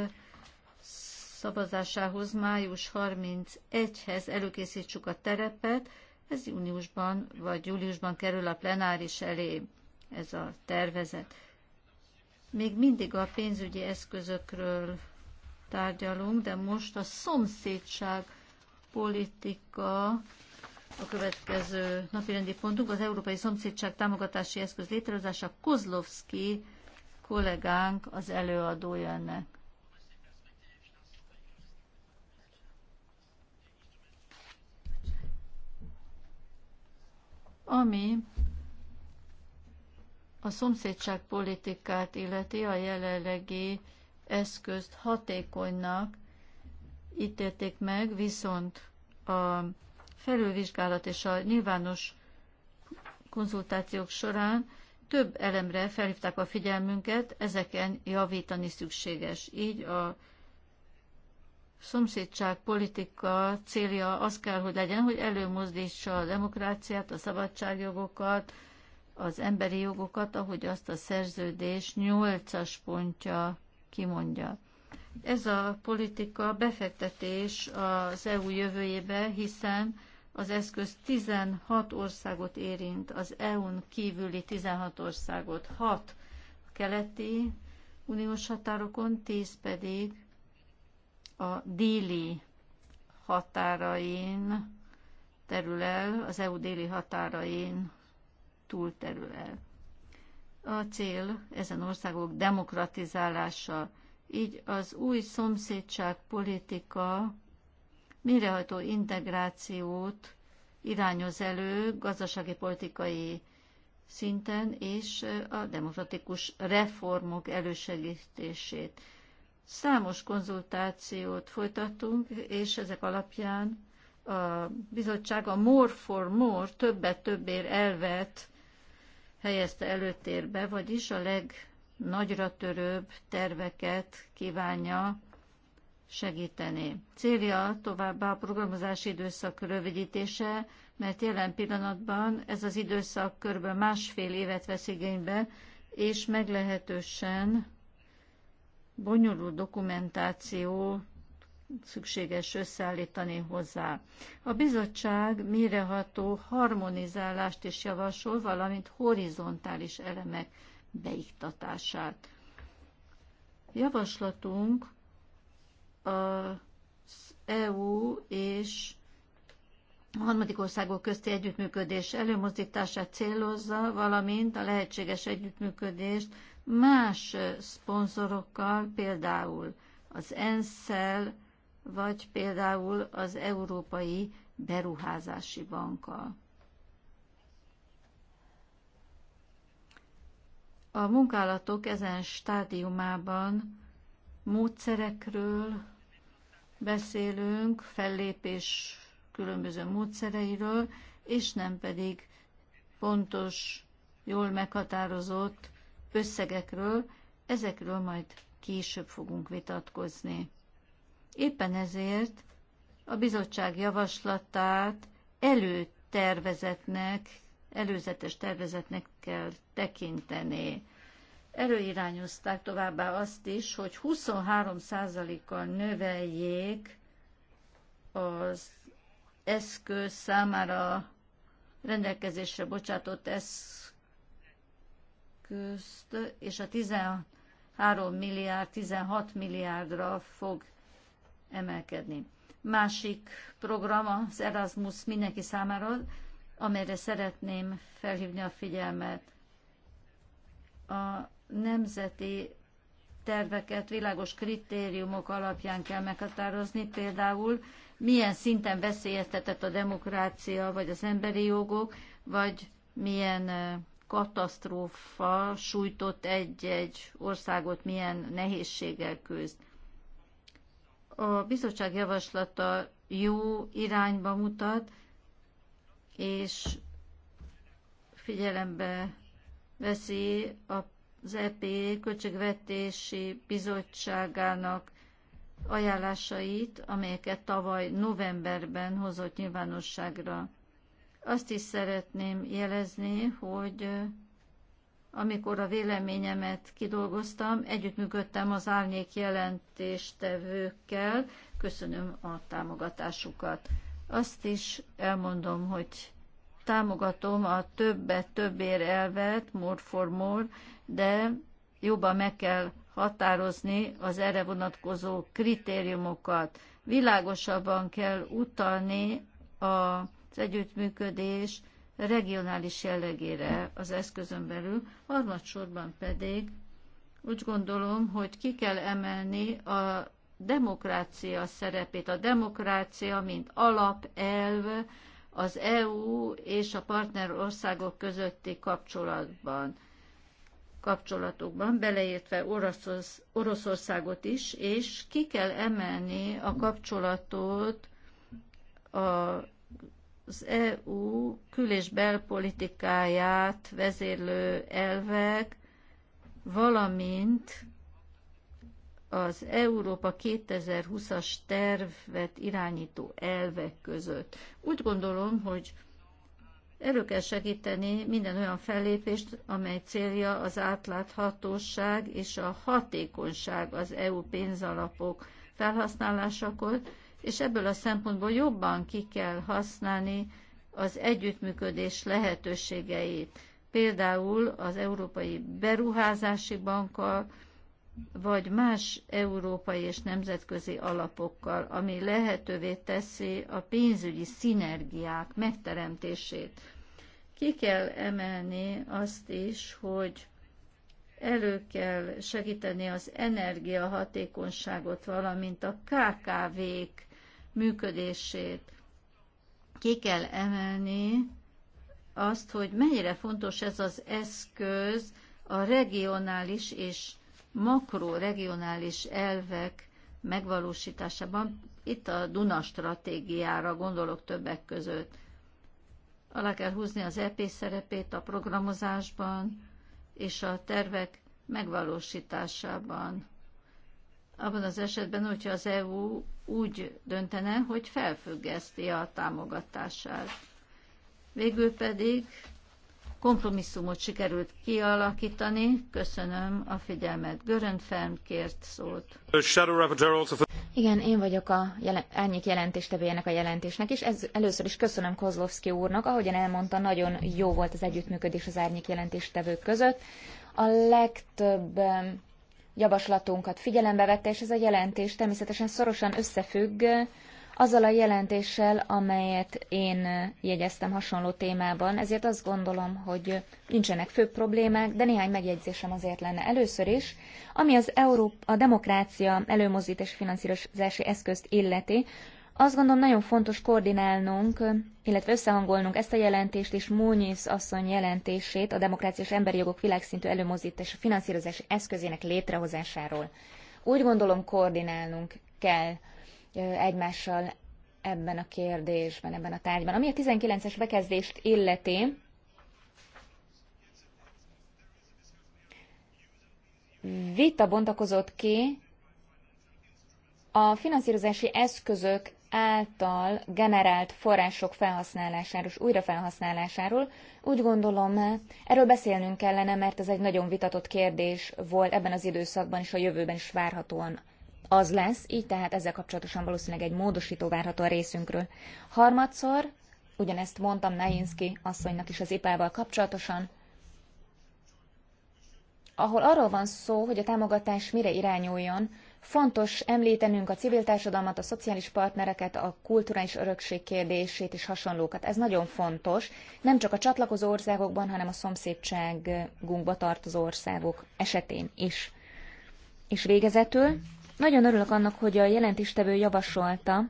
szavazásához május 31-hez előkészítsük a terepet, ez júniusban vagy júliusban kerül a plenáris elé ez a tervezet. Még mindig a pénzügyi eszközökről tárgyalunk, de most a szomszédság politika a következő napirendi pontunk, az Európai Szomszédság támogatási eszköz létrehozása. Kozlovski kollégánk az előadója ennek. Ami a szomszédság politikát illeti a jelenlegi eszközt hatékonynak ítélték meg, viszont a felülvizsgálat és a nyilvános konzultációk során több elemre felhívták a figyelmünket, ezeken javítani szükséges. Így a szomszédság politika célja az kell, hogy legyen, hogy előmozdítsa a demokráciát, a szabadságjogokat, az emberi jogokat, ahogy azt a szerződés nyolcas pontja kimondja. Ez a politika befektetés az EU jövőjébe, hiszen az eszköz 16 országot érint, az EU-n kívüli 16 országot, 6 a keleti uniós határokon, 10 pedig a déli határain terül el, az EU déli határain túlterül el. A cél ezen országok demokratizálása, így az új szomszédság politika mirehajtó integrációt irányoz elő gazdasági politikai szinten és a demokratikus reformok elősegítését. Számos konzultációt folytattunk, és ezek alapján a bizottság a more for more, többet többért elvet helyezte előtérbe, vagyis a legnagyra törőbb terveket kívánja segíteni. Célja továbbá a programozási időszak rövidítése, mert jelen pillanatban ez az időszak kb. másfél évet vesz igénybe, és meglehetősen bonyolult dokumentáció szükséges összeállítani hozzá. A bizottság méreható harmonizálást is javasol, valamint horizontális elemek beiktatását. Javaslatunk az EU és a harmadik országok közti együttműködés előmozdítását célozza, valamint a lehetséges együttműködést más szponzorokkal, például az ENSZ-szel, vagy például az Európai Beruházási Bankkal. A munkálatok ezen stádiumában módszerekről beszélünk, fellépés különböző módszereiről, és nem pedig pontos, jól meghatározott összegekről, ezekről majd később fogunk vitatkozni. Éppen ezért a bizottság javaslatát előtervezetnek, előzetes tervezetnek kell tekinteni. Előirányozták továbbá azt is, hogy 23%-kal növeljék az eszköz számára rendelkezésre bocsátott eszközt, és a 13 milliárd, 16 milliárdra fog emelkedni. Másik program az Erasmus mindenki számára, amelyre szeretném felhívni a figyelmet. A nemzeti terveket világos kritériumok alapján kell meghatározni, például milyen szinten veszélyeztetett a demokrácia, vagy az emberi jogok, vagy milyen katasztrófa sújtott egy-egy országot, milyen nehézséggel küzd. A bizottság javaslata jó irányba mutat, és figyelembe veszi az EP Költségvetési Bizottságának ajánlásait, amelyeket tavaly novemberben hozott nyilvánosságra. Azt is szeretném jelezni, hogy amikor a véleményemet kidolgoztam, együttműködtem az árnyék jelentéstevőkkel, köszönöm a támogatásukat. Azt is elmondom, hogy támogatom a többet többér elvet, more for more, de jobban meg kell határozni az erre vonatkozó kritériumokat. Világosabban kell utalni az együttműködés regionális jellegére az eszközön belül, harmadsorban pedig úgy gondolom, hogy ki kell emelni a demokrácia szerepét. A demokrácia, mint alapelv az EU és a partner országok közötti kapcsolatban, kapcsolatokban, beleértve Oroszorsz, Oroszországot is, és ki kell emelni a kapcsolatot a az EU kül- és belpolitikáját vezérlő elvek, valamint az Európa 2020-as tervet irányító elvek között. Úgy gondolom, hogy elő kell segíteni minden olyan fellépést, amely célja az átláthatóság és a hatékonyság az EU pénzalapok felhasználásakor, és ebből a szempontból jobban ki kell használni az együttműködés lehetőségeit. Például az Európai Beruházási Bankkal, vagy más európai és nemzetközi alapokkal, ami lehetővé teszi a pénzügyi szinergiák megteremtését. Ki kell emelni azt is, hogy elő kell segíteni az energiahatékonyságot, valamint a KKV-k működését. Ki kell emelni azt, hogy mennyire fontos ez az eszköz a regionális és makroregionális elvek megvalósításában. Itt a Duna stratégiára gondolok többek között. Alá kell húzni az EP szerepét a programozásban és a tervek megvalósításában abban az esetben, hogyha az EU úgy döntene, hogy felfüggeszti a támogatását. Végül pedig kompromisszumot sikerült kialakítani. Köszönöm a figyelmet. Görön Fern kért szót. Igen, én vagyok a elnyék jelentéstevőjének a jelentésnek, és ez, először is köszönöm Kozlovszki úrnak. Ahogyan elmondta, nagyon jó volt az együttműködés az árnyék jelentéstevők között. A legtöbb javaslatunkat figyelembe vette, és ez a jelentés természetesen szorosan összefügg azzal a jelentéssel, amelyet én jegyeztem hasonló témában, ezért azt gondolom, hogy nincsenek fő problémák, de néhány megjegyzésem azért lenne először is, ami az Európa, a demokrácia előmozdítás finanszírozási eszközt illeti. Azt gondolom nagyon fontos koordinálnunk, illetve összehangolnunk ezt a jelentést és Múnyisz asszony jelentését a demokrácia és emberi jogok világszintű előmozdítása finanszírozási eszközének létrehozásáról. Úgy gondolom koordinálnunk kell egymással ebben a kérdésben, ebben a tárgyban. Ami a 19-es bekezdést illeti, vita bontakozott ki a finanszírozási eszközök által generált források felhasználásáról és újrafelhasználásáról. Úgy gondolom, erről beszélnünk kellene, mert ez egy nagyon vitatott kérdés volt ebben az időszakban, és a jövőben is várhatóan az lesz, így tehát ezzel kapcsolatosan valószínűleg egy módosító várható a részünkről. Harmadszor, ugyanezt mondtam Nainski asszonynak is az ipával kapcsolatosan, ahol arról van szó, hogy a támogatás mire irányuljon, Fontos említenünk a civil társadalmat, a szociális partnereket, a kulturális örökség kérdését és hasonlókat. Ez nagyon fontos, nem csak a csatlakozó országokban, hanem a szomszédságunkba tartozó országok esetén is. És végezetül, nagyon örülök annak, hogy a jelentéstevő javasolta,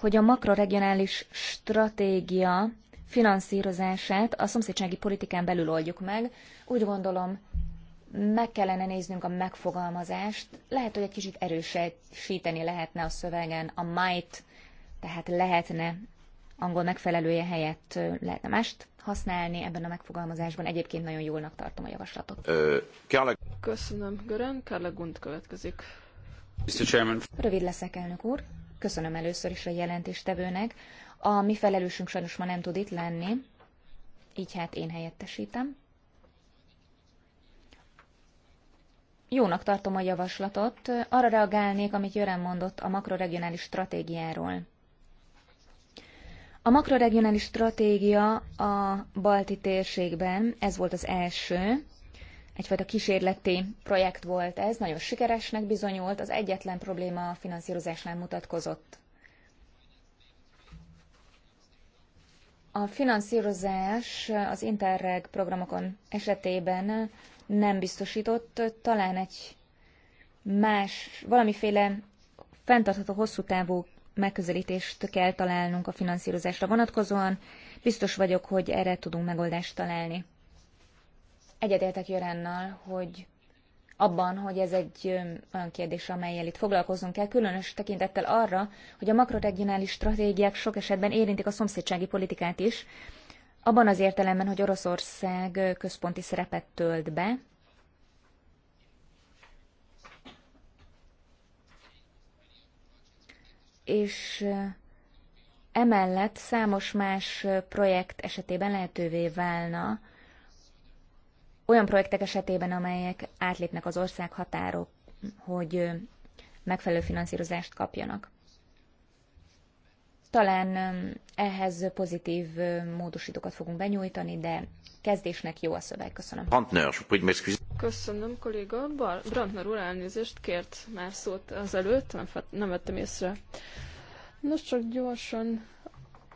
hogy a makroregionális stratégia finanszírozását a szomszédsági politikán belül oldjuk meg. Úgy gondolom, meg kellene néznünk a megfogalmazást, lehet, hogy egy kicsit erősíteni lehetne a szövegen a might, tehát lehetne angol megfelelője helyett lehetne mást használni ebben a megfogalmazásban. Egyébként nagyon jólnak tartom a javaslatot. Köszönöm, Görön. Karla Gund következik. Mr. Chairman. Rövid leszek, elnök úr. Köszönöm először is a jelentéstevőnek. A mi felelősünk sajnos ma nem tud itt lenni, így hát én helyettesítem. jónak tartom a javaslatot, arra reagálnék, amit Jörem mondott a makroregionális stratégiáról. A makroregionális stratégia a balti térségben, ez volt az első, egyfajta kísérleti projekt volt ez, nagyon sikeresnek bizonyult, az egyetlen probléma a finanszírozásnál mutatkozott. A finanszírozás az Interreg programokon esetében nem biztosított, talán egy más, valamiféle fenntartható hosszú távú megközelítést kell találnunk a finanszírozásra vonatkozóan. Biztos vagyok, hogy erre tudunk megoldást találni. Egyetértek Jörennal, hogy abban, hogy ez egy olyan kérdés, amelyel itt foglalkozunk kell, különös tekintettel arra, hogy a makroregionális stratégiák sok esetben érintik a szomszédsági politikát is, abban az értelemben, hogy Oroszország központi szerepet tölt be, és emellett számos más projekt esetében lehetővé válna, olyan projektek esetében, amelyek átlépnek az ország határok, hogy megfelelő finanszírozást kapjanak. Talán ehhez pozitív módosítókat fogunk benyújtani, de kezdésnek jó a szöveg. Köszönöm. Köszönöm, kolléga. Brandner úr elnézést kért már szót azelőtt, nem, nem vettem észre. Nos, csak gyorsan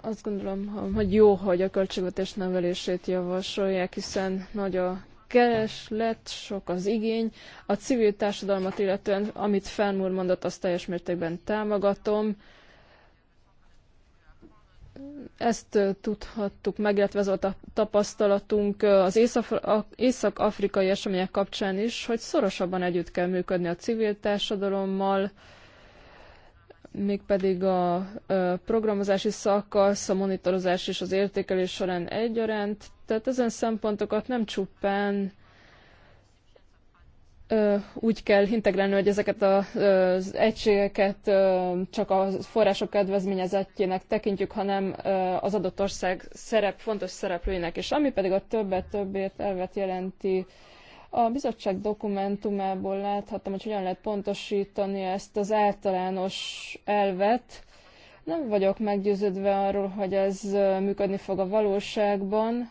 azt gondolom, hogy jó, hogy a költségvetés nevelését javasolják, hiszen nagy a kereslet, sok az igény. A civil társadalmat illetően, amit Fernmúr mondott, azt teljes mértékben támogatom ezt tudhattuk meg, illetve ez volt a tapasztalatunk az észak-afrikai események kapcsán is, hogy szorosabban együtt kell működni a civil társadalommal, mégpedig a programozási szakasz, a monitorozás és az értékelés során egyaránt. Tehát ezen szempontokat nem csupán úgy kell integrálni, hogy ezeket az egységeket csak a források kedvezményezettjének tekintjük, hanem az adott ország szerep, fontos szereplőinek. És ami pedig a többet többért elvet jelenti, a bizottság dokumentumából láthattam, hogy hogyan lehet pontosítani ezt az általános elvet. Nem vagyok meggyőződve arról, hogy ez működni fog a valóságban,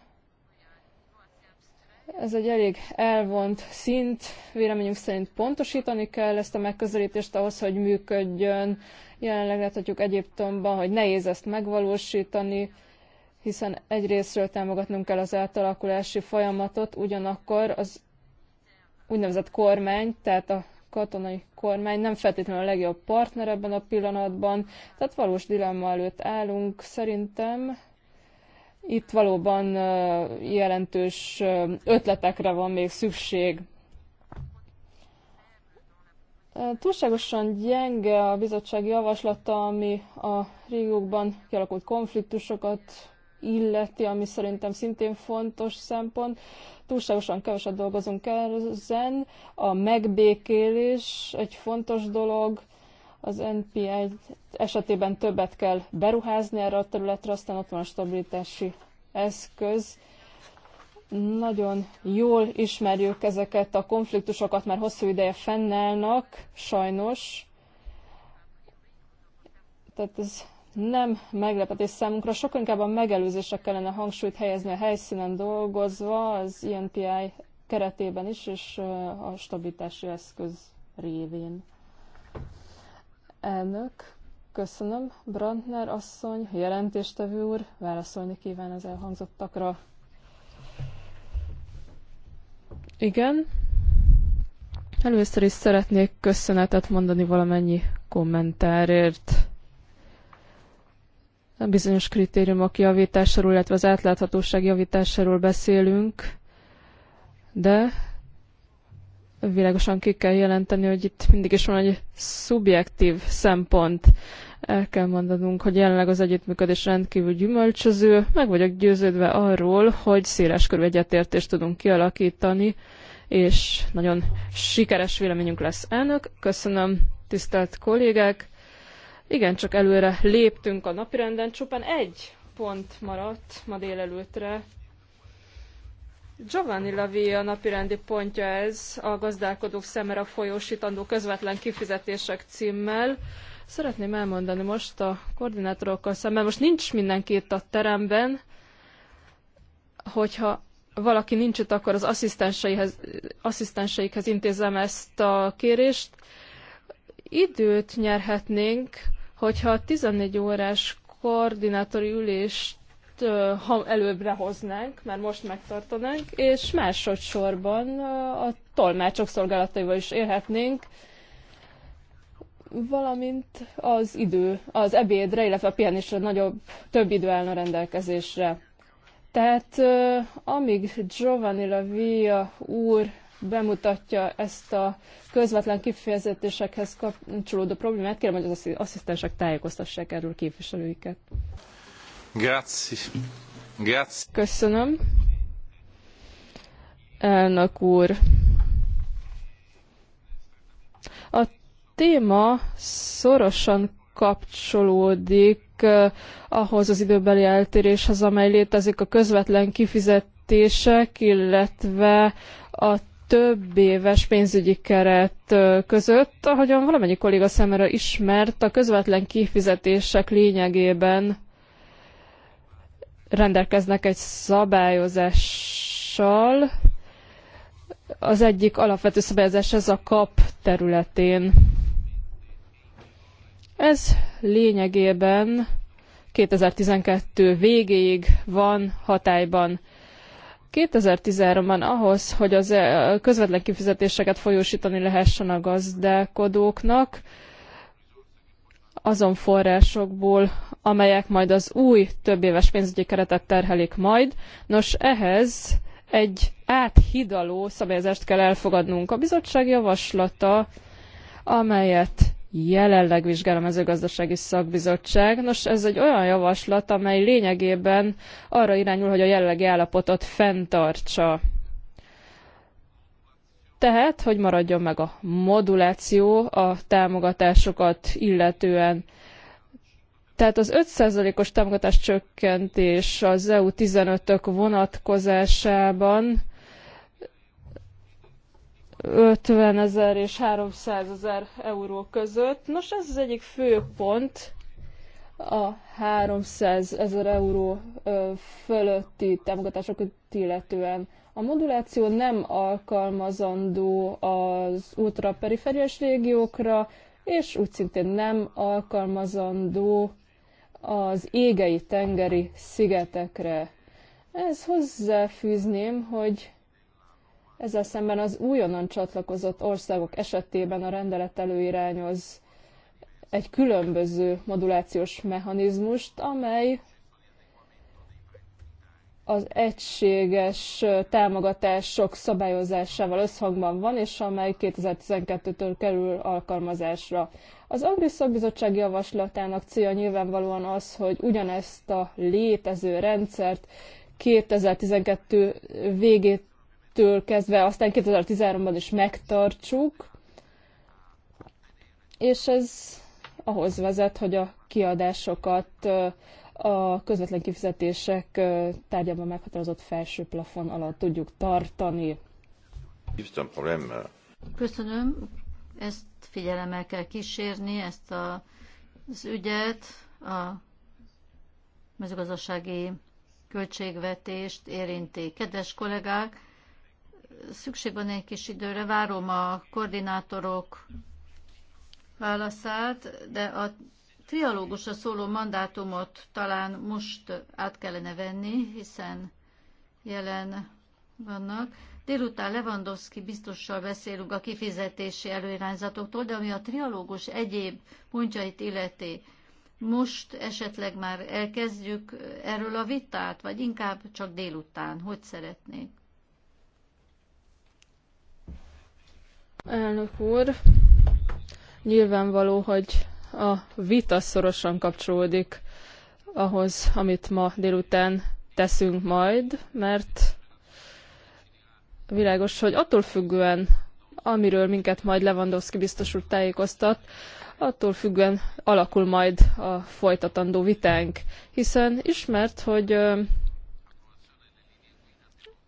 ez egy elég elvont szint, véleményünk szerint pontosítani kell ezt a megközelítést ahhoz, hogy működjön. Jelenleg láthatjuk Egyiptomban, hogy nehéz ezt megvalósítani, hiszen egyrésztről támogatnunk kell az átalakulási folyamatot, ugyanakkor az úgynevezett kormány, tehát a katonai kormány nem feltétlenül a legjobb partner ebben a pillanatban, tehát valós dilemma előtt állunk szerintem. Itt valóban jelentős ötletekre van még szükség. Túlságosan gyenge a bizottság javaslata, ami a régiókban kialakult konfliktusokat illeti, ami szerintem szintén fontos szempont. Túlságosan keveset dolgozunk ezen. A megbékélés egy fontos dolog, az NPI esetében többet kell beruházni erre a területre, aztán ott van a stabilitási eszköz. Nagyon jól ismerjük ezeket a konfliktusokat, már hosszú ideje fennállnak, sajnos. Tehát ez nem meglepetés számunkra, sokkal inkább a megelőzésre kellene hangsúlyt helyezni a helyszínen dolgozva, az INPI keretében is, és a stabilitási eszköz révén. Elnök, köszönöm. Brandner asszony, jelentéstevő úr, válaszolni kíván az elhangzottakra. Igen. Először is szeretnék köszönetet mondani valamennyi kommentárért. A bizonyos kritériumok javításáról, illetve az átláthatóság javításáról beszélünk, de világosan ki kell jelenteni, hogy itt mindig is van egy szubjektív szempont. El kell mondanunk, hogy jelenleg az együttműködés rendkívül gyümölcsöző. Meg vagyok győződve arról, hogy széles körű egyetértést tudunk kialakítani, és nagyon sikeres véleményünk lesz elnök. Köszönöm, tisztelt kollégák! Igen, csak előre léptünk a napirenden, csupán egy pont maradt ma délelőttre. Giovanni Lavi napirendi pontja ez a gazdálkodók szemére folyósítandó közvetlen kifizetések címmel. Szeretném elmondani most a koordinátorokkal szemben, most nincs mindenki itt a teremben, hogyha valaki nincs itt, akkor az asszisztenseihez, asszisztenseikhez intézem ezt a kérést. Időt nyerhetnénk, hogyha a 14 órás koordinátori ülést ha előbbre hoznánk, mert most megtartanánk, és másodszorban a tolmácsok szolgálataival is élhetnénk, valamint az idő, az ebédre, illetve a pihenésre nagyobb, több idő állna rendelkezésre. Tehát amíg Giovanni Lavia úr bemutatja ezt a közvetlen kifejezetésekhez kapcsolódó problémát, kérem, hogy az asszisztensek tájékoztassák erről képviselőiket. Köszönöm. Elnök úr. A téma szorosan kapcsolódik eh, ahhoz az időbeli eltéréshez, amely létezik a közvetlen kifizetések, illetve a több éves pénzügyi keret eh, között, ahogyan valamennyi kolléga számára ismert, a közvetlen kifizetések lényegében rendelkeznek egy szabályozással. Az egyik alapvető szabályozás ez a kap területén. Ez lényegében 2012 végéig van hatályban. 2013-ban ahhoz, hogy az eh, közvetlen kifizetéseket folyósítani lehessen a gazdálkodóknak, azon forrásokból, amelyek majd az új többéves pénzügyi keretet terhelik majd. Nos, ehhez egy áthidaló szabályozást kell elfogadnunk. A bizottság javaslata, amelyet jelenleg vizsgál a mezőgazdasági szakbizottság. Nos, ez egy olyan javaslat, amely lényegében arra irányul, hogy a jelenlegi állapotot fenntartsa tehet, hogy maradjon meg a moduláció a támogatásokat illetően. Tehát az 5%-os támogatás csökkentés az EU 15-ök vonatkozásában 50 ezer és 300 ezer euró között. Nos, ez az egyik fő pont, a 300 ezer euró fölötti támogatásokat illetően. A moduláció nem alkalmazandó az ultraperiferiás régiókra, és úgy szintén nem alkalmazandó az égei tengeri szigetekre. Ez hozzáfűzném, hogy ezzel szemben az újonnan csatlakozott országok esetében a rendelet előirányoz egy különböző modulációs mechanizmust, amely az egységes támogatások szabályozásával összhangban van, és amely 2012-től kerül alkalmazásra. Az Agri Bizottság javaslatának célja nyilvánvalóan az, hogy ugyanezt a létező rendszert 2012 végétől kezdve, aztán 2013-ban is megtartsuk, és ez ahhoz vezet, hogy a kiadásokat a közvetlen kifizetések tárgyában meghatározott felső plafon alatt tudjuk tartani. Köszönöm, ezt figyelemmel kell kísérni, ezt a, az ügyet, a mezőgazdasági költségvetést érinti. Kedves kollégák, szükség van egy kis időre, várom a koordinátorok válaszát, de a trialógusra szóló mandátumot talán most át kellene venni, hiszen jelen vannak. Délután Lewandowski biztossal beszélünk a kifizetési előirányzatoktól, de ami a trialógus egyéb pontjait illeti, most esetleg már elkezdjük erről a vitát, vagy inkább csak délután, hogy szeretnék? Elnök úr, Nyilvánvaló, hogy a vita szorosan kapcsolódik ahhoz, amit ma délután teszünk majd, mert világos, hogy attól függően, amiről minket majd Lewandowski biztos úr tájékoztat, attól függően alakul majd a folytatandó vitánk, hiszen ismert, hogy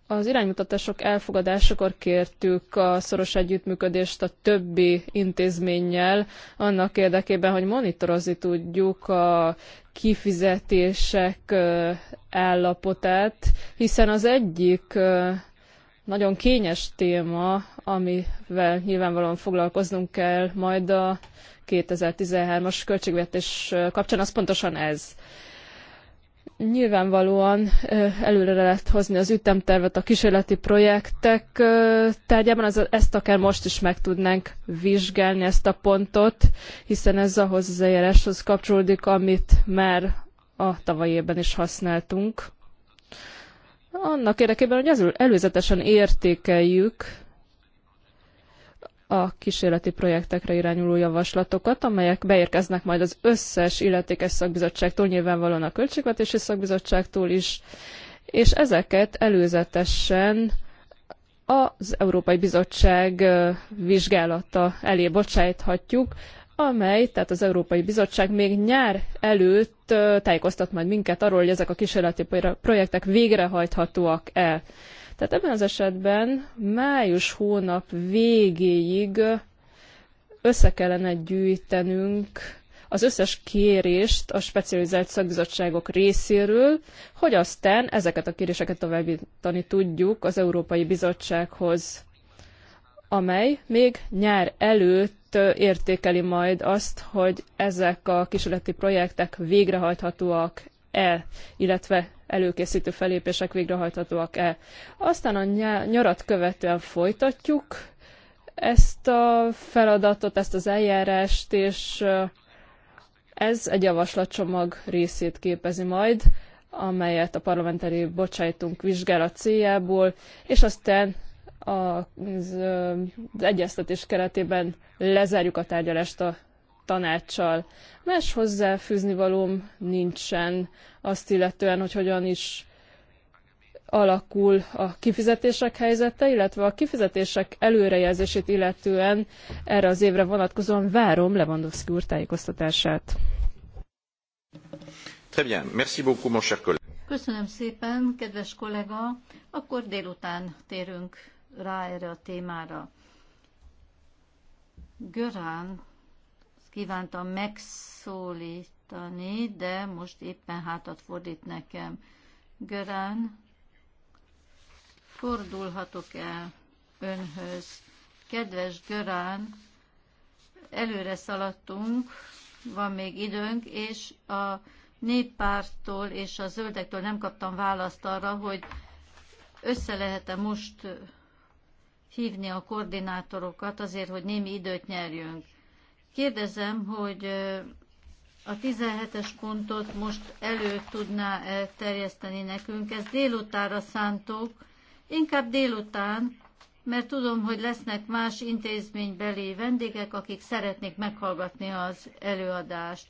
az iránymutatások elfogadásakor kértük a szoros együttműködést a többi intézménnyel, annak érdekében, hogy monitorozni tudjuk a kifizetések állapotát, hiszen az egyik nagyon kényes téma, amivel nyilvánvalóan foglalkoznunk kell majd a 2013-as költségvetés kapcsán, az pontosan ez nyilvánvalóan előre lehet hozni az ütemtervet a kísérleti projektek tárgyában, ezt akár most is meg tudnánk vizsgálni ezt a pontot, hiszen ez ahhoz az eljáráshoz kapcsolódik, amit már a tavalyi évben is használtunk. Annak érdekében, hogy előzetesen értékeljük a kísérleti projektekre irányuló javaslatokat, amelyek beérkeznek majd az összes illetékes szakbizottságtól, nyilvánvalóan a költségvetési szakbizottságtól is, és ezeket előzetesen az Európai Bizottság vizsgálata elé bocsájthatjuk, amely, tehát az Európai Bizottság még nyár előtt tájékoztat majd minket arról, hogy ezek a kísérleti projektek végrehajthatóak-e. Tehát ebben az esetben május hónap végéig össze kellene gyűjtenünk az összes kérést a specializált szakbizottságok részéről, hogy aztán ezeket a kéréseket továbbítani tudjuk az Európai Bizottsághoz, amely még nyár előtt értékeli majd azt, hogy ezek a kísérleti projektek végrehajthatóak-e, illetve előkészítő felépések végrehajthatóak-e. Aztán a nyarat követően folytatjuk ezt a feladatot, ezt az eljárást, és ez egy javaslatcsomag részét képezi majd, amelyet a parlament elé bocsájtunk vizsgálat céljából, és aztán az, az egyeztetés keretében lezárjuk a tárgyalást a tanácssal. Más hozzáfűzni valóm nincsen azt illetően, hogy hogyan is alakul a kifizetések helyzete, illetve a kifizetések előrejelzését illetően erre az évre vonatkozóan várom Lewandowski úr tájékoztatását. Köszönöm szépen, kedves kollega. Akkor délután térünk rá erre a témára. Görán kívántam megszólítani, de most éppen hátat fordít nekem. Görán, fordulhatok el önhöz. Kedves Görán, előre szaladtunk, van még időnk, és a néppártól és a zöldektől nem kaptam választ arra, hogy össze lehet-e most hívni a koordinátorokat azért, hogy némi időt nyerjünk. Kérdezem, hogy a 17-es pontot most elő tudná -e terjeszteni nekünk. Ezt délutára szántuk, inkább délután, mert tudom, hogy lesznek más intézménybeli vendégek, akik szeretnék meghallgatni az előadást.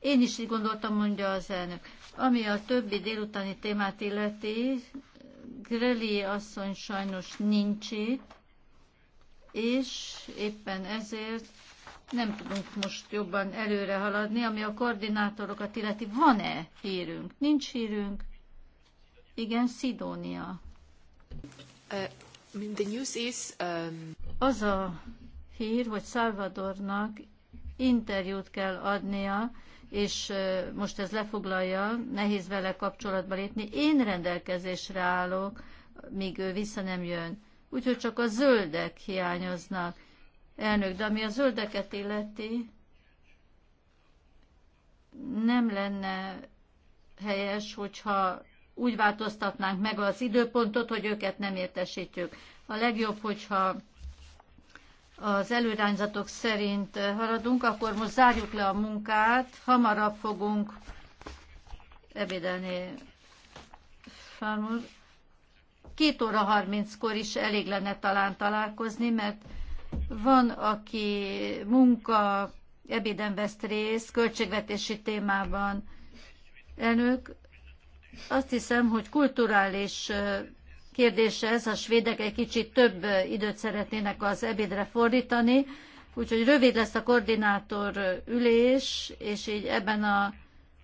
Én is így gondoltam, mondja az elnök. Ami a többi délutáni témát illeti, Greli asszony sajnos nincs itt, és éppen ezért nem tudunk most jobban előre haladni, ami a koordinátorokat illeti. Van-e hírünk? Nincs hírünk? Igen, Szidónia. Uh, the news is, um... Az a hír, hogy Salvadornak interjút kell adnia, és uh, most ez lefoglalja, nehéz vele kapcsolatba lépni. Én rendelkezésre állok, míg ő vissza nem jön. Úgyhogy csak a zöldek hiányoznak elnök, de ami a zöldeket illeti, nem lenne helyes, hogyha úgy változtatnánk meg az időpontot, hogy őket nem értesítjük. A legjobb, hogyha az előrányzatok szerint haladunk, akkor most zárjuk le a munkát, hamarabb fogunk ebédelni. Két óra harminckor is elég lenne talán találkozni, mert van, aki munka ebéden vesz részt, költségvetési témában. Elnök, azt hiszem, hogy kulturális kérdés ez, a svédek egy kicsit több időt szeretnének az ebédre fordítani, úgyhogy rövid lesz a koordinátor ülés, és így ebben a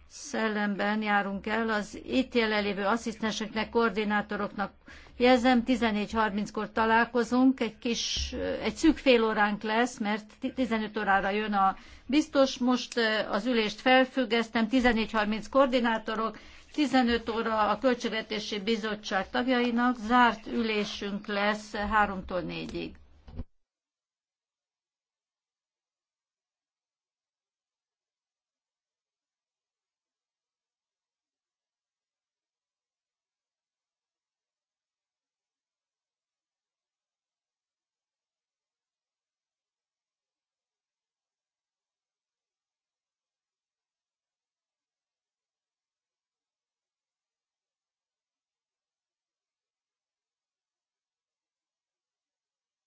szellemben járunk el. Az itt jelenlévő asszisztenseknek, koordinátoroknak Jelzem, 14.30-kor találkozunk, egy kis, egy szűk fél óránk lesz, mert 15 órára jön a biztos. Most az ülést felfüggesztem, 14.30 koordinátorok, 15 óra a Költségvetési Bizottság tagjainak, zárt ülésünk lesz 3-tól 4-ig.